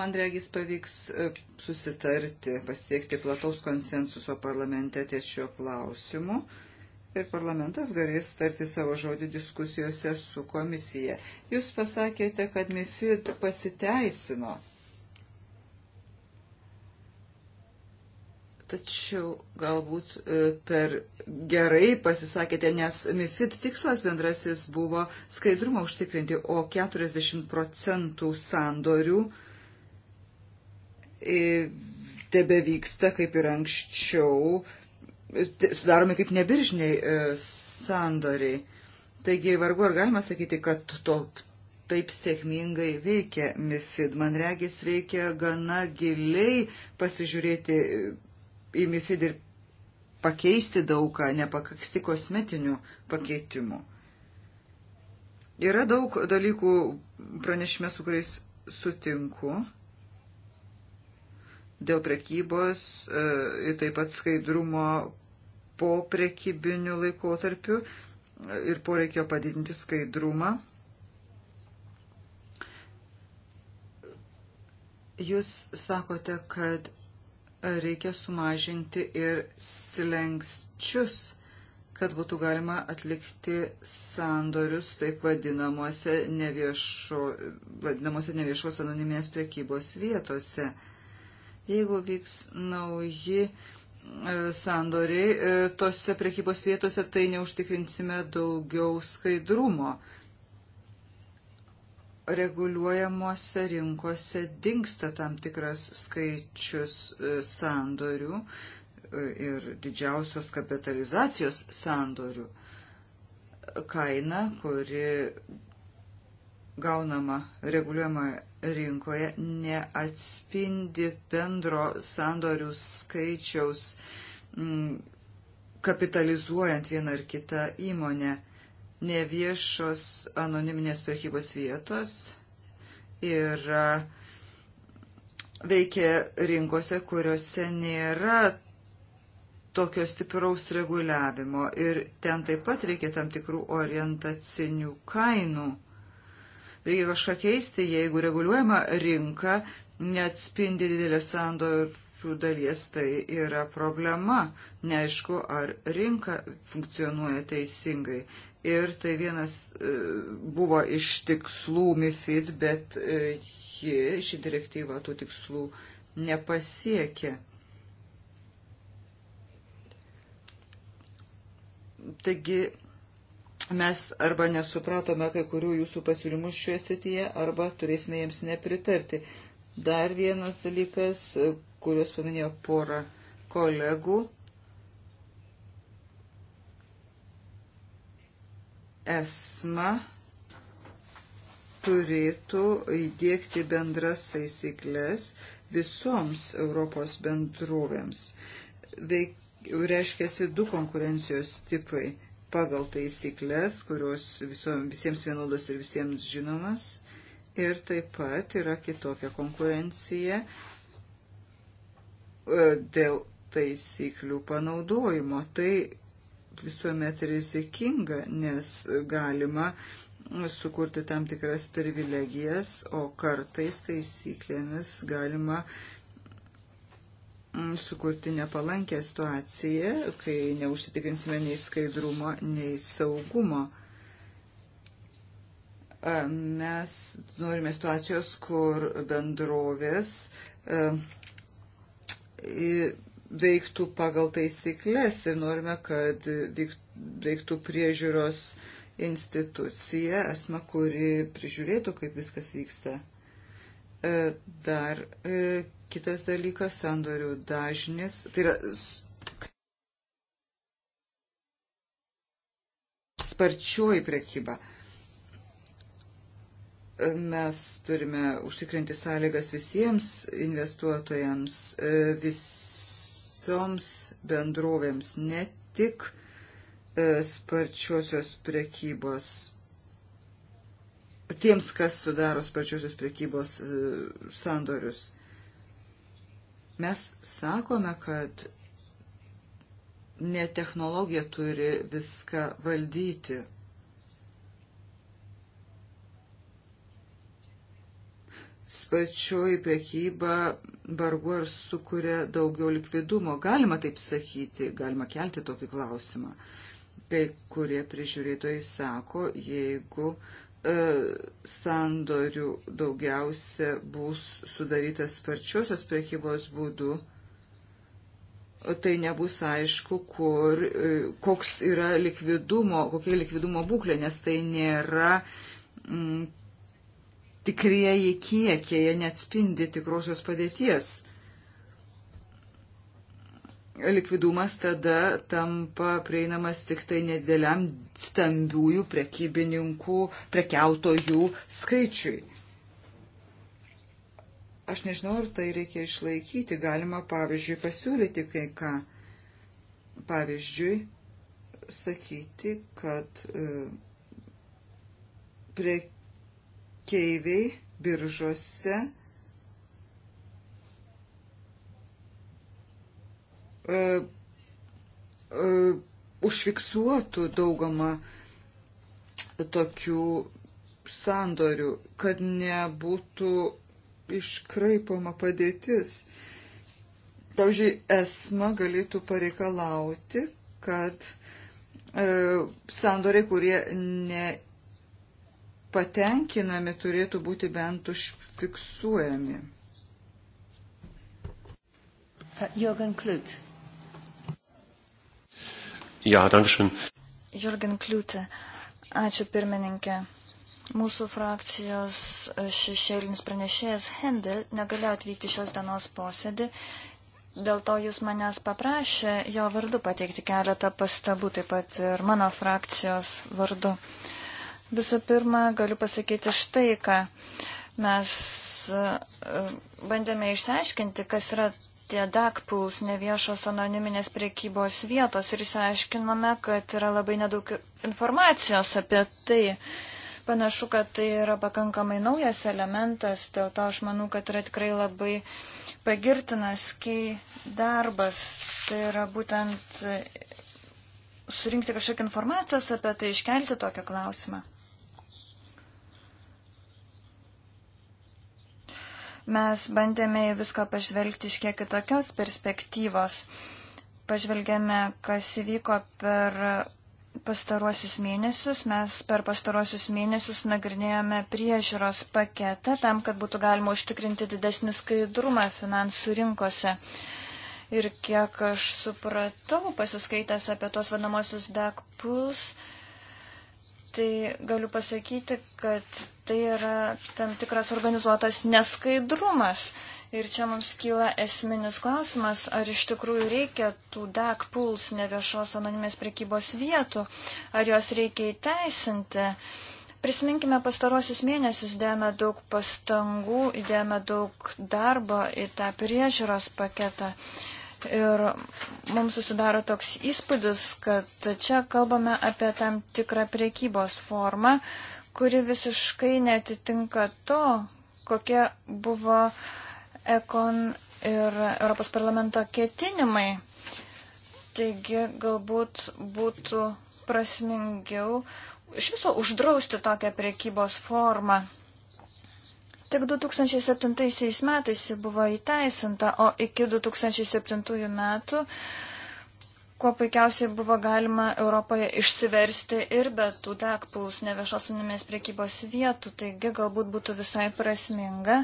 Man regis pavyks e, susitarti, pasiekti plataus konsensuso parlamente ties šiuo klausimu ir parlamentas galės tarti savo žodį diskusijose su komisija. Jūs pasakėte, kad MIFID pasiteisino Tačiau galbūt e, per gerai pasisakėte, nes MIFID tikslas bendrasis buvo skaidrumą užtikrinti, o 40 procentų sandorių e, tebe vyksta kaip ir anksčiau, e, sudaromi kaip nebiržiniai sandoriai. Taigi vargu ar galima sakyti, kad to, taip sėkmingai veikia MIFID. Man regis reikia gana giliai pasižiūrėti į MIFID ir pakeisti daugą, nepakaksti kosmetinių pakeitimų. Yra daug dalykų pranešime, su kuriais sutinku dėl prekybos e, ir taip pat skaidrumo po prekybinių laikotarpių e, ir poreikio padidinti skaidrumą. Jūs sakote, kad reikia sumažinti ir slengsčius, kad būtų galima atlikti sandorius taip vadinamuose neviešo, vadinamuose neviešos anoniminės prekybos vietose. Jeigu vyks nauji e, sandoriai e, tose prekybos vietose, tai neužtikrinsime daugiau skaidrumo reguliuojamuose rinkose dinksta tam tikras skaičius e, sandorių e, ir didžiausios kapitalizacijos sandorių kaina, kuri gaunama reguliuojamoje rinkoje, neatspindi bendro sandorių skaičiaus kapitalizuojant vieną ar kitą įmonę neviešos anoniminės prekybos vietos yra veikia rinkose, kuriuose nėra tokio stipraus reguliavimo ir ten taip pat reikia tam tikrų orientacinių kainų. Reikia kažką keisti, jeigu reguliuojama rinka neatspindi didelės sandorių dalies, tai yra problema. Neaišku, ar rinka funkcionuoja teisingai ir tai vienas e, buvo iš tikslų MIFID, bet e, ji, ši direktyva tų tikslų nepasiekė. Taigi mes arba nesupratome kai kurių jūsų pasiūlymų šioje srityje, arba turėsime jiems nepritarti. Dar vienas dalykas, e, kuriuos paminėjo pora kolegų ESMA turėtų įdėkti bendras taisyklės visoms Europos bendrovėms. Veik, reiškiasi du konkurencijos tipai pagal taisyklės, kurios visom, visiems vienodos ir visiems žinomas. Ir taip pat yra kitokia konkurencija e, dėl taisyklių panaudojimo. Tai visuomet rizikinga, nes galima sukurti tam tikras privilegijas, o kartais taisyklėmis galima mm, sukurti nepalankę situaciją, kai neužsitikrinsime nei skaidrumo, nei saugumo mes norime situacijos, kur bendrovės e, veiktų pagal taisyklės ir norime, kad veiktų priežiūros institucija, esma, kuri prižiūrėtų, kaip viskas vyksta. E, dar e, kitas dalykas - sandorių dažnis. Tai yra sparčioji prekyba. E, mes turime užtikrinti sąlygas visiems investuotojams, vis visoms bendrovėms, ne tik e, sparčiosios prekybos. Tiems, kas sudaro sparčiosios prekybos e, sandorius. Mes sakome, kad ne technologija turi viską valdyti spačioji prekyba vargu ar sukuria daugiau likvidumo. Galima taip sakyti, galima kelti tokį klausimą. Kai kurie prižiūrėtojai sako, jeigu e, sandorių daugiausia bus sudarytas sparčiosios prekybos būdu, tai nebus aišku, kur, e, koks yra likvidumo, kokia likvidumo būklė, nes tai nėra m, mm, tikrieji kiekiai, jie neatspindi tikrosios padėties. Likvidumas tada tampa prieinamas tik tai nedėliam stambiųjų prekybininkų, prekiautojų skaičiui. Aš nežinau, ar tai reikia išlaikyti. Galima, pavyzdžiui, pasiūlyti kai ką. Pavyzdžiui, sakyti, kad e, prekybininkų prekeiviai biržose e, e, užfiksuotų daugumą tokių sandorių, kad nebūtų iškraipoma padėtis. Pavyzdžiui, esma galėtų pareikalauti, kad e, sandoriai, kurie ne patenkinami turėtų būti bent užfiksuojami. Uh, Jürgen Klut. Ja, dankeschön. Jürgen Kliūtė. Ačiū pirmininkė. Mūsų frakcijos uh, šešėlinis pranešėjas Hendel negalėjo atvykti šios dienos posėdį, dėl to jis manęs paprašė jo vardu pateikti keletą pastabų, taip pat ir mano frakcijos vardu. Uh, Visų pirma, galiu pasakyti štai ką. Mes e, bandėme išsiaiškinti, kas yra tie dakpuls, neviešos anoniminės priekybos vietos ir išsiaiškinome, kad yra labai nedaug informacijos apie tai. Panašu, kad tai yra pakankamai naujas elementas, dėl to aš manau, kad yra tikrai labai pagirtinas, kai darbas, tai yra būtent surinkti kažkokią informacijos apie tai, iškelti tokią klausimą. Mes bandėme į viską pažvelgti iš kiek kitokios perspektyvos. Pažvelgėme, kas įvyko per pastaruosius mėnesius. Mes per pastaruosius mėnesius nagrinėjome priežiūros paketą tam, kad būtų galima užtikrinti didesnį skaidrumą finansų rinkose. Ir kiek aš supratau, pasiskaitęs apie tos vadinamosius DAC pools, tai galiu pasakyti, kad tai yra tam tikras organizuotas neskaidrumas. Ir čia mums kyla esminis klausimas, ar iš tikrųjų reikia tų DAC pools neviešos anonimės prekybos vietų, ar jos reikia įteisinti. Prisiminkime pastarosius mėnesius, dėjome daug pastangų, dėjome daug darbo į tą priežiūros paketą. Ir mums susidaro toks įspūdis, kad čia kalbame apie tam tikrą priekybos formą, kuri visiškai netitinka to, kokie buvo ekon ir Europos parlamento ketinimai. Taigi galbūt būtų prasmingiau iš viso uždrausti tokią priekybos formą. Tik 2007 metais ji buvo įteisinta, o iki 2007 metų kuo puikiausiai buvo galima Europoje išsiversti ir be tų tekpuls neviešos anonimės priekybos vietų, taigi galbūt būtų visai prasminga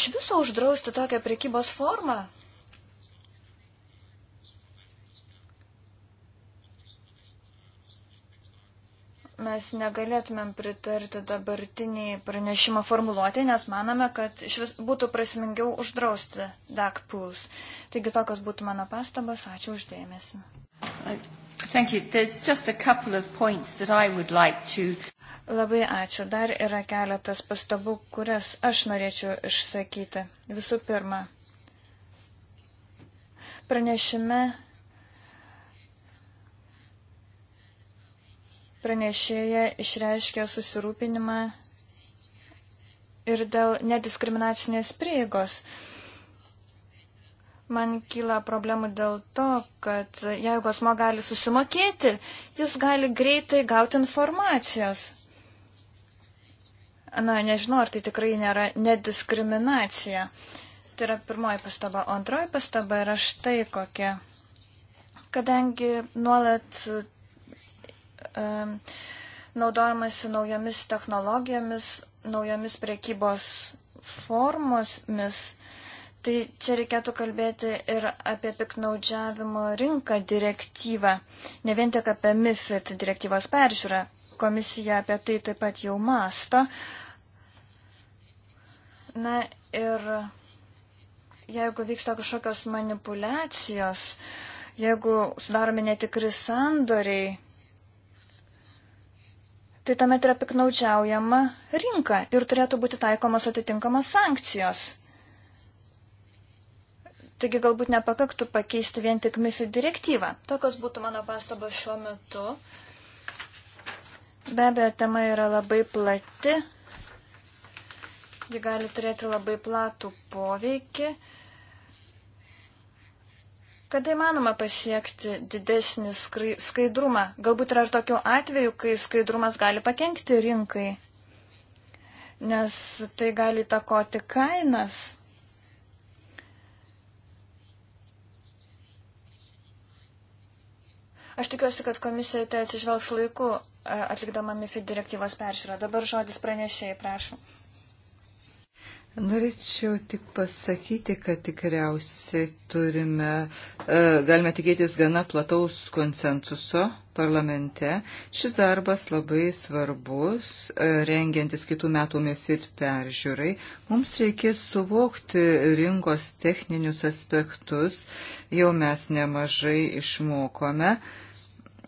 iš viso uždrausti tokią priekybos formą. mes negalėtumėm pritarti dabartiniai pranešimo formuluotė, nes manome, kad iš vis būtų prasmingiau uždrausti DAC pools. Taigi tokios būtų mano pastabas. Ačiū uždėmesi. Uh, like to... Labai ačiū. Dar yra keletas pastabų, kurias aš norėčiau išsakyti. Visų pirma, pranešime pranešėja išreiškė susirūpinimą ir dėl nediskriminacinės prieigos. Man kyla problemų dėl to, kad jeigu asmo gali susimokėti, jis gali greitai gauti informacijos. Na, nežinau, ar tai tikrai nėra nediskriminacija. Tai yra pirmoji pastaba, o antroji pastaba yra štai kokia. Kadangi nuolat E, naudojamasi naujomis technologijomis, naujomis priekybos formosmis. Tai čia reikėtų kalbėti ir apie piknaudžiavimo rinką direktyvą, ne vien tik apie MIFID direktyvos peržiūrą. Komisija apie tai taip pat jau masto. Na ir jeigu vyksta kažkokios manipulacijos, jeigu sudaromi netikri sandoriai, tai tuomet yra piknaudžiaujama rinka ir turėtų būti taikomos atitinkamos sankcijos. Taigi galbūt nepakaktų pakeisti vien tik MIFID direktyvą. Tokios būtų mano pastabos šiuo metu. Be abejo, tema yra labai plati. Ji gali turėti labai platų poveikį. Kada įmanoma pasiekti didesnį skaidrumą? Galbūt yra ir tokių atvejų, kai skaidrumas gali pakengti rinkai, nes tai gali takoti kainas. Aš tikiuosi, kad komisija tai atsižvelgs laiku, e, atlikdama MIFID direktyvos peržiūrą. Dabar žodis pranešėjai, prašom. Norėčiau tik pasakyti, kad tikriausiai turime, e, galime tikėtis gana plataus konsensuso parlamente. Šis darbas labai svarbus, e, rengiantis kitų metų MIFID peržiūrai. Mums reikės suvokti rinkos techninius aspektus, jau mes nemažai išmokome.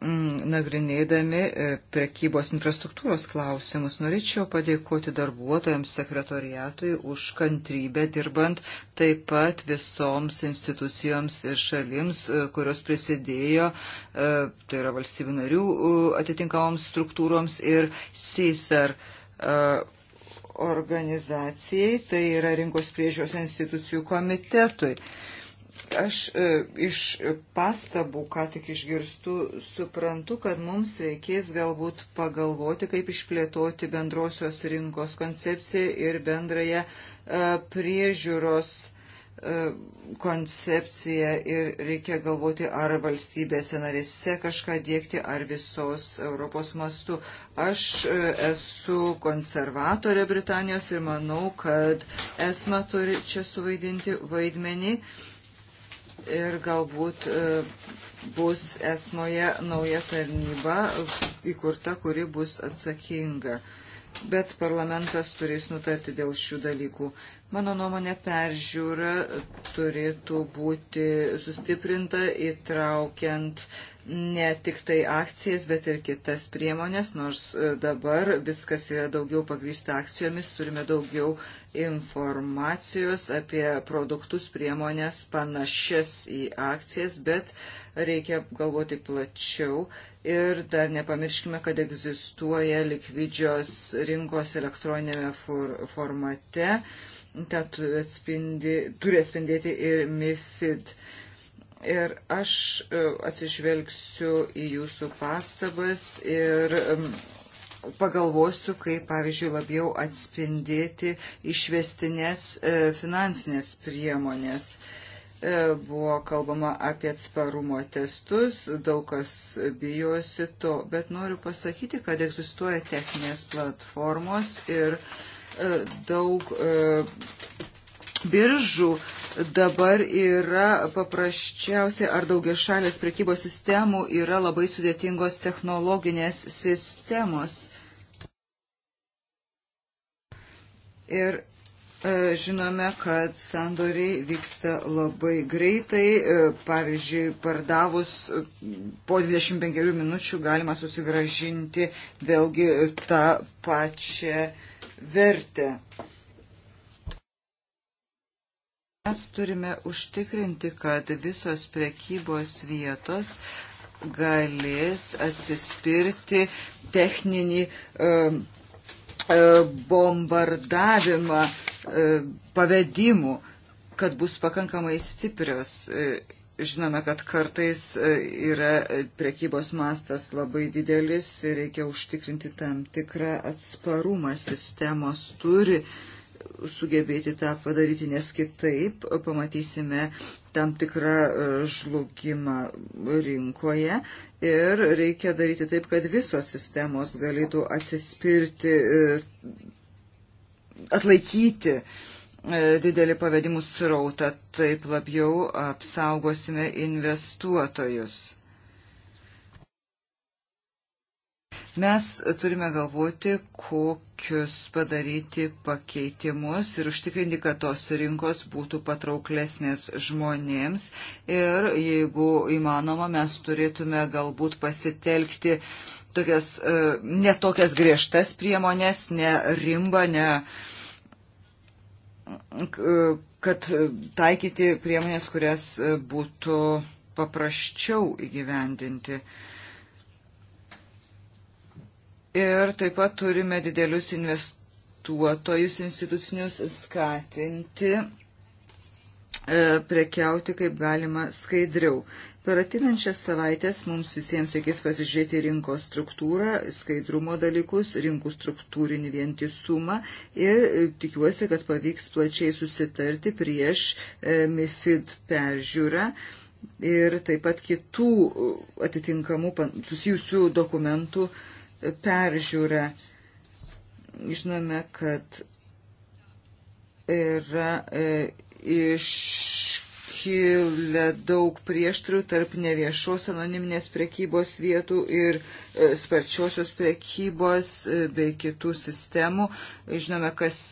Mm, nagrinėdami e, prekybos infrastruktūros klausimus. Norėčiau padėkoti darbuotojams sekretoriatui už kantrybę dirbant taip pat visoms institucijoms ir šalims, e, kurios prisidėjo, e, tai yra valstybių narių atitinkamoms struktūroms ir CISAR organizacijai, tai yra rinkos priežiūros institucijų komitetui. Aš e, iš pastabų, ką tik išgirstu, suprantu, kad mums reikės galbūt pagalvoti, kaip išplėtoti bendrosios rinkos koncepciją ir bendrąją e, priežiūros e, koncepciją ir reikia galvoti, ar valstybėse narėse kažką dėkti, ar visos Europos mastu. Aš e, esu konservatorė Britanijos ir manau, kad esma turi čia suvaidinti vaidmenį ir galbūt e, bus esmoje nauja tarnyba įkurta, kuri bus atsakinga bet parlamentas turės nutarti dėl šių dalykų. Mano nuomonė, peržiūra turėtų būti sustiprinta įtraukiant ne tik tai akcijas, bet ir kitas priemonės, nors e, dabar viskas yra daugiau pagrįsta akcijomis, turime daugiau informacijos apie produktus, priemonės panašias į akcijas, bet uh, reikia galvoti plačiau ir dar nepamirškime, kad egzistuoja likvidžios rinkos elektroninėme for formate. Ta turi, atspindi, turi atspindėti ir MIFID. Ir aš e, atsižvelgsiu į jūsų pastabas ir pagalvosiu, kaip, pavyzdžiui, labiau atspindėti išvestinės e, finansinės priemonės. E, E, buvo kalbama apie atsparumo testus, daug kas bijosi to, bet noriu pasakyti, kad egzistuoja techninės platformos ir e, daug e, biržų dabar yra paprasčiausiai ar daugia šalės prekybos sistemų yra labai sudėtingos technologinės sistemos. Ir E, žinome, kad sandoriai vyksta labai greitai. E, pavyzdžiui, pardavus e, po 25 minučių galima susigražinti vėlgi tą pačią vertę. Mes turime užtikrinti, kad visos prekybos vietos galės atsispirti techninį. Um, E, bombardavimą e, pavedimų, kad bus pakankamai stiprios. E, žinome, kad kartais yra prekybos mastas labai didelis ir reikia užtikrinti tam tikrą atsparumą. Sistemos turi sugebėti tą padaryti, nes kitaip pamatysime tam tikrą e, žlugimą rinkoje ir reikia daryti taip, kad visos sistemos galėtų atsispirti, e, atlaikyti e, didelį pavedimų srautą, taip labiau apsaugosime investuotojus. Mes turime galvoti, kokius padaryti pakeitimus ir užtikrinti, kad tos rinkos būtų patrauklesnės žmonėms. Ir jeigu įmanoma, mes turėtume galbūt pasitelkti tokias, e, ne tokias griežtas priemonės, ne rimba, ne e, kad taikyti priemonės, kurias būtų paprasčiau įgyvendinti. Uh, Ir taip pat turime didelius investuotojus institucinius skatinti e, prekiauti kaip galima skaidriau. Per atinančias savaitės mums visiems reikės pasižiūrėti rinkos struktūrą, skaidrumo dalykus, rinkų struktūrinį vientisumą ir e, tikiuosi, kad pavyks plačiai susitarti prieš e, MIFID peržiūrą ir taip pat kitų atitinkamų susijusių dokumentų uh, peržiūrą. Žinome, kad yra e, iškilę daug prieštrių tarp neviešos anoniminės prekybos vietų ir e, sparčiosios prekybos e, bei kitų sistemų. Žinome, kas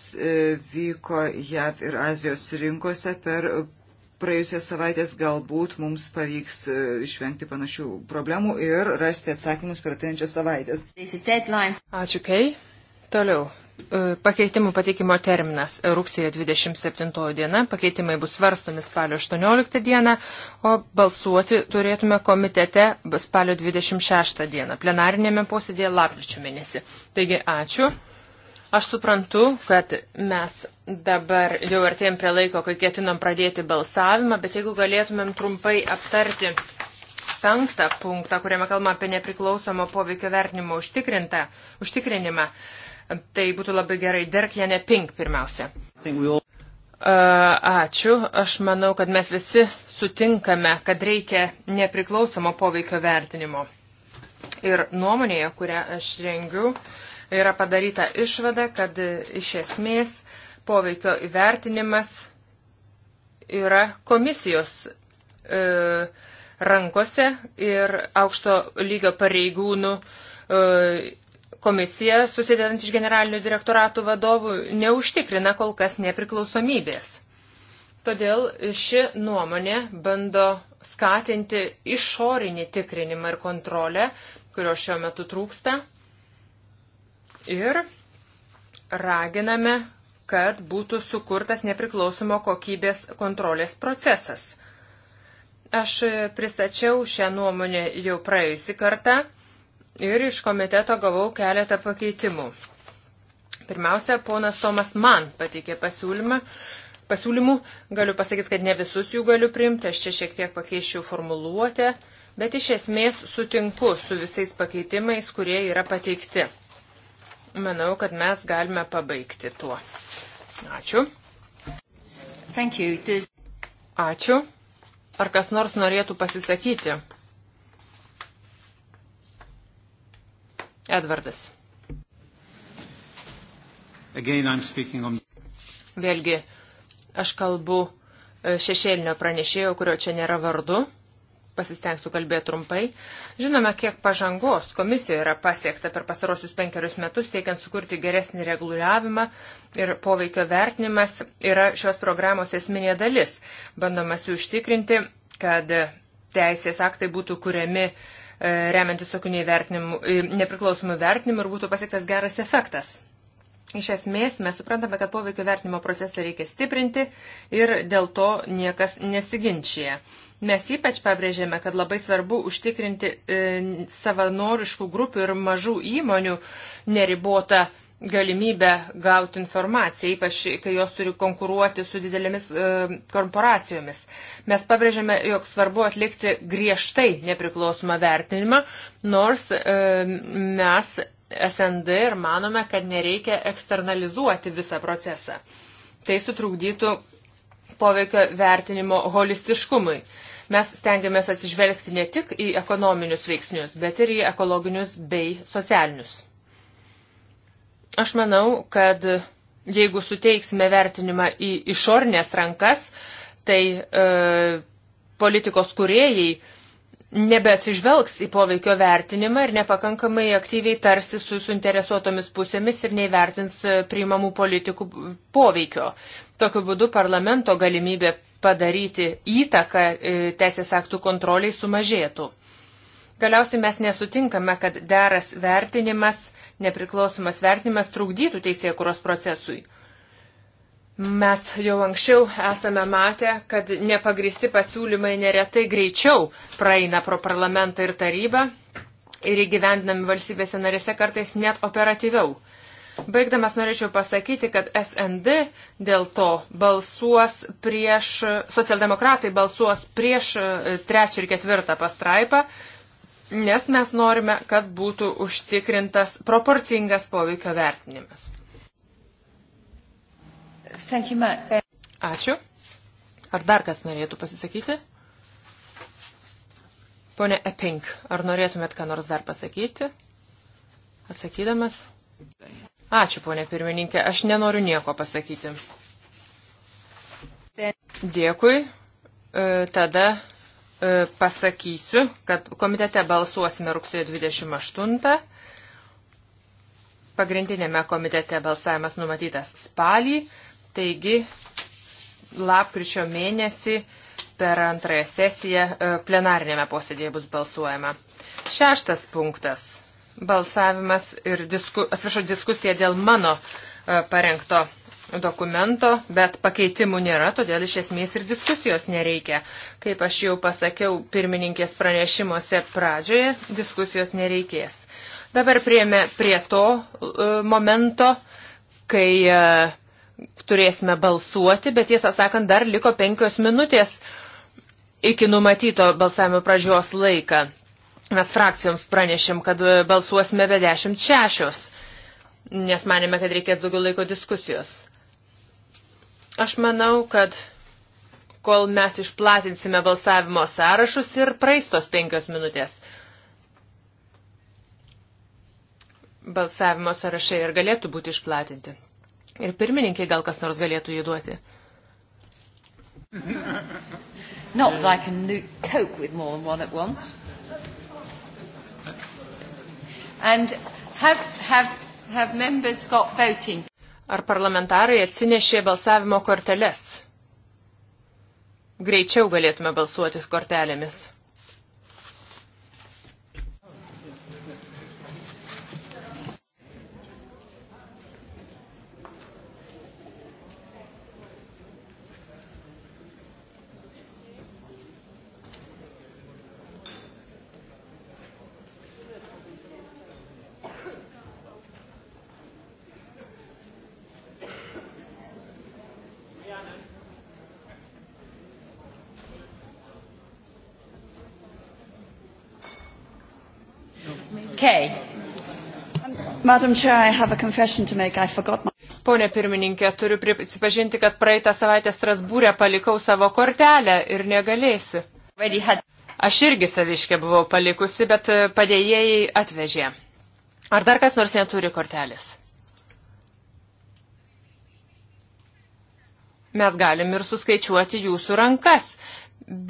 vyko JAV ir Azijos rinkose per praėjusias savaitės galbūt mums pavyks e, išvengti panašių problemų ir rasti atsakymus per ateinančias savaitės. Ačiū, Kei. Toliau. E, pakeitimų pateikimo terminas - rugsėjo 27 diena, pakeitimai bus svarstomi spalio 18 dieną, o balsuoti turėtume komitete spalio 26 dieną, plenarinėme posėdėje lapkričio mėnesį. Taigi, ačiū. Aš suprantu, kad mes dabar jau artėjom prie laiko, kai ketinam pradėti balsavimą, bet jeigu galėtumėm trumpai aptarti penktą punktą, kuriame kalbama apie nepriklausomą poveikio vertinimo užtikrinimą, tai būtų labai gerai. Dirk Janė Pink pirmiausia. Ačiū. Aš manau, kad mes visi sutinkame, kad reikia nepriklausomo poveikio vertinimo. Ir nuomonėje, kurią aš rengiu, uh, yra padaryta išvada, kad iš esmės poveikio įvertinimas yra komisijos e, rankose ir aukšto lygio pareigūnų e, komisija, susidedant iš generalinių direktoratų vadovų, neužtikrina kol kas nepriklausomybės. Todėl ši nuomonė bando skatinti išorinį tikrinimą ir kontrolę, kurio šiuo metu trūksta Ir raginame, kad būtų sukurtas nepriklausomo kokybės kontrolės procesas. Aš pristačiau šią nuomonę jau praėjusi kartą ir iš komiteto gavau keletą pakeitimų. Pirmiausia, ponas Tomas man pateikė pasiūlymą. Pasiūlymų galiu pasakyti, kad ne visus jų galiu priimti, aš čia šiek tiek pakeičiau formuluotę, bet iš esmės sutinku su visais pakeitimais, kurie yra pateikti manau, kad mes galime pabaigti tuo. Ačiū. This... Ačiū. Ar kas nors norėtų pasisakyti? Edvardas. Again, on... Vėlgi, aš kalbu e, šešėlinio pranešėjo, kurio čia nėra vardu pasistengsiu kalbėti trumpai. Žinome, kiek pažangos komisijoje yra pasiekta per pasarosius penkerius metus, siekiant sukurti geresnį reguliavimą ir poveikio vertinimas yra šios programos esminė dalis. Bandomas jų užtikrinti, kad teisės aktai būtų kuriami e, remiantis tokių e, nepriklausomų vertinimų ir būtų pasiektas geras efektas. Iš esmės mes suprantame, kad poveikio vertinimo procesą reikia stiprinti ir dėl to niekas nesiginčia. Mes ypač pabrėžėme, kad labai svarbu užtikrinti e, savanoriškų grupių ir mažų įmonių neribotą galimybę gauti informaciją, ypač kai jos turi konkuruoti su didelėmis e, korporacijomis. Mes pabrėžiame, jog svarbu atlikti griežtai nepriklausomą vertinimą, nors e, mes SND ir manome, kad nereikia eksternalizuoti visą procesą. Tai sutrukdytų poveikio vertinimo holistiškumui. Mes stengiamės atsižvelgti ne tik į ekonominius veiksnius, bet ir į ekologinius bei socialinius. Aš manau, kad jeigu suteiksime vertinimą į išornės rankas, tai e, politikos kuriejai nebeatsižvelgs į poveikio vertinimą ir nepakankamai aktyviai tarsi su suinteresuotomis pusėmis ir neįvertins e, priimamų politikų poveikio. Tokiu būdu parlamento galimybė padaryti įtaką e, teisės aktų kontroliai sumažėtų. Galiausiai mes nesutinkame, kad deras vertinimas, nepriklausomas vertinimas trukdytų teisėkuros procesui. Mes jau anksčiau esame matę, kad nepagristi pasiūlymai neretai greičiau praeina pro parlamentą ir tarybą ir įgyvendinami valstybėse narėse kartais net operatyviau. Baigdamas norėčiau pasakyti, kad SND dėl to balsuos prieš, socialdemokratai balsuos prieš e, trečią ir ketvirtą pastraipą, nes mes norime, kad būtų užtikrintas proporcingas poveikio vertinimas. Ačiū. Ar dar kas norėtų pasisakyti? Pone Epink, ar norėtumėt ką nors dar pasakyti? Atsakydamas. Ačiū, ponė pirmininkė, aš nenoriu nieko pasakyti. Dėkui. E, tada e, pasakysiu, kad komitete balsuosime rugsėjo 28. Pagrindinėme komitete balsavimas numatytas spalį, taigi lapkričio mėnesį per antrąją sesiją e, plenarinėme posėdėje bus balsuojama. Šeštas punktas balsavimas ir disku, atsiprašau, diskusija dėl mano e, parengto dokumento, bet pakeitimų nėra, todėl iš esmės ir diskusijos nereikia. Kaip aš jau pasakiau pirmininkės pranešimuose pradžioje, diskusijos nereikės. Dabar prieėmė prie to e, momento, kai e, turėsime balsuoti, bet tiesą sakant, dar liko penkios minutės iki numatyto balsavimo pradžios laiką. Mes frakcijoms pranešėm, kad e, balsuosime be 16, nes manėme, kad reikės daugiau laiko diskusijos. Aš manau, kad kol mes išplatinsime balsavimo sąrašus ir praeistos penkios minutės. Balsavimo sąrašai ir galėtų būti išplatinti. Ir pirmininkai gal kas nors galėtų jį duoti. Not that I can nu- cope with more than one at once. Have, have, have Ar parlamentarai atsinešė balsavimo korteles? Greičiau galėtume balsuotis kortelėmis. Pone pirmininkė, turiu prisipažinti, kad praeitą savaitę Strasbūrė palikau savo kortelę ir negalėsiu. Aš irgi saviškė buvau palikusi, bet e, padėjėjai atvežė. Ar dar kas nors neturi kortelės? Mes galim ir suskaičiuoti jūsų rankas,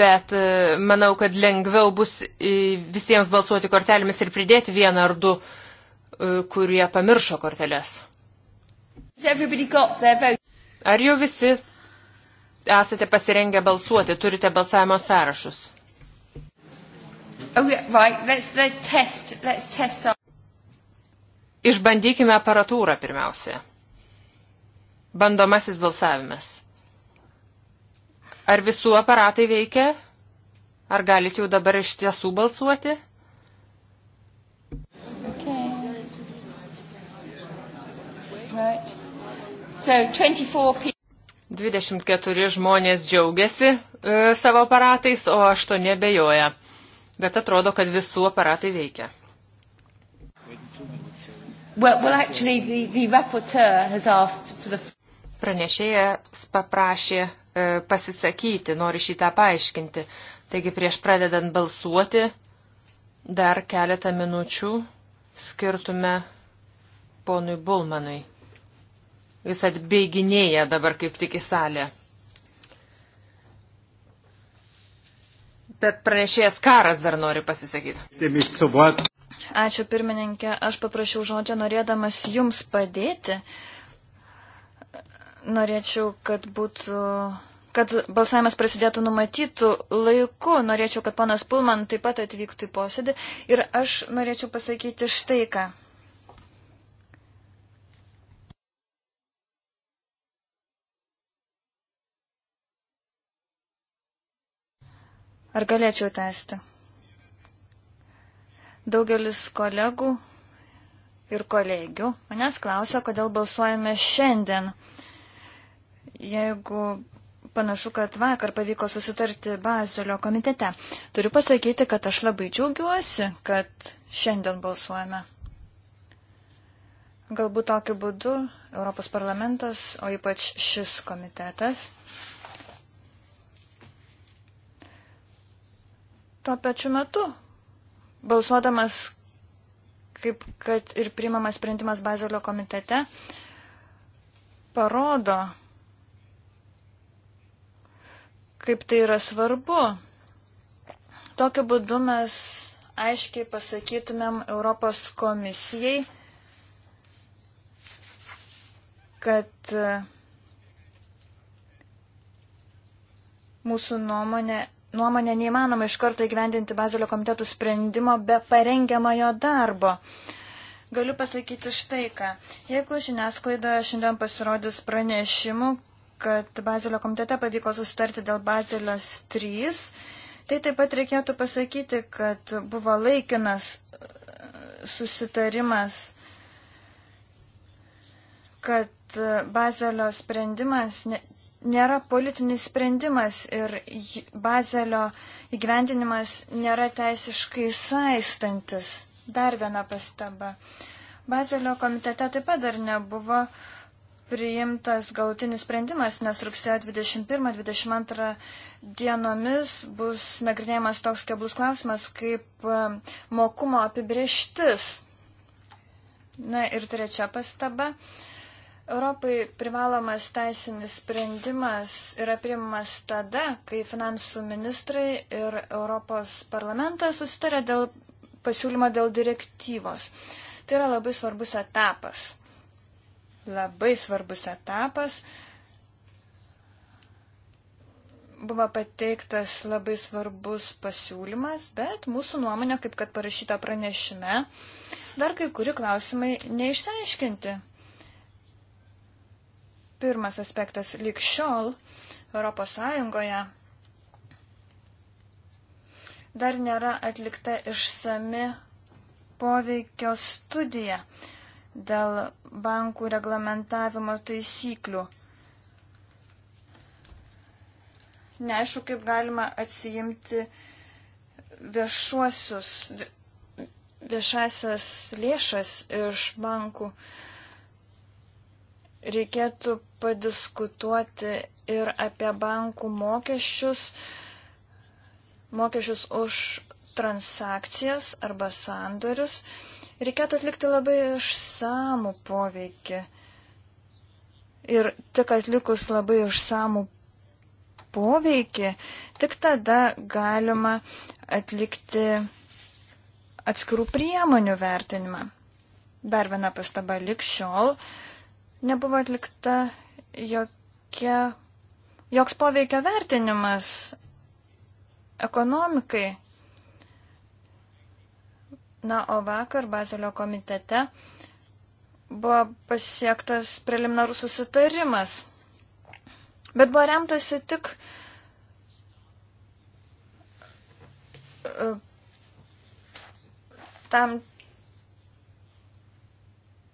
bet e, manau, kad lengviau bus e, visiems balsuoti kortelėmis ir pridėti vieną ar du uh, E, kurie pamiršo korteles. Ar jau visi esate pasirengę balsuoti, turite balsavimo sąrašus? Okay, right. let's, let's test. Let's test our... Išbandykime aparatūrą pirmiausia. Bandomasis balsavimas. Ar visų aparatai veikia? Ar galite jau dabar iš tiesų balsuoti? So 24... 24 žmonės džiaugiasi e, savo aparatais, o 8 nebejoja. Bet atrodo, kad visų aparatai veikia. Well, well, actually, the, the the... Pranešėjas paprašė e, pasisakyti, nori šitą paaiškinti. Taigi prieš pradedant balsuoti, dar keletą minučių skirtume ponui Bulmanui. Jis atbeiginėja dabar kaip tik į salę. Bet pranešėjas karas dar nori pasisakyti. Ačiū pirmininkė, aš paprašiau žodžią norėdamas jums padėti. Norėčiau, kad būtų kad balsavimas prasidėtų numatytų laiku. Norėčiau, kad ponas Pulman taip pat atvyktų į posėdį. Ir aš norėčiau pasakyti štai ką. Ar galėčiau tęsti? Daugelis kolegų ir kolegių manęs klausia, kodėl balsuojame šiandien. Jeigu panašu, kad vakar pavyko susitarti Bazelio komitete. Turiu pasakyti, kad aš labai džiaugiuosi, kad šiandien balsuojame. Galbūt tokiu būdu Europos parlamentas, o ypač šis komitetas, tuo pačiu metu, balsuodamas kaip kad ir priimamas sprendimas Bazelio komitete, parodo, kaip tai yra svarbu. Tokiu būdu mes aiškiai pasakytumėm Europos komisijai, kad e, mūsų nuomonė nuomonė neįmanoma iš karto įgyvendinti Bazilio komitetų sprendimo be parengiamojo darbo. Galiu pasakyti štai ką. Jeigu žiniasklaidoje šiandien pasirodys pranešimų, kad Bazilio komitete pavyko susitarti dėl Bazilios 3, tai taip pat reikėtų pasakyti, kad buvo laikinas e, susitarimas, kad e, Bazilio sprendimas nėra politinis sprendimas ir bazelio įgyvendinimas nėra teisiškai saistantis. Dar viena pastaba. Bazelio komitete taip pat dar nebuvo priimtas galutinis sprendimas, nes rugsėjo 21-22 dienomis bus nagrinėjamas toks keblus klausimas kaip e, mokumo apibrieštis. Na ir trečia pastaba. Uh, Europai privalomas teisinis sprendimas yra priimamas tada, kai finansų ministrai ir Europos parlamentas susitarė dėl pasiūlymo dėl direktyvos. Tai yra labai svarbus etapas. Labai svarbus etapas. Buvo pateiktas labai svarbus pasiūlymas, bet mūsų nuomonė, kaip kad parašyta pranešime, dar kai kuri klausimai neišsiaiškinti. Pirmas aspektas - likščiol Europos Sąjungoje dar nėra atlikta išsami poveikio studija dėl bankų reglamentavimo taisyklių. Neaišku, kaip galima atsijimti viešuosius, viešasias lėšas iš bankų reikėtų padiskutuoti ir apie bankų mokesčius, mokesčius už transakcijas arba sandorius. Reikėtų atlikti labai išsamų poveikį. Ir tik atlikus labai išsamų poveikį, tik tada galima atlikti atskirų priemonių vertinimą. Dar viena pastaba lik šiol. Uh, Nebuvo atlikta jokia, joks poveikio vertinimas ekonomikai. Na, o vakar Bazelio komitete buvo pasiektas preliminarus susitarimas, bet buvo remtasi tik e, tam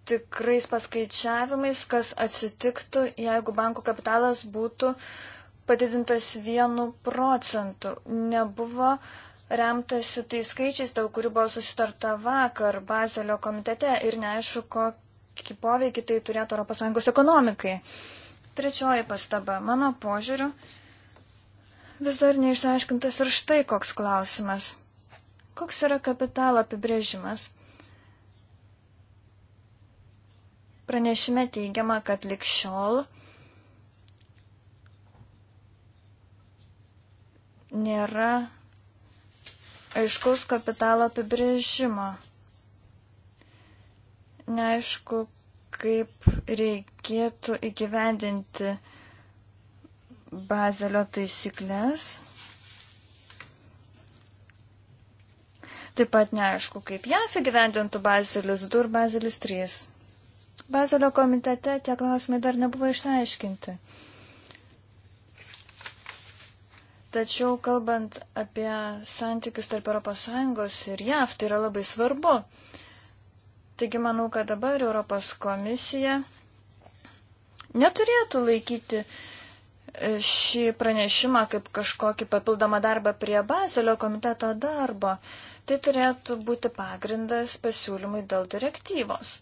tikrais paskaičiavimais, kas atsitiktų, jeigu bankų kapitalas būtų padidintas vienu procentu. Nebuvo remtasi tais skaičiais, dėl kurių buvo susitarta vakar Bazelio komitete ir neaišku, kokį poveikį tai turėtų ES ekonomikai. Trečioji pastaba. Mano požiūriu, vis dar neišsiaiškintas ir štai koks klausimas. Koks yra kapitalo apibrėžimas? Pranešime teigiama, kad likščiol nėra aiškaus kapitalo apibrėžimo. Neaišku, kaip reikėtų įgyvendinti bazelio taisyklės. Taip pat neaišku, kaip JAF įgyvendintų bazelis 2 ir bazelis 3. Bazilio komitete tie klausimai dar nebuvo išsiaiškinti. Tačiau kalbant apie santykius tarp ES ir JAV, tai yra labai svarbu. Taigi manau, kad dabar Europos komisija neturėtų laikyti e, šį pranešimą kaip kažkokį papildomą darbą prie Bazelio komiteto darbo. Tai turėtų būti pagrindas pasiūlymui dėl direktyvos.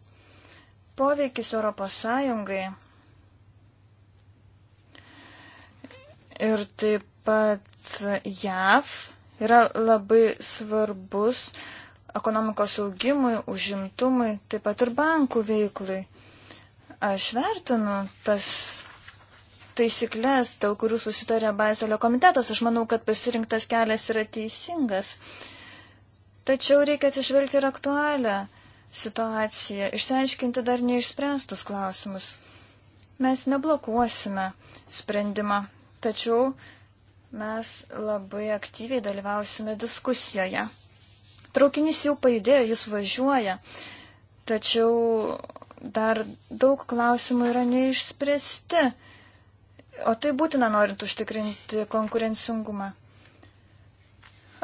Poveikis Europos Sąjungai ir taip pat JAV yra labai svarbus ekonomikos augimui, užimtumui, taip pat ir bankų veiklai. Aš vertinu tas taisyklės, dėl kurių susitarė Bazelio komitetas. Aš manau, kad pasirinktas kelias yra teisingas. Tačiau reikia atsižvelgti ir aktualią situaciją, išsiaiškinti dar neišspręstus klausimus. Mes neblokuosime sprendimą, tačiau mes labai aktyviai dalyvausime diskusijoje. Traukinys jau pajudėjo, jis važiuoja, tačiau dar daug klausimų yra neišspręsti, o tai būtina norint užtikrinti konkurencingumą.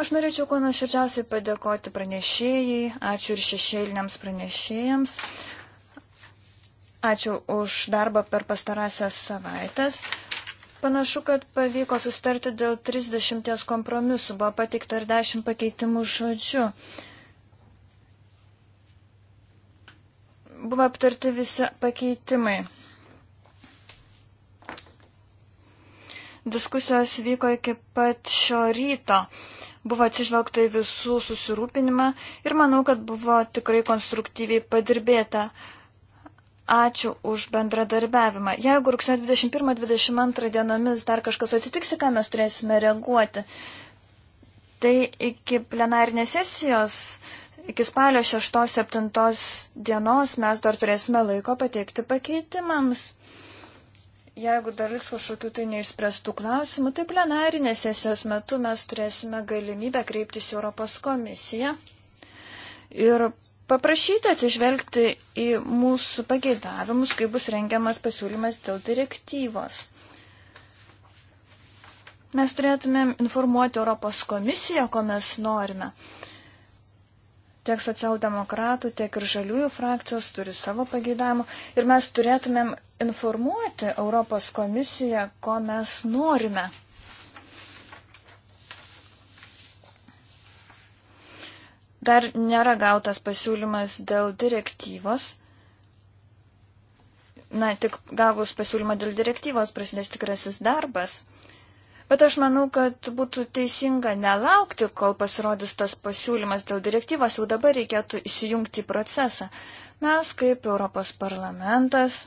Aš norėčiau kuo nuoširdžiausiai padėkoti pranešėjai, ačiū ir šešėliniams pranešėjams, ačiū už darbą per pastarąsias savaitės. Panašu, kad pavyko sustarti dėl 30 kompromisų, buvo pateikta ir 10 pakeitimų žodžių. Buvo aptarti visi pakeitimai. Diskusijos vyko iki pat šio ryto. Buvo atsižvelgta į visų susirūpinimą ir manau, kad buvo tikrai konstruktyviai padirbėta. Ačiū už bendradarbiavimą. Jeigu rugsėjo 21-22 dienomis dar kažkas atsitiks, ką mes turėsime reaguoti, tai iki plenarinės sesijos, iki spalio 6-7 dienos mes dar turėsime laiko pateikti pakeitimams jeigu dar liks kažkokių tai neišspręstų klausimų, tai plenarinės sesijos metu mes turėsime galimybę kreiptis į Europos komisiją ir paprašyti atsižvelgti į mūsų pageidavimus, kai bus rengiamas pasiūlymas dėl direktyvos. Mes turėtumėm informuoti Europos komisiją, ko mes norime. Tiek socialdemokratų, tiek ir žaliųjų frakcijos turi savo pageidavimų ir mes turėtumėm informuoti Europos komisiją, ko mes norime. Dar nėra gautas pasiūlymas dėl direktyvos. Na, tik gavus pasiūlymą dėl direktyvos prasidės tikrasis darbas. Bet aš manau, kad būtų teisinga nelaukti, kol pasirodys tas pasiūlymas dėl direktyvos, jau dabar reikėtų įsijungti į procesą. Mes kaip Europos parlamentas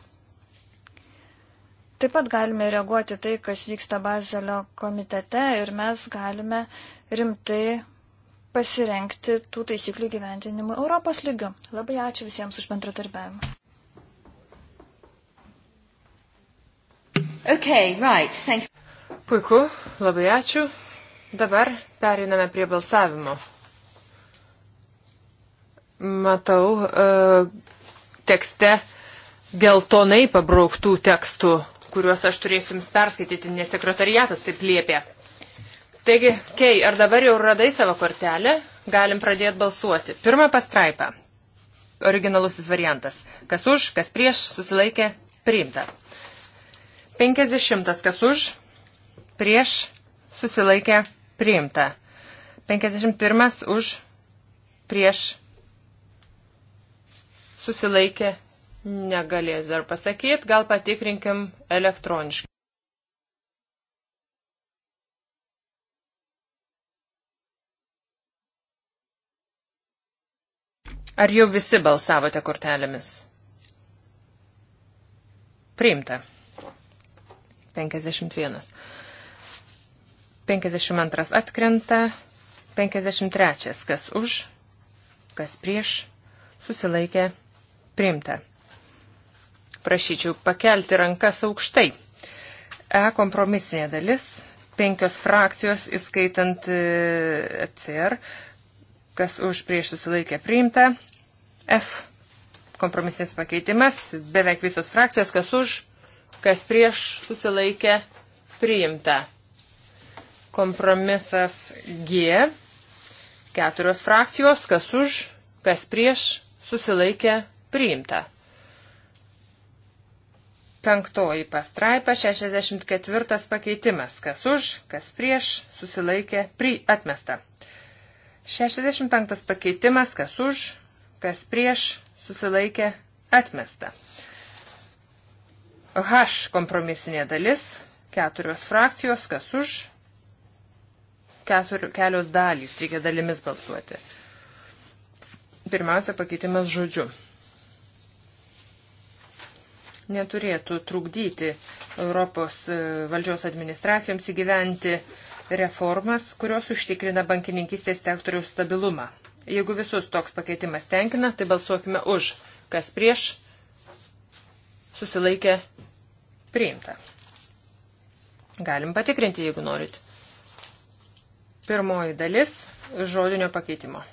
taip pat galime reaguoti tai, kas vyksta Bazelio komitete ir mes galime rimtai pasirenkti tų taisyklių gyventinimui Europos lygiu. Labai ačiū visiems už bendradarbiavimą. Okay, right, thank you. Puiku, labai ačiū. Dabar periname prie balsavimo. Matau e, tekste geltonai pabrauktų tekstų, kuriuos aš turėsiu jums perskaityti, nes sekretariatas taip liepė. Taigi, Kei, ar dabar jau radai savo kortelę? Galim pradėti balsuoti. Pirmą pastraipą. Originalusis variantas. Kas už, kas prieš, susilaikė, priimta. 50. Kas už, prieš susilaikę priimta. 51 už prieš susilaikę negalėtų dar pasakyti, gal patikrinkim elektroniškai. Ar jau visi balsavote kortelėmis? Priimta. 51. 52 atkrenta, 53 kas už, kas prieš, susilaikė priimta. Prašyčiau pakelti rankas aukštai. E kompromisinė dalis, penkios frakcijos, įskaitant e, e CR, kas už prieš susilaikė priimta. F kompromisinis pakeitimas, beveik visos frakcijos, kas už, kas prieš susilaikė priimta. Kompromisas G. Keturios frakcijos, kas už, kas prieš, susilaikė priimta. Penktoji pastraipa, 64 pakeitimas, kas už, kas prieš, susilaikė pri atmesta. 65 pakeitimas, kas už, kas prieš, susilaikė atmesta. H kompromisinė dalis, keturios frakcijos, kas už, ketur, kelios dalys, reikia dalimis balsuoti. Pirmiausia, pakeitimas žodžiu. Neturėtų trukdyti Europos e, valdžios administracijoms įgyventi reformas, kurios užtikrina bankininkistės sektoriaus stabilumą. Jeigu visus toks pakeitimas tenkina, tai balsuokime už, kas prieš susilaikė priimta. Galim patikrinti, jeigu norit. Pirmoji dalis žodinio pakeitimo.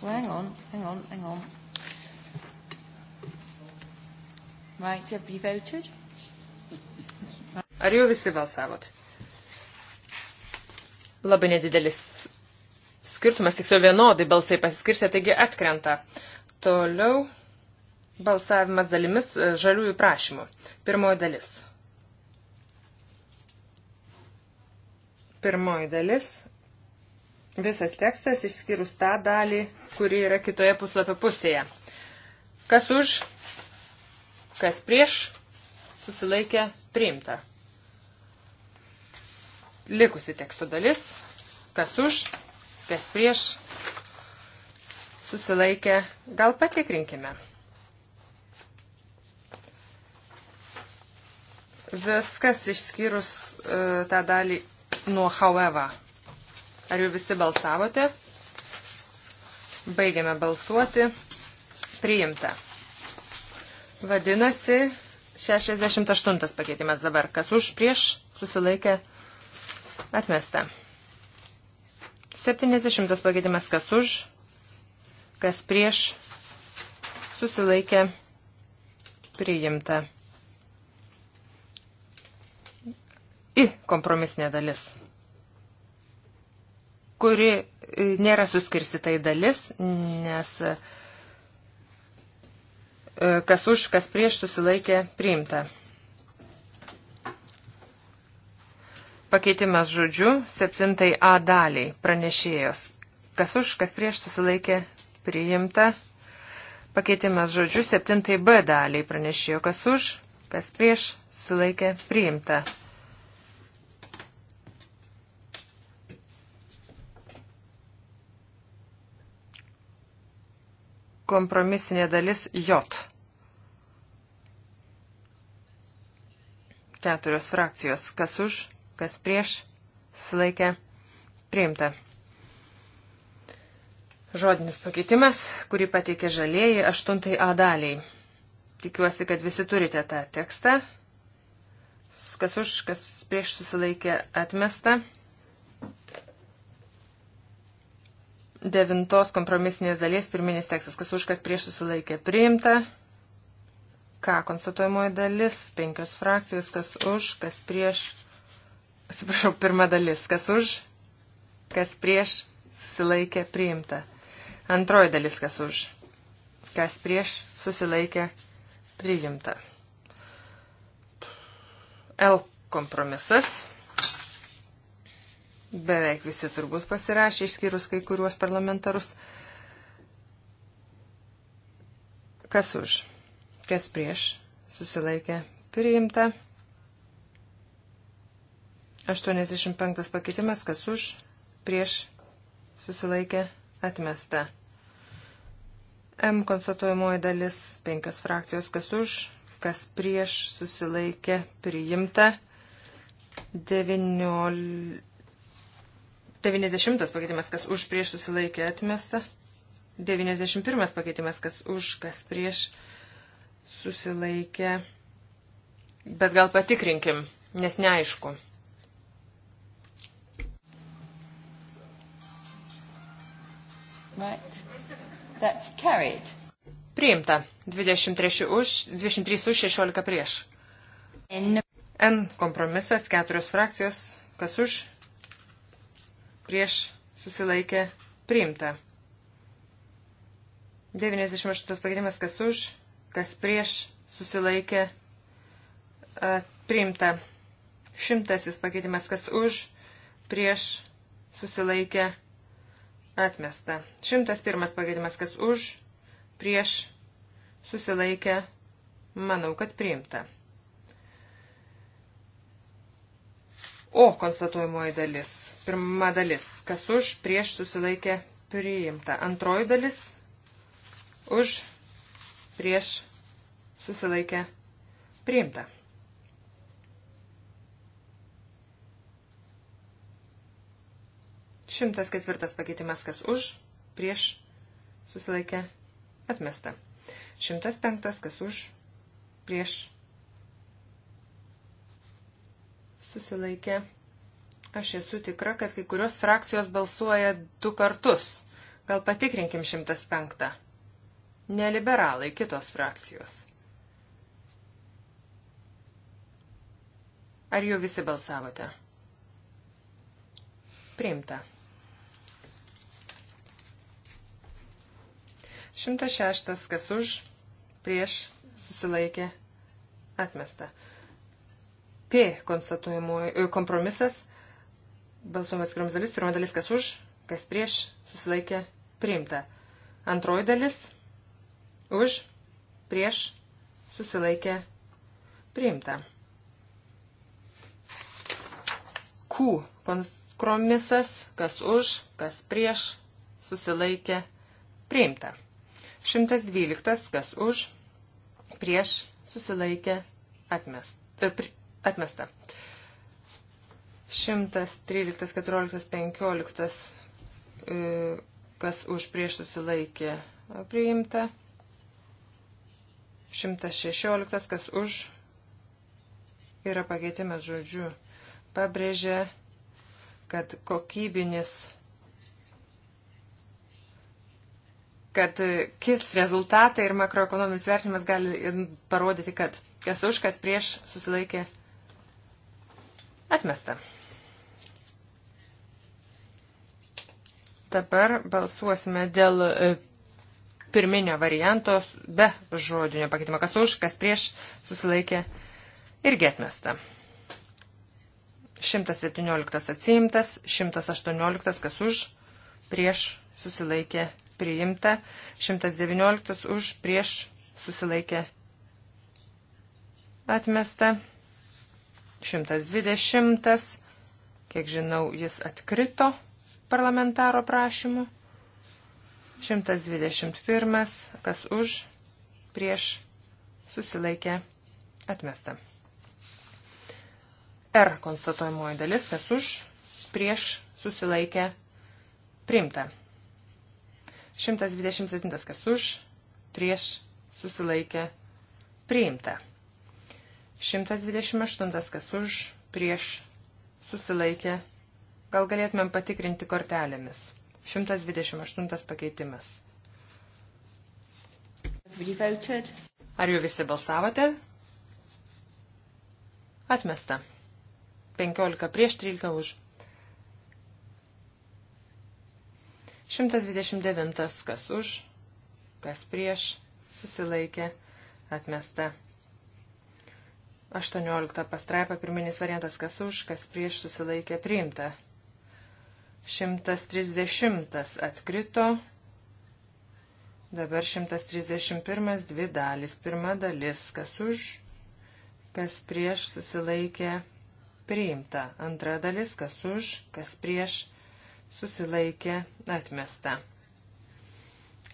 So hang on, hang on, hang on. Right, everybody voted? Ar jau visi balsavot? Labai nedidelis skirtumas, tiksliau vienodai balsai pasiskirstė, taigi atkrenta. Toliau balsavimas dalimis žaliųjų prašymų. Pirmoji dalis. Pirmoji dalis. Visas tekstas išskyrus tą dalį, kuri yra kitoje puslapio pusėje. Kas už, kas prieš, susilaikė priimta. Likusi teksto dalis. Kas už, kas prieš, susilaikė. Gal patikrinkime. Viskas išskyrus uh, tą dalį nuo however. Ar jau visi balsavote? Baigiame balsuoti. Priimta. Vadinasi, 68 pakeitimas dabar. Kas už prieš susilaikė atmesta. 70 pakeitimas kas už, kas prieš susilaikė priimta. I kompromisinė dalis, kuri e, nėra suskirstyta į dalis, nes e, kas už, kas prieš susilaikė priimta. Pakeitimas žodžiu 7a daliai pranešėjos. Kas už, kas prieš susilaikė priimta. Pakeitimas žodžiu 7b daliai pranešėjo. Kas už, kas prieš susilaikė priimta. kompromisinė dalis J. Keturios frakcijos. Kas už, kas prieš, sulaikė, priimta. Žodinis pakeitimas, kurį pateikė žalieji 8a daliai. Tikiuosi, kad visi turite tą tekstą. Kas už, kas prieš susilaikė atmesta. Devintos kompromisinės dalies pirminis tekstas, kas už kas prieš susilaikė priimta. Ką konstatuojamoji dalis, penkios frakcijos, kas už, kas prieš, atsiprašau, pirma dalis, kas už, kas prieš susilaikė priimta. Antroji dalis, kas už, kas prieš susilaikė priimta. L kompromisas. Beveik visi turbūt pasirašė, išskyrus kai kuriuos parlamentarus. Kas už? Kas prieš? Susilaikė. Priimta. 85 pakeitimas. Kas už? Prieš? Susilaikė. Atmesta. M konstatuojamoji dalis. Penkios frakcijos. Kas už? Kas prieš? Susilaikė. Priimta. 19. 90 pakeitimas, kas už prieš susilaikė atmesta. 91 pakeitimas, kas už, kas prieš susilaikė. Bet gal patikrinkim, nes neaišku. Right. That's carried. Priimta. 23 už, 23 už, 16 prieš. N. N kompromisas, keturios frakcijos. Kas už, prieš susilaikė priimta. 98 pakeitimas, kas už, kas prieš susilaikė priimta. Šimtasis pakeitimas, kas už, prieš susilaikė atmesta. Šimtas pirmas pakeitimas, kas už, prieš susilaikė, manau, kad priimta. O konstatuojamoji dalis. Pirma dalis. Kas už, prieš susilaikė priimta. Antroji dalis. Už, prieš susilaikė priimta. Šimtas ketvirtas pakeitimas, kas už, prieš, susilaikė, atmesta. Šimtas penktas, kas už, prieš, susilaikė. Aš esu tikra, kad kai kurios frakcijos balsuoja du kartus. Gal patikrinkim 105. Neliberalai kitos frakcijos. Ar jau visi balsavote? Priimta. 106. Kas už, prieš, susilaikė, atmesta. P e, kompromisas. Balsuojamas skiriamas dalis. Pirma dalis, kas už, kas prieš, susilaikė, priimta. Antroji dalis, už, prieš, susilaikė, priimta. Q kompromisas, kas už, kas prieš, susilaikė, priimta. 112, kas už, prieš, susilaikė, atmest, e, pri, Atmesta. 113, 14, 15, kas už prieš susilaikė e, priimta. 116, kas už yra pakeitimas žodžiu. Pabrėžė, kad kokybinis, kad kits rezultatai ir makroekonominis vertinimas gali parodyti, kad kas už, kas prieš susilaikė priimta Atmesta. Dabar balsuosime dėl e, pirminio varianto be žodinio pakeitimo. Kas už, kas prieš susilaikė irgi atmesta. 117 atsiimtas, 118 kas už, prieš susilaikė priimta, 119 už, prieš susilaikė atmesta. 120, kiek žinau, jis atkrito parlamentaro prašymu. 121, kas už, prieš, susilaikė, atmesta. R konstatuojamoji dalis, kas už, prieš, susilaikė, priimta. 127, kas už, prieš, susilaikė, priimta. 128. Kas už, prieš, susilaikė. Gal galėtumėm patikrinti kortelėmis. 128 pakeitimas. Ar jau visi balsavote? Atmesta. 15 prieš 13 už. 129 kas už, kas prieš, susilaikė, atmesta. 18 pastraipa, pirminis variantas, kas už, kas prieš susilaikė priimta. 130 atkrito. Dabar 131 dvi dalis. Pirma dalis, kas už, kas prieš susilaikė priimta. Antra dalis, kas už, kas prieš susilaikė atmesta.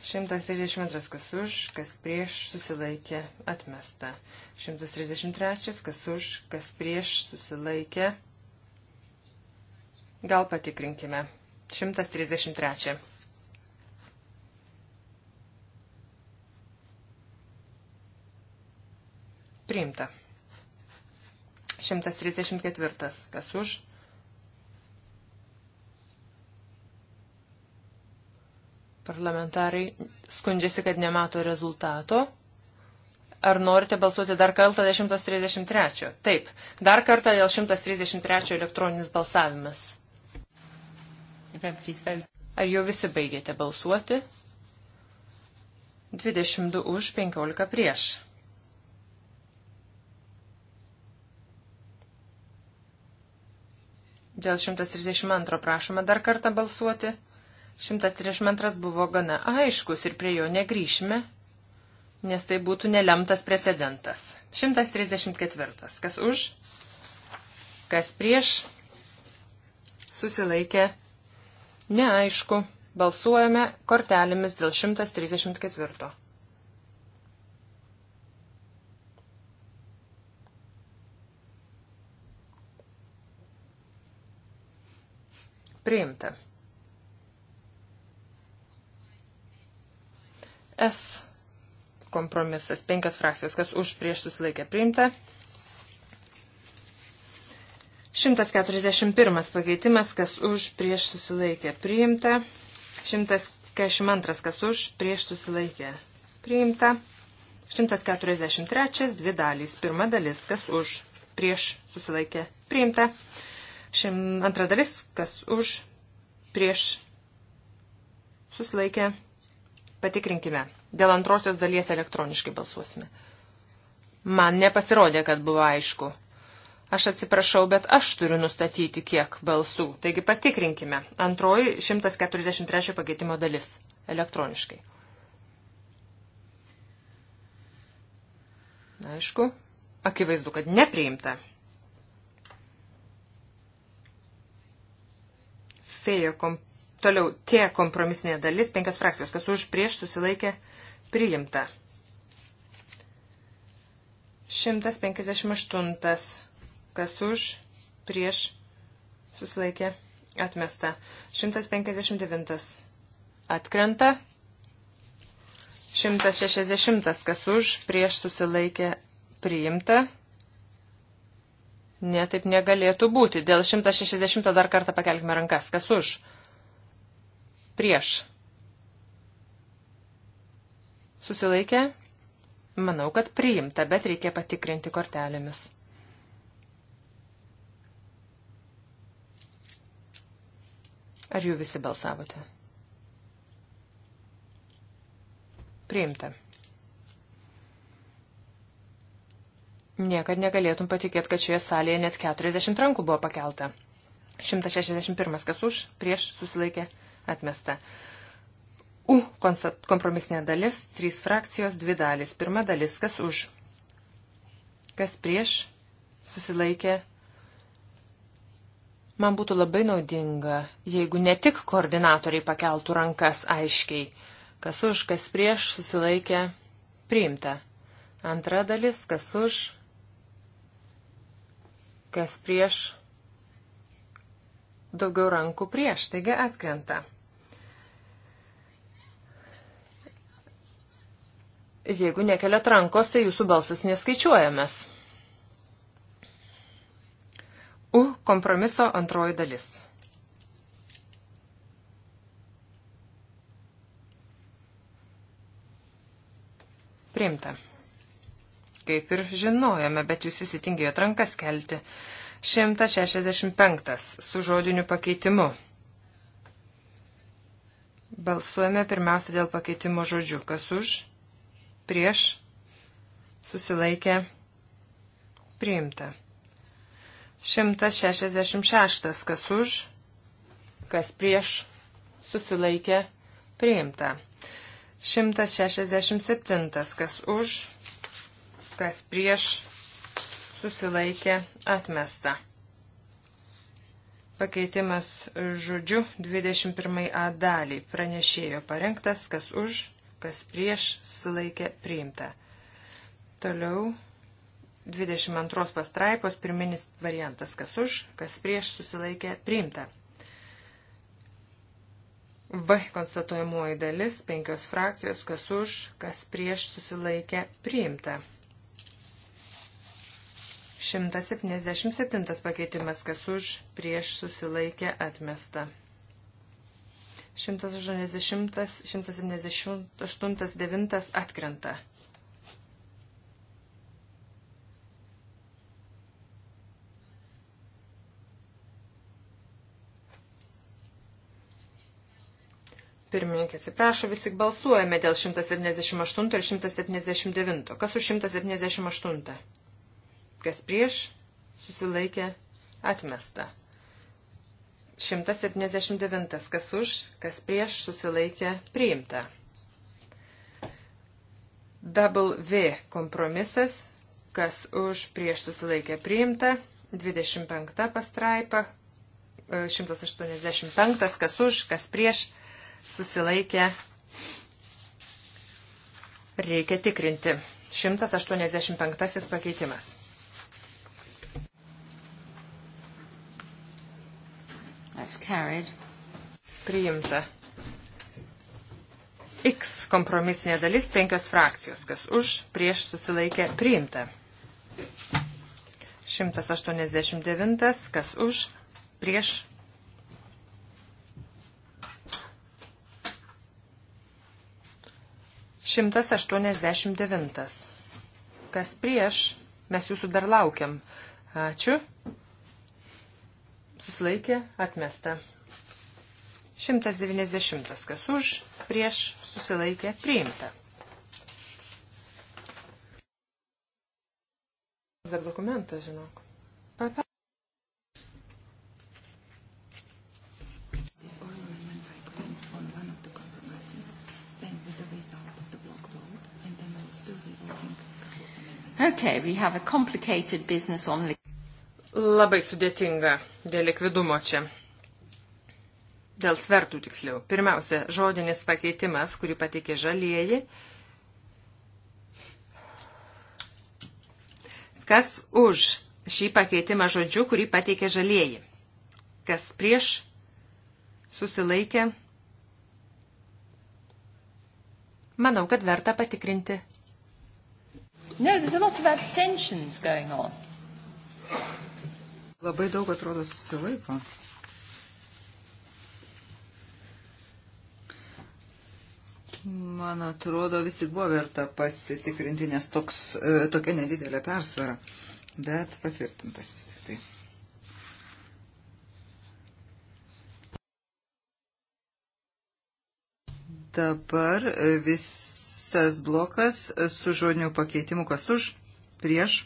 132 kas už, kas prieš susilaikė atmesta. 133 kas už, kas prieš susilaikė. Gal patikrinkime. 133. Priimta. 134. Kas už, Parlamentarai skundžiasi, kad nemato rezultato. Ar norite balsuoti dar kartą dėl 133? Taip, dar kartą dėl 133 elektroninis balsavimas. Ar jau visi baigėte balsuoti? 22 už, 15 prieš. Dėl 132 prašome dar kartą balsuoti. 132 buvo gana aiškus ir prie jo negryšime, nes tai būtų nelemtas precedentas. 134. Kas už, kas prieš, susilaikė, neaišku. Balsuojame kortelėmis dėl 134. Priimta. S kompromisas. Penkios frakcijos, kas už prieš susilaikė priimta. 141 pakeitimas, kas už prieš susilaikė priimta. 142, kas už prieš susilaikė priimta. 143, dvi dalys. Pirma dalis, kas už prieš susilaikė priimta. Šim, antra dalis, kas už prieš susilaikė priimta Patikrinkime. Dėl antrosios dalies elektroniškai balsuosime. Man nepasirodė, kad buvo aišku. Aš atsiprašau, bet aš turiu nustatyti, kiek balsų. Taigi patikrinkime. Antroji 143 pakeitimo dalis. Elektroniškai. Aišku, akivaizdu, kad nepriimta. Fejo komp Toliau, tie kompromisinė dalis, penkios frakcijos, kas už prieš susilaikė priimta. 158, kas už prieš susilaikė atmesta. 159 atkrenta. 160, kas už prieš susilaikė priimta. Ne, taip negalėtų būti. Dėl 160 dar kartą pakelkime rankas. Kas už? Prieš. Susilaikė? Manau, kad priimta, bet reikia patikrinti kortelėmis. Ar jų visi balsavote? Priimta. Niekad negalėtum patikėti, kad šioje salėje net 40 rankų buvo pakelta. 161 kas už, prieš susilaikė atmesta. U kompromisinė dalis, trys frakcijos, dvi dalis. Pirma dalis, kas už, kas prieš, susilaikė. Man būtų labai naudinga, jeigu ne tik koordinatoriai pakeltų rankas aiškiai, kas už, kas prieš, susilaikė, priimta. Antra dalis, kas už, kas prieš, daugiau rankų prieš, taigi atkrenta. Jeigu nekeliat rankos, tai jūsų balsas neskaičiuojamas. U kompromiso antroji dalis. Priimta. Kaip ir žinojame, bet jūs įsitingėjot rankas kelti. 165 su žodiniu pakeitimu. Balsuojame pirmiausia dėl pakeitimo žodžių. Kas už? Prieš? Susilaikę? Priimta. 166. Kas už? Kas prieš? Susilaikė? Priimta. 167. Kas už? Kas prieš? susilaikė atmesta. Pakeitimas žodžiu 21a daliai pranešėjo parengtas, kas už, kas prieš, susilaikė priimta. Toliau 22 pastraipos pirminis variantas, kas už, kas prieš, susilaikė priimta. V konstatuojamoji dalis, penkios frakcijos, kas už, kas prieš susilaikė priimta. 177 pakeitimas, kas už, prieš susilaikė atmesta. 180, 178, 9 atkrenta. Pirmininkė atsiprašo, vis tik balsuojame dėl 178 ir 179. Kas už 178? kas prieš, susilaikė, atmesta. 179. Kas už, kas prieš, susilaikė, priimta. Double V kompromisas, kas už, prieš, susilaikė, priimta. 25 pastraipa, 185, e, kas už, kas prieš, susilaikė, reikia tikrinti. 185 pakeitimas. That's carried. Priimta. X kompromisinė dalis penkios frakcijos, kas už, prieš susilaikė priimta. 189, kas už, prieš. Šimtas aštuoniasdešimt devintas. Kas prieš? Mes jūsų dar laukiam. Ačiū susilaikė, atmesta. 190. Kas už, prieš, susilaikė, priimta. Dar dokumentą, žinok. Papa. Okay, we have a complicated business on Labai sudėtinga dėl likvidumo čia. Dėl svertų tiksliau. Pirmiausia, žodinis pakeitimas, kurį pateikė žalieji. Kas už šį pakeitimą žodžiu, kurį pateikė žalieji? Kas prieš susilaikė? Manau, kad verta patikrinti. No, there's a lot of abstentions going on. Labai daug atrodo susilaiko. Man atrodo, vis tik buvo verta pasitikrinti, nes toks, e, tokia nedidelė persvara, bet patvirtintas vis tik tai. Dabar e, visas blokas e, su žodiniu pakeitimu, kas už, prieš,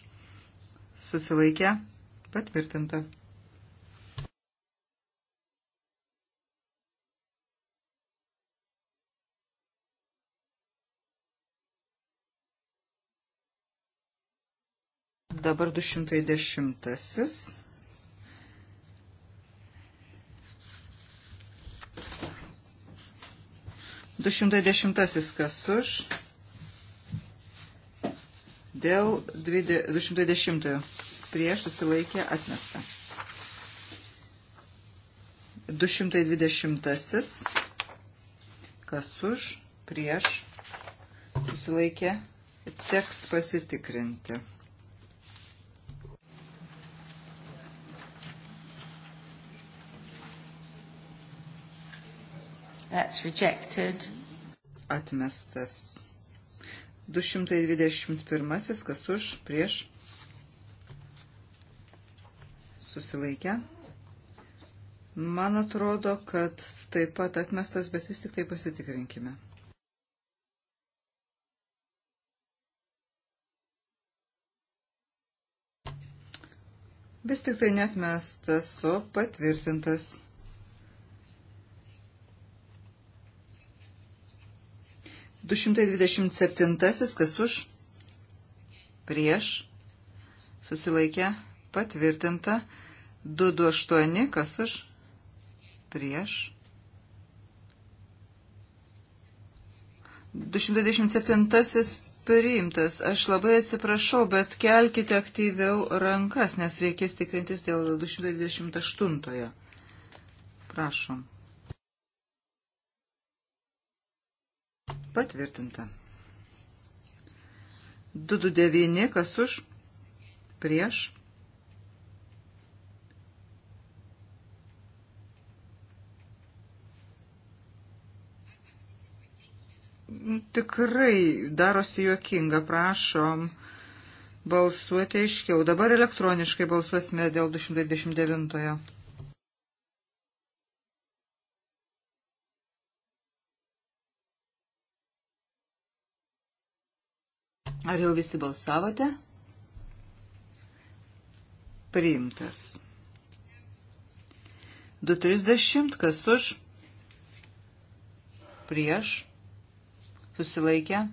susilaikę, Patvirtinta. Dabar 210. Du šimtai dešimtasis kas už dėl 210 prieš susilaikė atmesta. 220. Kas už, prieš susilaikė, teks pasitikrinti. That's rejected. Atmestas. 221. Kas už, prieš susilaikę. Man atrodo, kad taip pat atmestas, bet vis tik tai pasitikrinkime. Vis tik tai netmestas, o patvirtintas. 227, kas už, prieš, susilaikę, patvirtinta, 228, kas už, prieš. 227 priimtas. Aš labai atsiprašau, bet kelkite aktyviau rankas, nes reikės tikrintis dėl 228. Prašom. Patvirtinta. 229, kas už, prieš. tikrai darosi juokinga, prašom balsuoti aiškiau. Dabar elektroniškai balsuosime dėl 229. Ar jau visi balsavote? Priimtas. 230, kas už? Prieš susilaikę.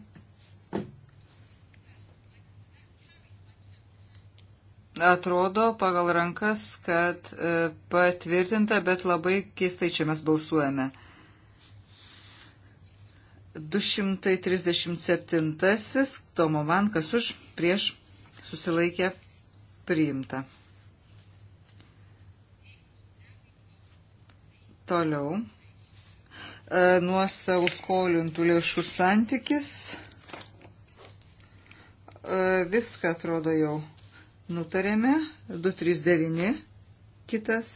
Atrodo pagal rankas, kad e, patvirtinta, bet labai keistai čia mes balsuojame. 237. Tomo Vankas už prieš susilaikę priimta. Toliau. E, nuo savo skolintų lėšų santykis. E, viską atrodo jau nutarėme. 239 kitas.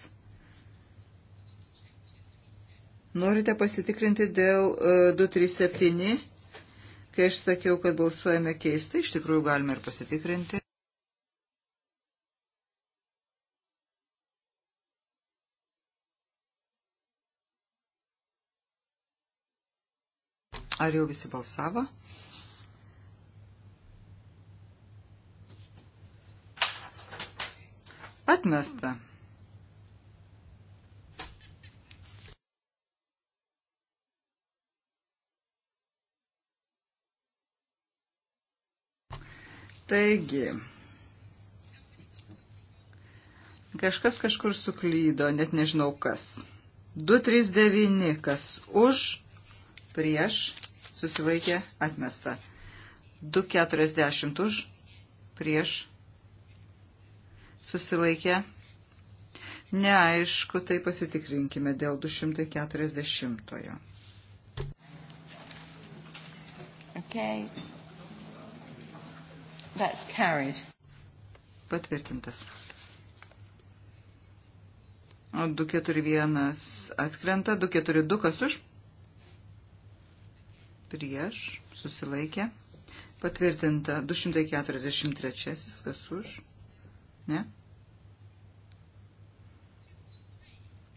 Norite pasitikrinti dėl 237, e, kai aš sakiau, kad balsuojame keistai, iš tikrųjų galime ir pasitikrinti. Ar jau visi balsavo? Atmesta. Taigi, kažkas kažkur suklydo, net nežinau kas. 239, kas už, prieš, susilaikė, atmesta. 2,40 už, prieš, susilaikė. Neaišku, tai pasitikrinkime dėl 240. -ojo. Okay. That's carried. Patvirtintas. 241 atkrenta, 242 kas už, prieš, susilaikė, patvirtinta 243, kas už, ne?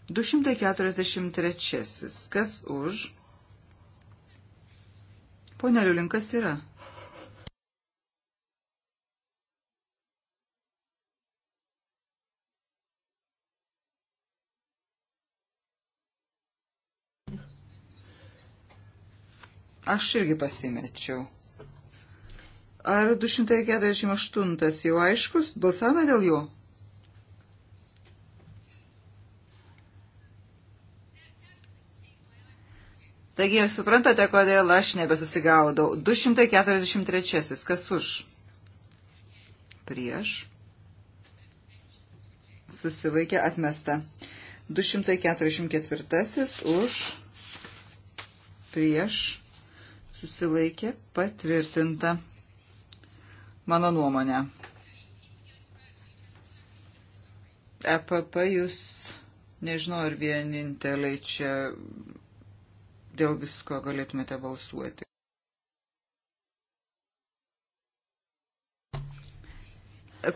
243, kas už? Pone Liulinkas yra. Aš irgi pasimečiau. Ar 248 jau aiškus? Balsavome dėl jo? Taigi, suprantate, kodėl aš nebesusigaudau. 243. Kas už? Prieš. Susilaikė atmesta. 244. Už. Prieš susilaikė patvirtinta. Mano nuomonė. EPP jūs, nežinau, ar vieninteliai čia dėl visko galėtumėte balsuoti.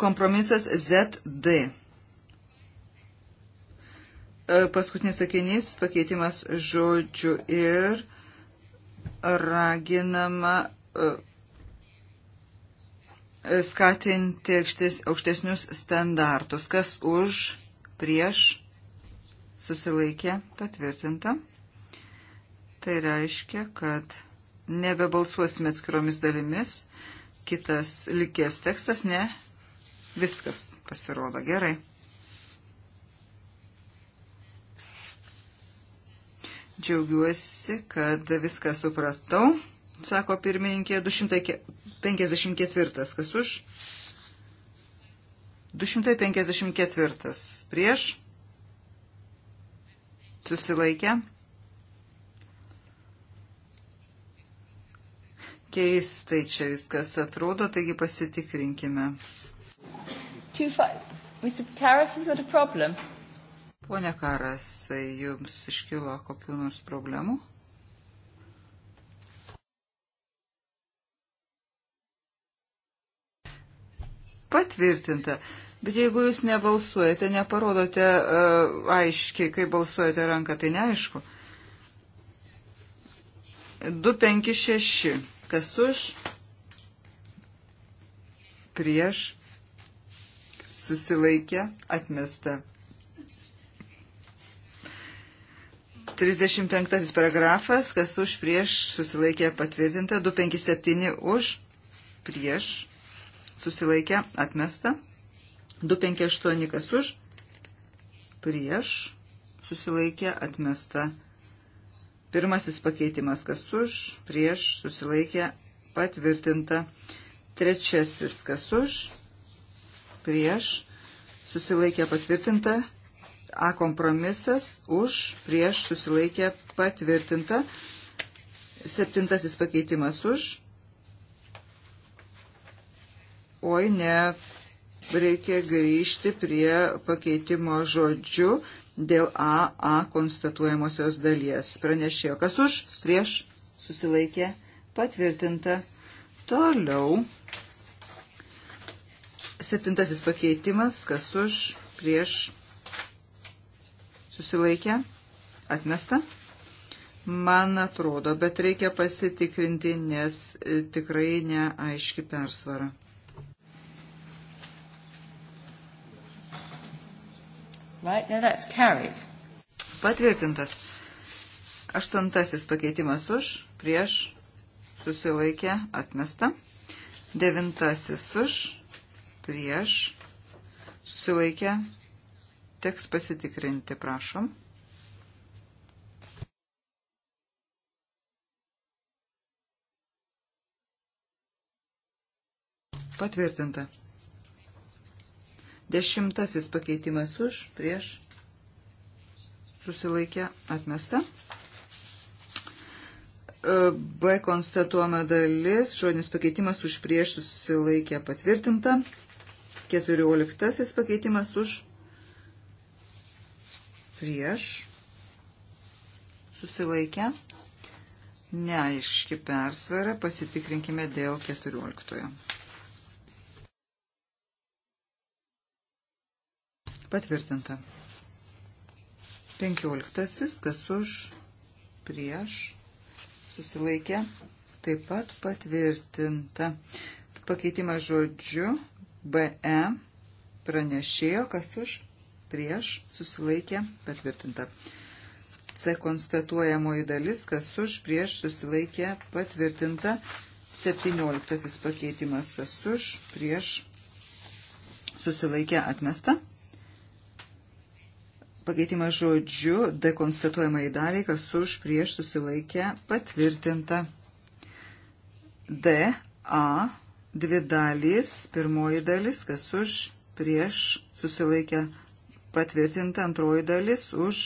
Kompromisas ZD. E, paskutinis sakinys, pakeitimas žodžių ir raginama e, skatinti aukštes, aukštesnius standartus. Kas už, prieš, susilaikė, patvirtinta. Tai reiškia, kad nebebalsuosime atskiromis dalimis. Kitas likęs tekstas, ne, viskas pasirodo gerai. Džiaugiuosi, kad viską supratau, sako pirmininkė 254. Kas už? 254. Prieš? Susilaikė? Keistai čia viskas atrodo, taigi pasitikrinkime. Two, five. Mr. Karras, you've got a problem. Pone Karas, jums iškilo kokių nors problemų? Patvirtinta. Bet jeigu jūs nebalsuojate, neparodote uh, aiškiai, kai balsuojate ranką, tai neaišku. 256. Kas už? Prieš. Susilaikė. Atmesta. 35 paragrafas, kas už prieš susilaikė patvirtinta, 257 už prieš susilaikė atmesta, 258 kas už prieš susilaikė atmesta. Pirmasis pakeitimas kas už prieš susilaikė patvirtinta. Trečiasis kas už prieš susilaikė patvirtinta. A kompromisas už, prieš susilaikė patvirtinta. Septintasis pakeitimas už. Oi, ne, reikia grįžti prie pakeitimo žodžių dėl AA konstatuojamosios dalies. Pranešėjo, kas už, prieš susilaikė patvirtinta. Toliau. Septintasis pakeitimas, kas už, prieš susilaikė susilaikė, atmesta. Man atrodo, bet reikia pasitikrinti, nes e, tikrai neaiški persvara. Right, now that's carried. Patvirtintas. Aštuntasis pakeitimas už, prieš, susilaikė, atmesta. Devintasis už, prieš, susilaikė, Teks pasitikrinti, prašom. Patvirtinta. Dešimtasis pakeitimas už, prieš, susilaikę, atmesta. E, B konstatuojama dalis, žodinis pakeitimas už prieš susilaikę patvirtinta. Keturioliktasis pakeitimas už prieš, susilaikę, neaiški persvara, pasitikrinkime dėl 14. Patvirtinta. 15. Kas už, prieš, susilaikę, taip pat patvirtinta. Pakeitimas žodžiu BE pranešėjo, kas už, prieš prieš, susilaikė, patvirtinta. C konstatuojamoji dalis, kas už, prieš, susilaikė, patvirtinta. 17 pakeitimas, kas už, prieš, susilaikė, atmesta. Pakeitimas žodžiu, D konstatuojamai daliai, kas už, prieš, susilaikė, patvirtinta. D, A, dvi dalys, pirmoji dalis, kas už, prieš, susilaikė, atmesta patvirtinta antroji dalis už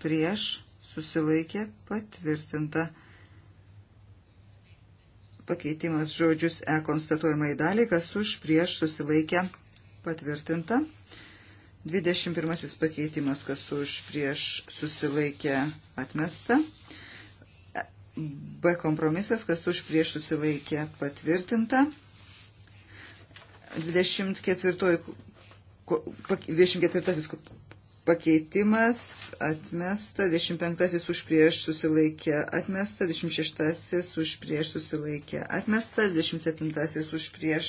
prieš susilaikė patvirtinta. Pakeitimas žodžius E konstatuojamai daliai, kas už prieš susilaikė patvirtinta. 21 pakeitimas, kas už prieš susilaikė atmesta. B kompromisas, kas už prieš susilaikė patvirtinta. 24 24 pakeitimas atmesta, 25 už prieš susilaikė atmesta, 26 už prieš susilaikė atmesta, 27 už prieš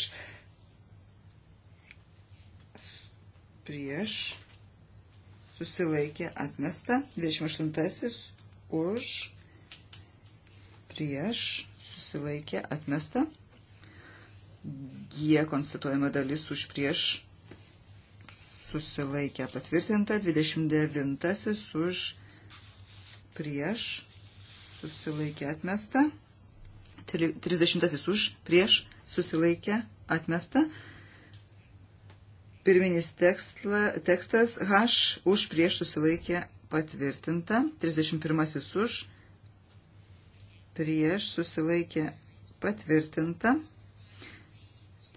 prieš susilaikė atmesta, 28 už prieš susilaikė atmesta, G konstatuojama dalis už prieš susilaikę patvirtinta, 29 už prieš susilaikę atmesta, 30 už prieš susilaikę atmesta. Pirminis tekstla, tekstas H už prieš susilaikę patvirtinta, 31 už prieš susilaikę patvirtinta.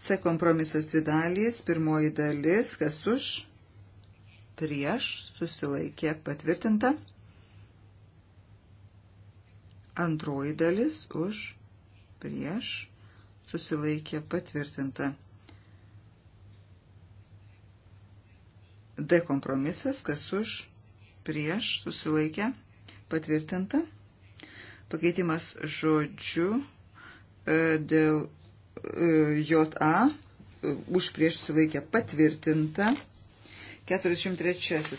C kompromisas dvi dalys, pirmoji dalis, kas už, prieš, susilaikė patvirtinta. Antroji dalis už, prieš, susilaikė patvirtinta. D kompromisas, kas už, prieš, susilaikė patvirtinta. Pakeitimas žodžių e, dėl JA už prieš susilaikė patvirtinta. 43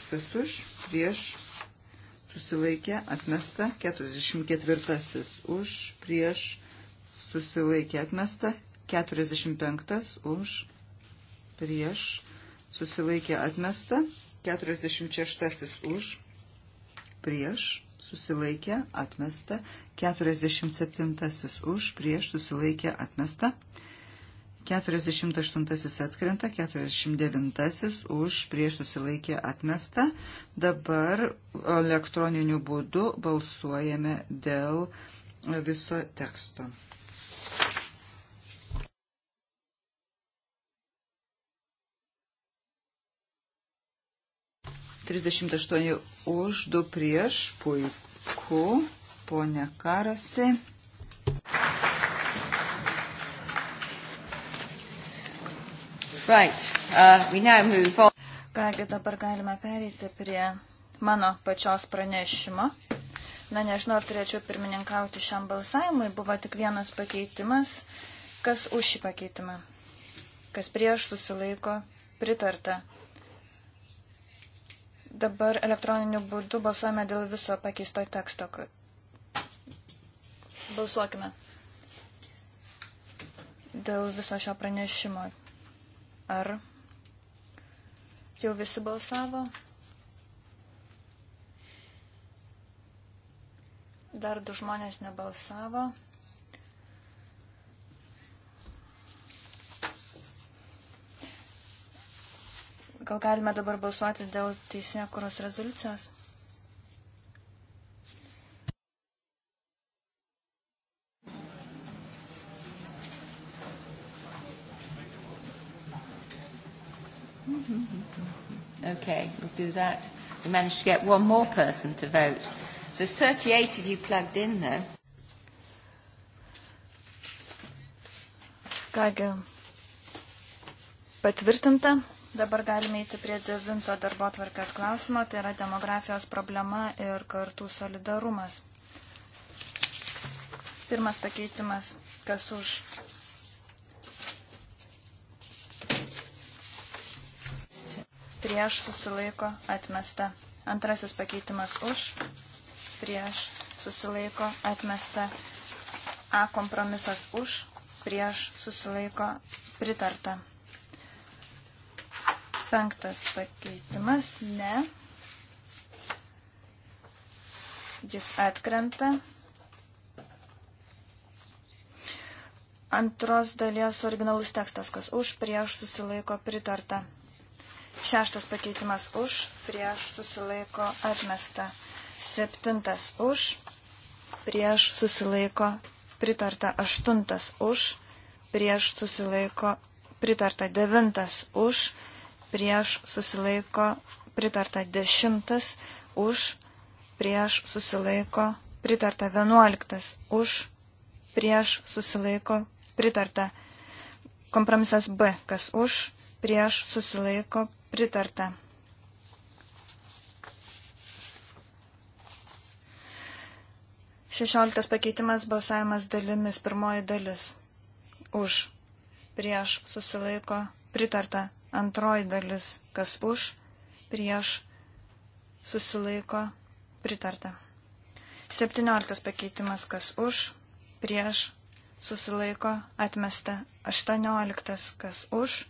kas už prieš susilaikė atmesta. 44 už prieš susilaikė atmesta. 45 už prieš susilaikė atmesta. 46 už prieš susilaikė atmesta. 47 už prieš susilaikė atmesta. 48 atkrenta, 49 už prieš susilaikė atmesta. Dabar elektroniniu būdu balsuojame dėl viso teksto. Trisdešimt aštuoni už, du prieš, puiku, ponia Karasi. Right. Uh, Kągi dabar galime pereiti prie mano pačios pranešimo. Na, nežinau, ar turėčiau pirmininkauti šiam balsavimui. Buvo tik vienas pakeitimas. Kas už šį pakeitimą? Kas prieš susilaiko? Pritarta. Dabar elektroniniu būdu balsuojame dėl viso pakeisto teksto. Balsuokime. Dėl viso šio pranešimo. Ar jau visi balsavo? Dar du žmonės nebalsavo. Gal galime dabar balsuoti dėl teisėkuros rezoliucijos? Okay, we'll do that. We managed to get one more person to vote. There's 38 of you plugged in, though. Kągi, patvirtinta. Dabar galime įti prie devinto darbo tvarkės klausimo, tai yra demografijos problema ir kartų solidarumas. Pirmas pakeitimas, kas už prieš susilaiko atmesta. Antrasis pakeitimas už, prieš susilaiko atmesta. A kompromisas už, prieš susilaiko pritarta. Penktas pakeitimas ne. Jis atkrenta. Antros dalies originalus tekstas, kas už, prieš susilaiko pritarta. Šeštas pakeitimas už, prieš susilaiko atmesta. Septintas už, prieš susilaiko pritarta. Aštuntas už, prieš susilaiko pritarta. Devintas už, prieš susilaiko pritarta. Dešimtas už, prieš susilaiko pritarta. Vienuoliktas už, prieš susilaiko pritarta. Kompromisas B, kas už, prieš susilaiko pritarta pritarta. Šešioliktas pakeitimas balsavimas dalimis. Pirmoji dalis. Už. Prieš susilaiko pritarta. Antroji dalis. Kas už. Prieš susilaiko pritarta. Septynioliktas pakeitimas. Kas už. Prieš susilaiko atmesta. Aštuonioliktas. Kas už.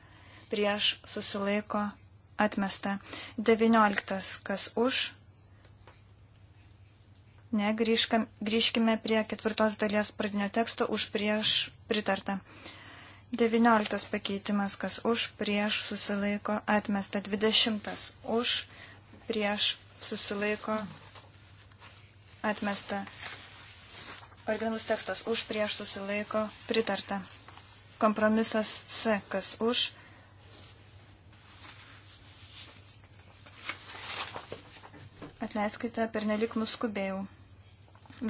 Prieš susilaiko atmesta. 19. Kas už? Ne, grįžkam, grįžkime prie ketvirtos dalies pradinio teksto už prieš pritarta. 19 pakeitimas, kas už prieš susilaiko atmesta. 20 už prieš susilaiko atmesta. Originalus tekstas už prieš susilaiko pritarta. Kompromisas C, kas už Atleiskite, per nelik nuskubėjau.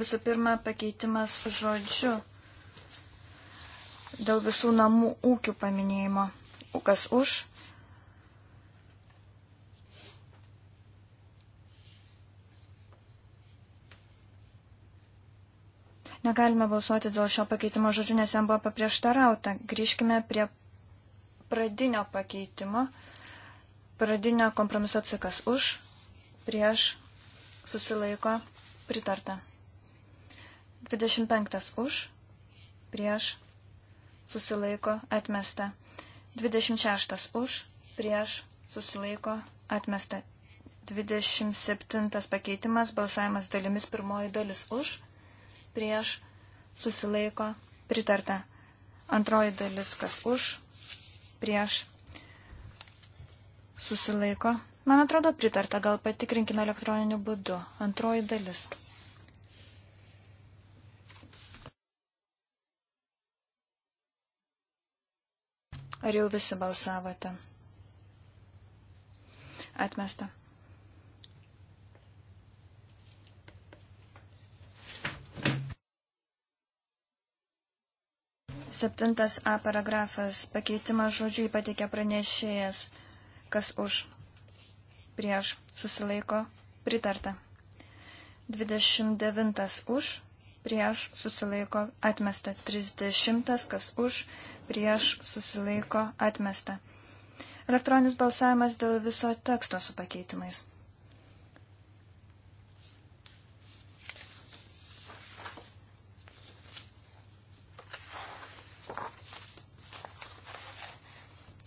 Visų pirma, pakeitimas žodžiu dėl visų namų ūkių paminėjimo. Kas už? Negalime balsuoti dėl šio pakeitimo žodžių, nes jam buvo paprieštarauta. Grįžkime prie pradinio pakeitimo. Pradinio kompromiso cikas už, prieš, susilaiko, pritarta. 25 už, prieš, susilaiko, atmesta. 26 už, prieš, susilaiko, atmesta. 27 pakeitimas, balsavimas dalimis, pirmoji dalis už, prieš, susilaiko, pritarta. Antroji dalis, kas už, prieš, susilaiko, Man atrodo pritarta, gal patikrinkime elektroniniu būdu. Antroji dalis. Ar jau visi balsavote? Atmesta. Septintas A paragrafas. Pakeitimas žodžiui patikė pranešėjas. Kas už? prieš susilaiko pritarta. 29 už, prieš susilaiko atmesta. 30 kas už, prieš susilaiko atmesta. Elektroninis balsavimas dėl viso teksto su pakeitimais.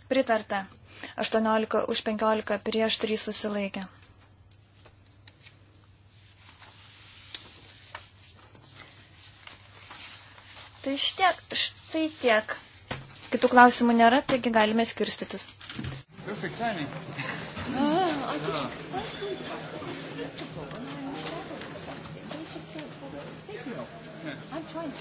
Pritarta. 18 už 15 prieš 3 susilaikė. Tai štiek, štai tiek. Kitų klausimų nėra, taigi galime skirstytis. Perfect timing. Ah, I just, I'm trying to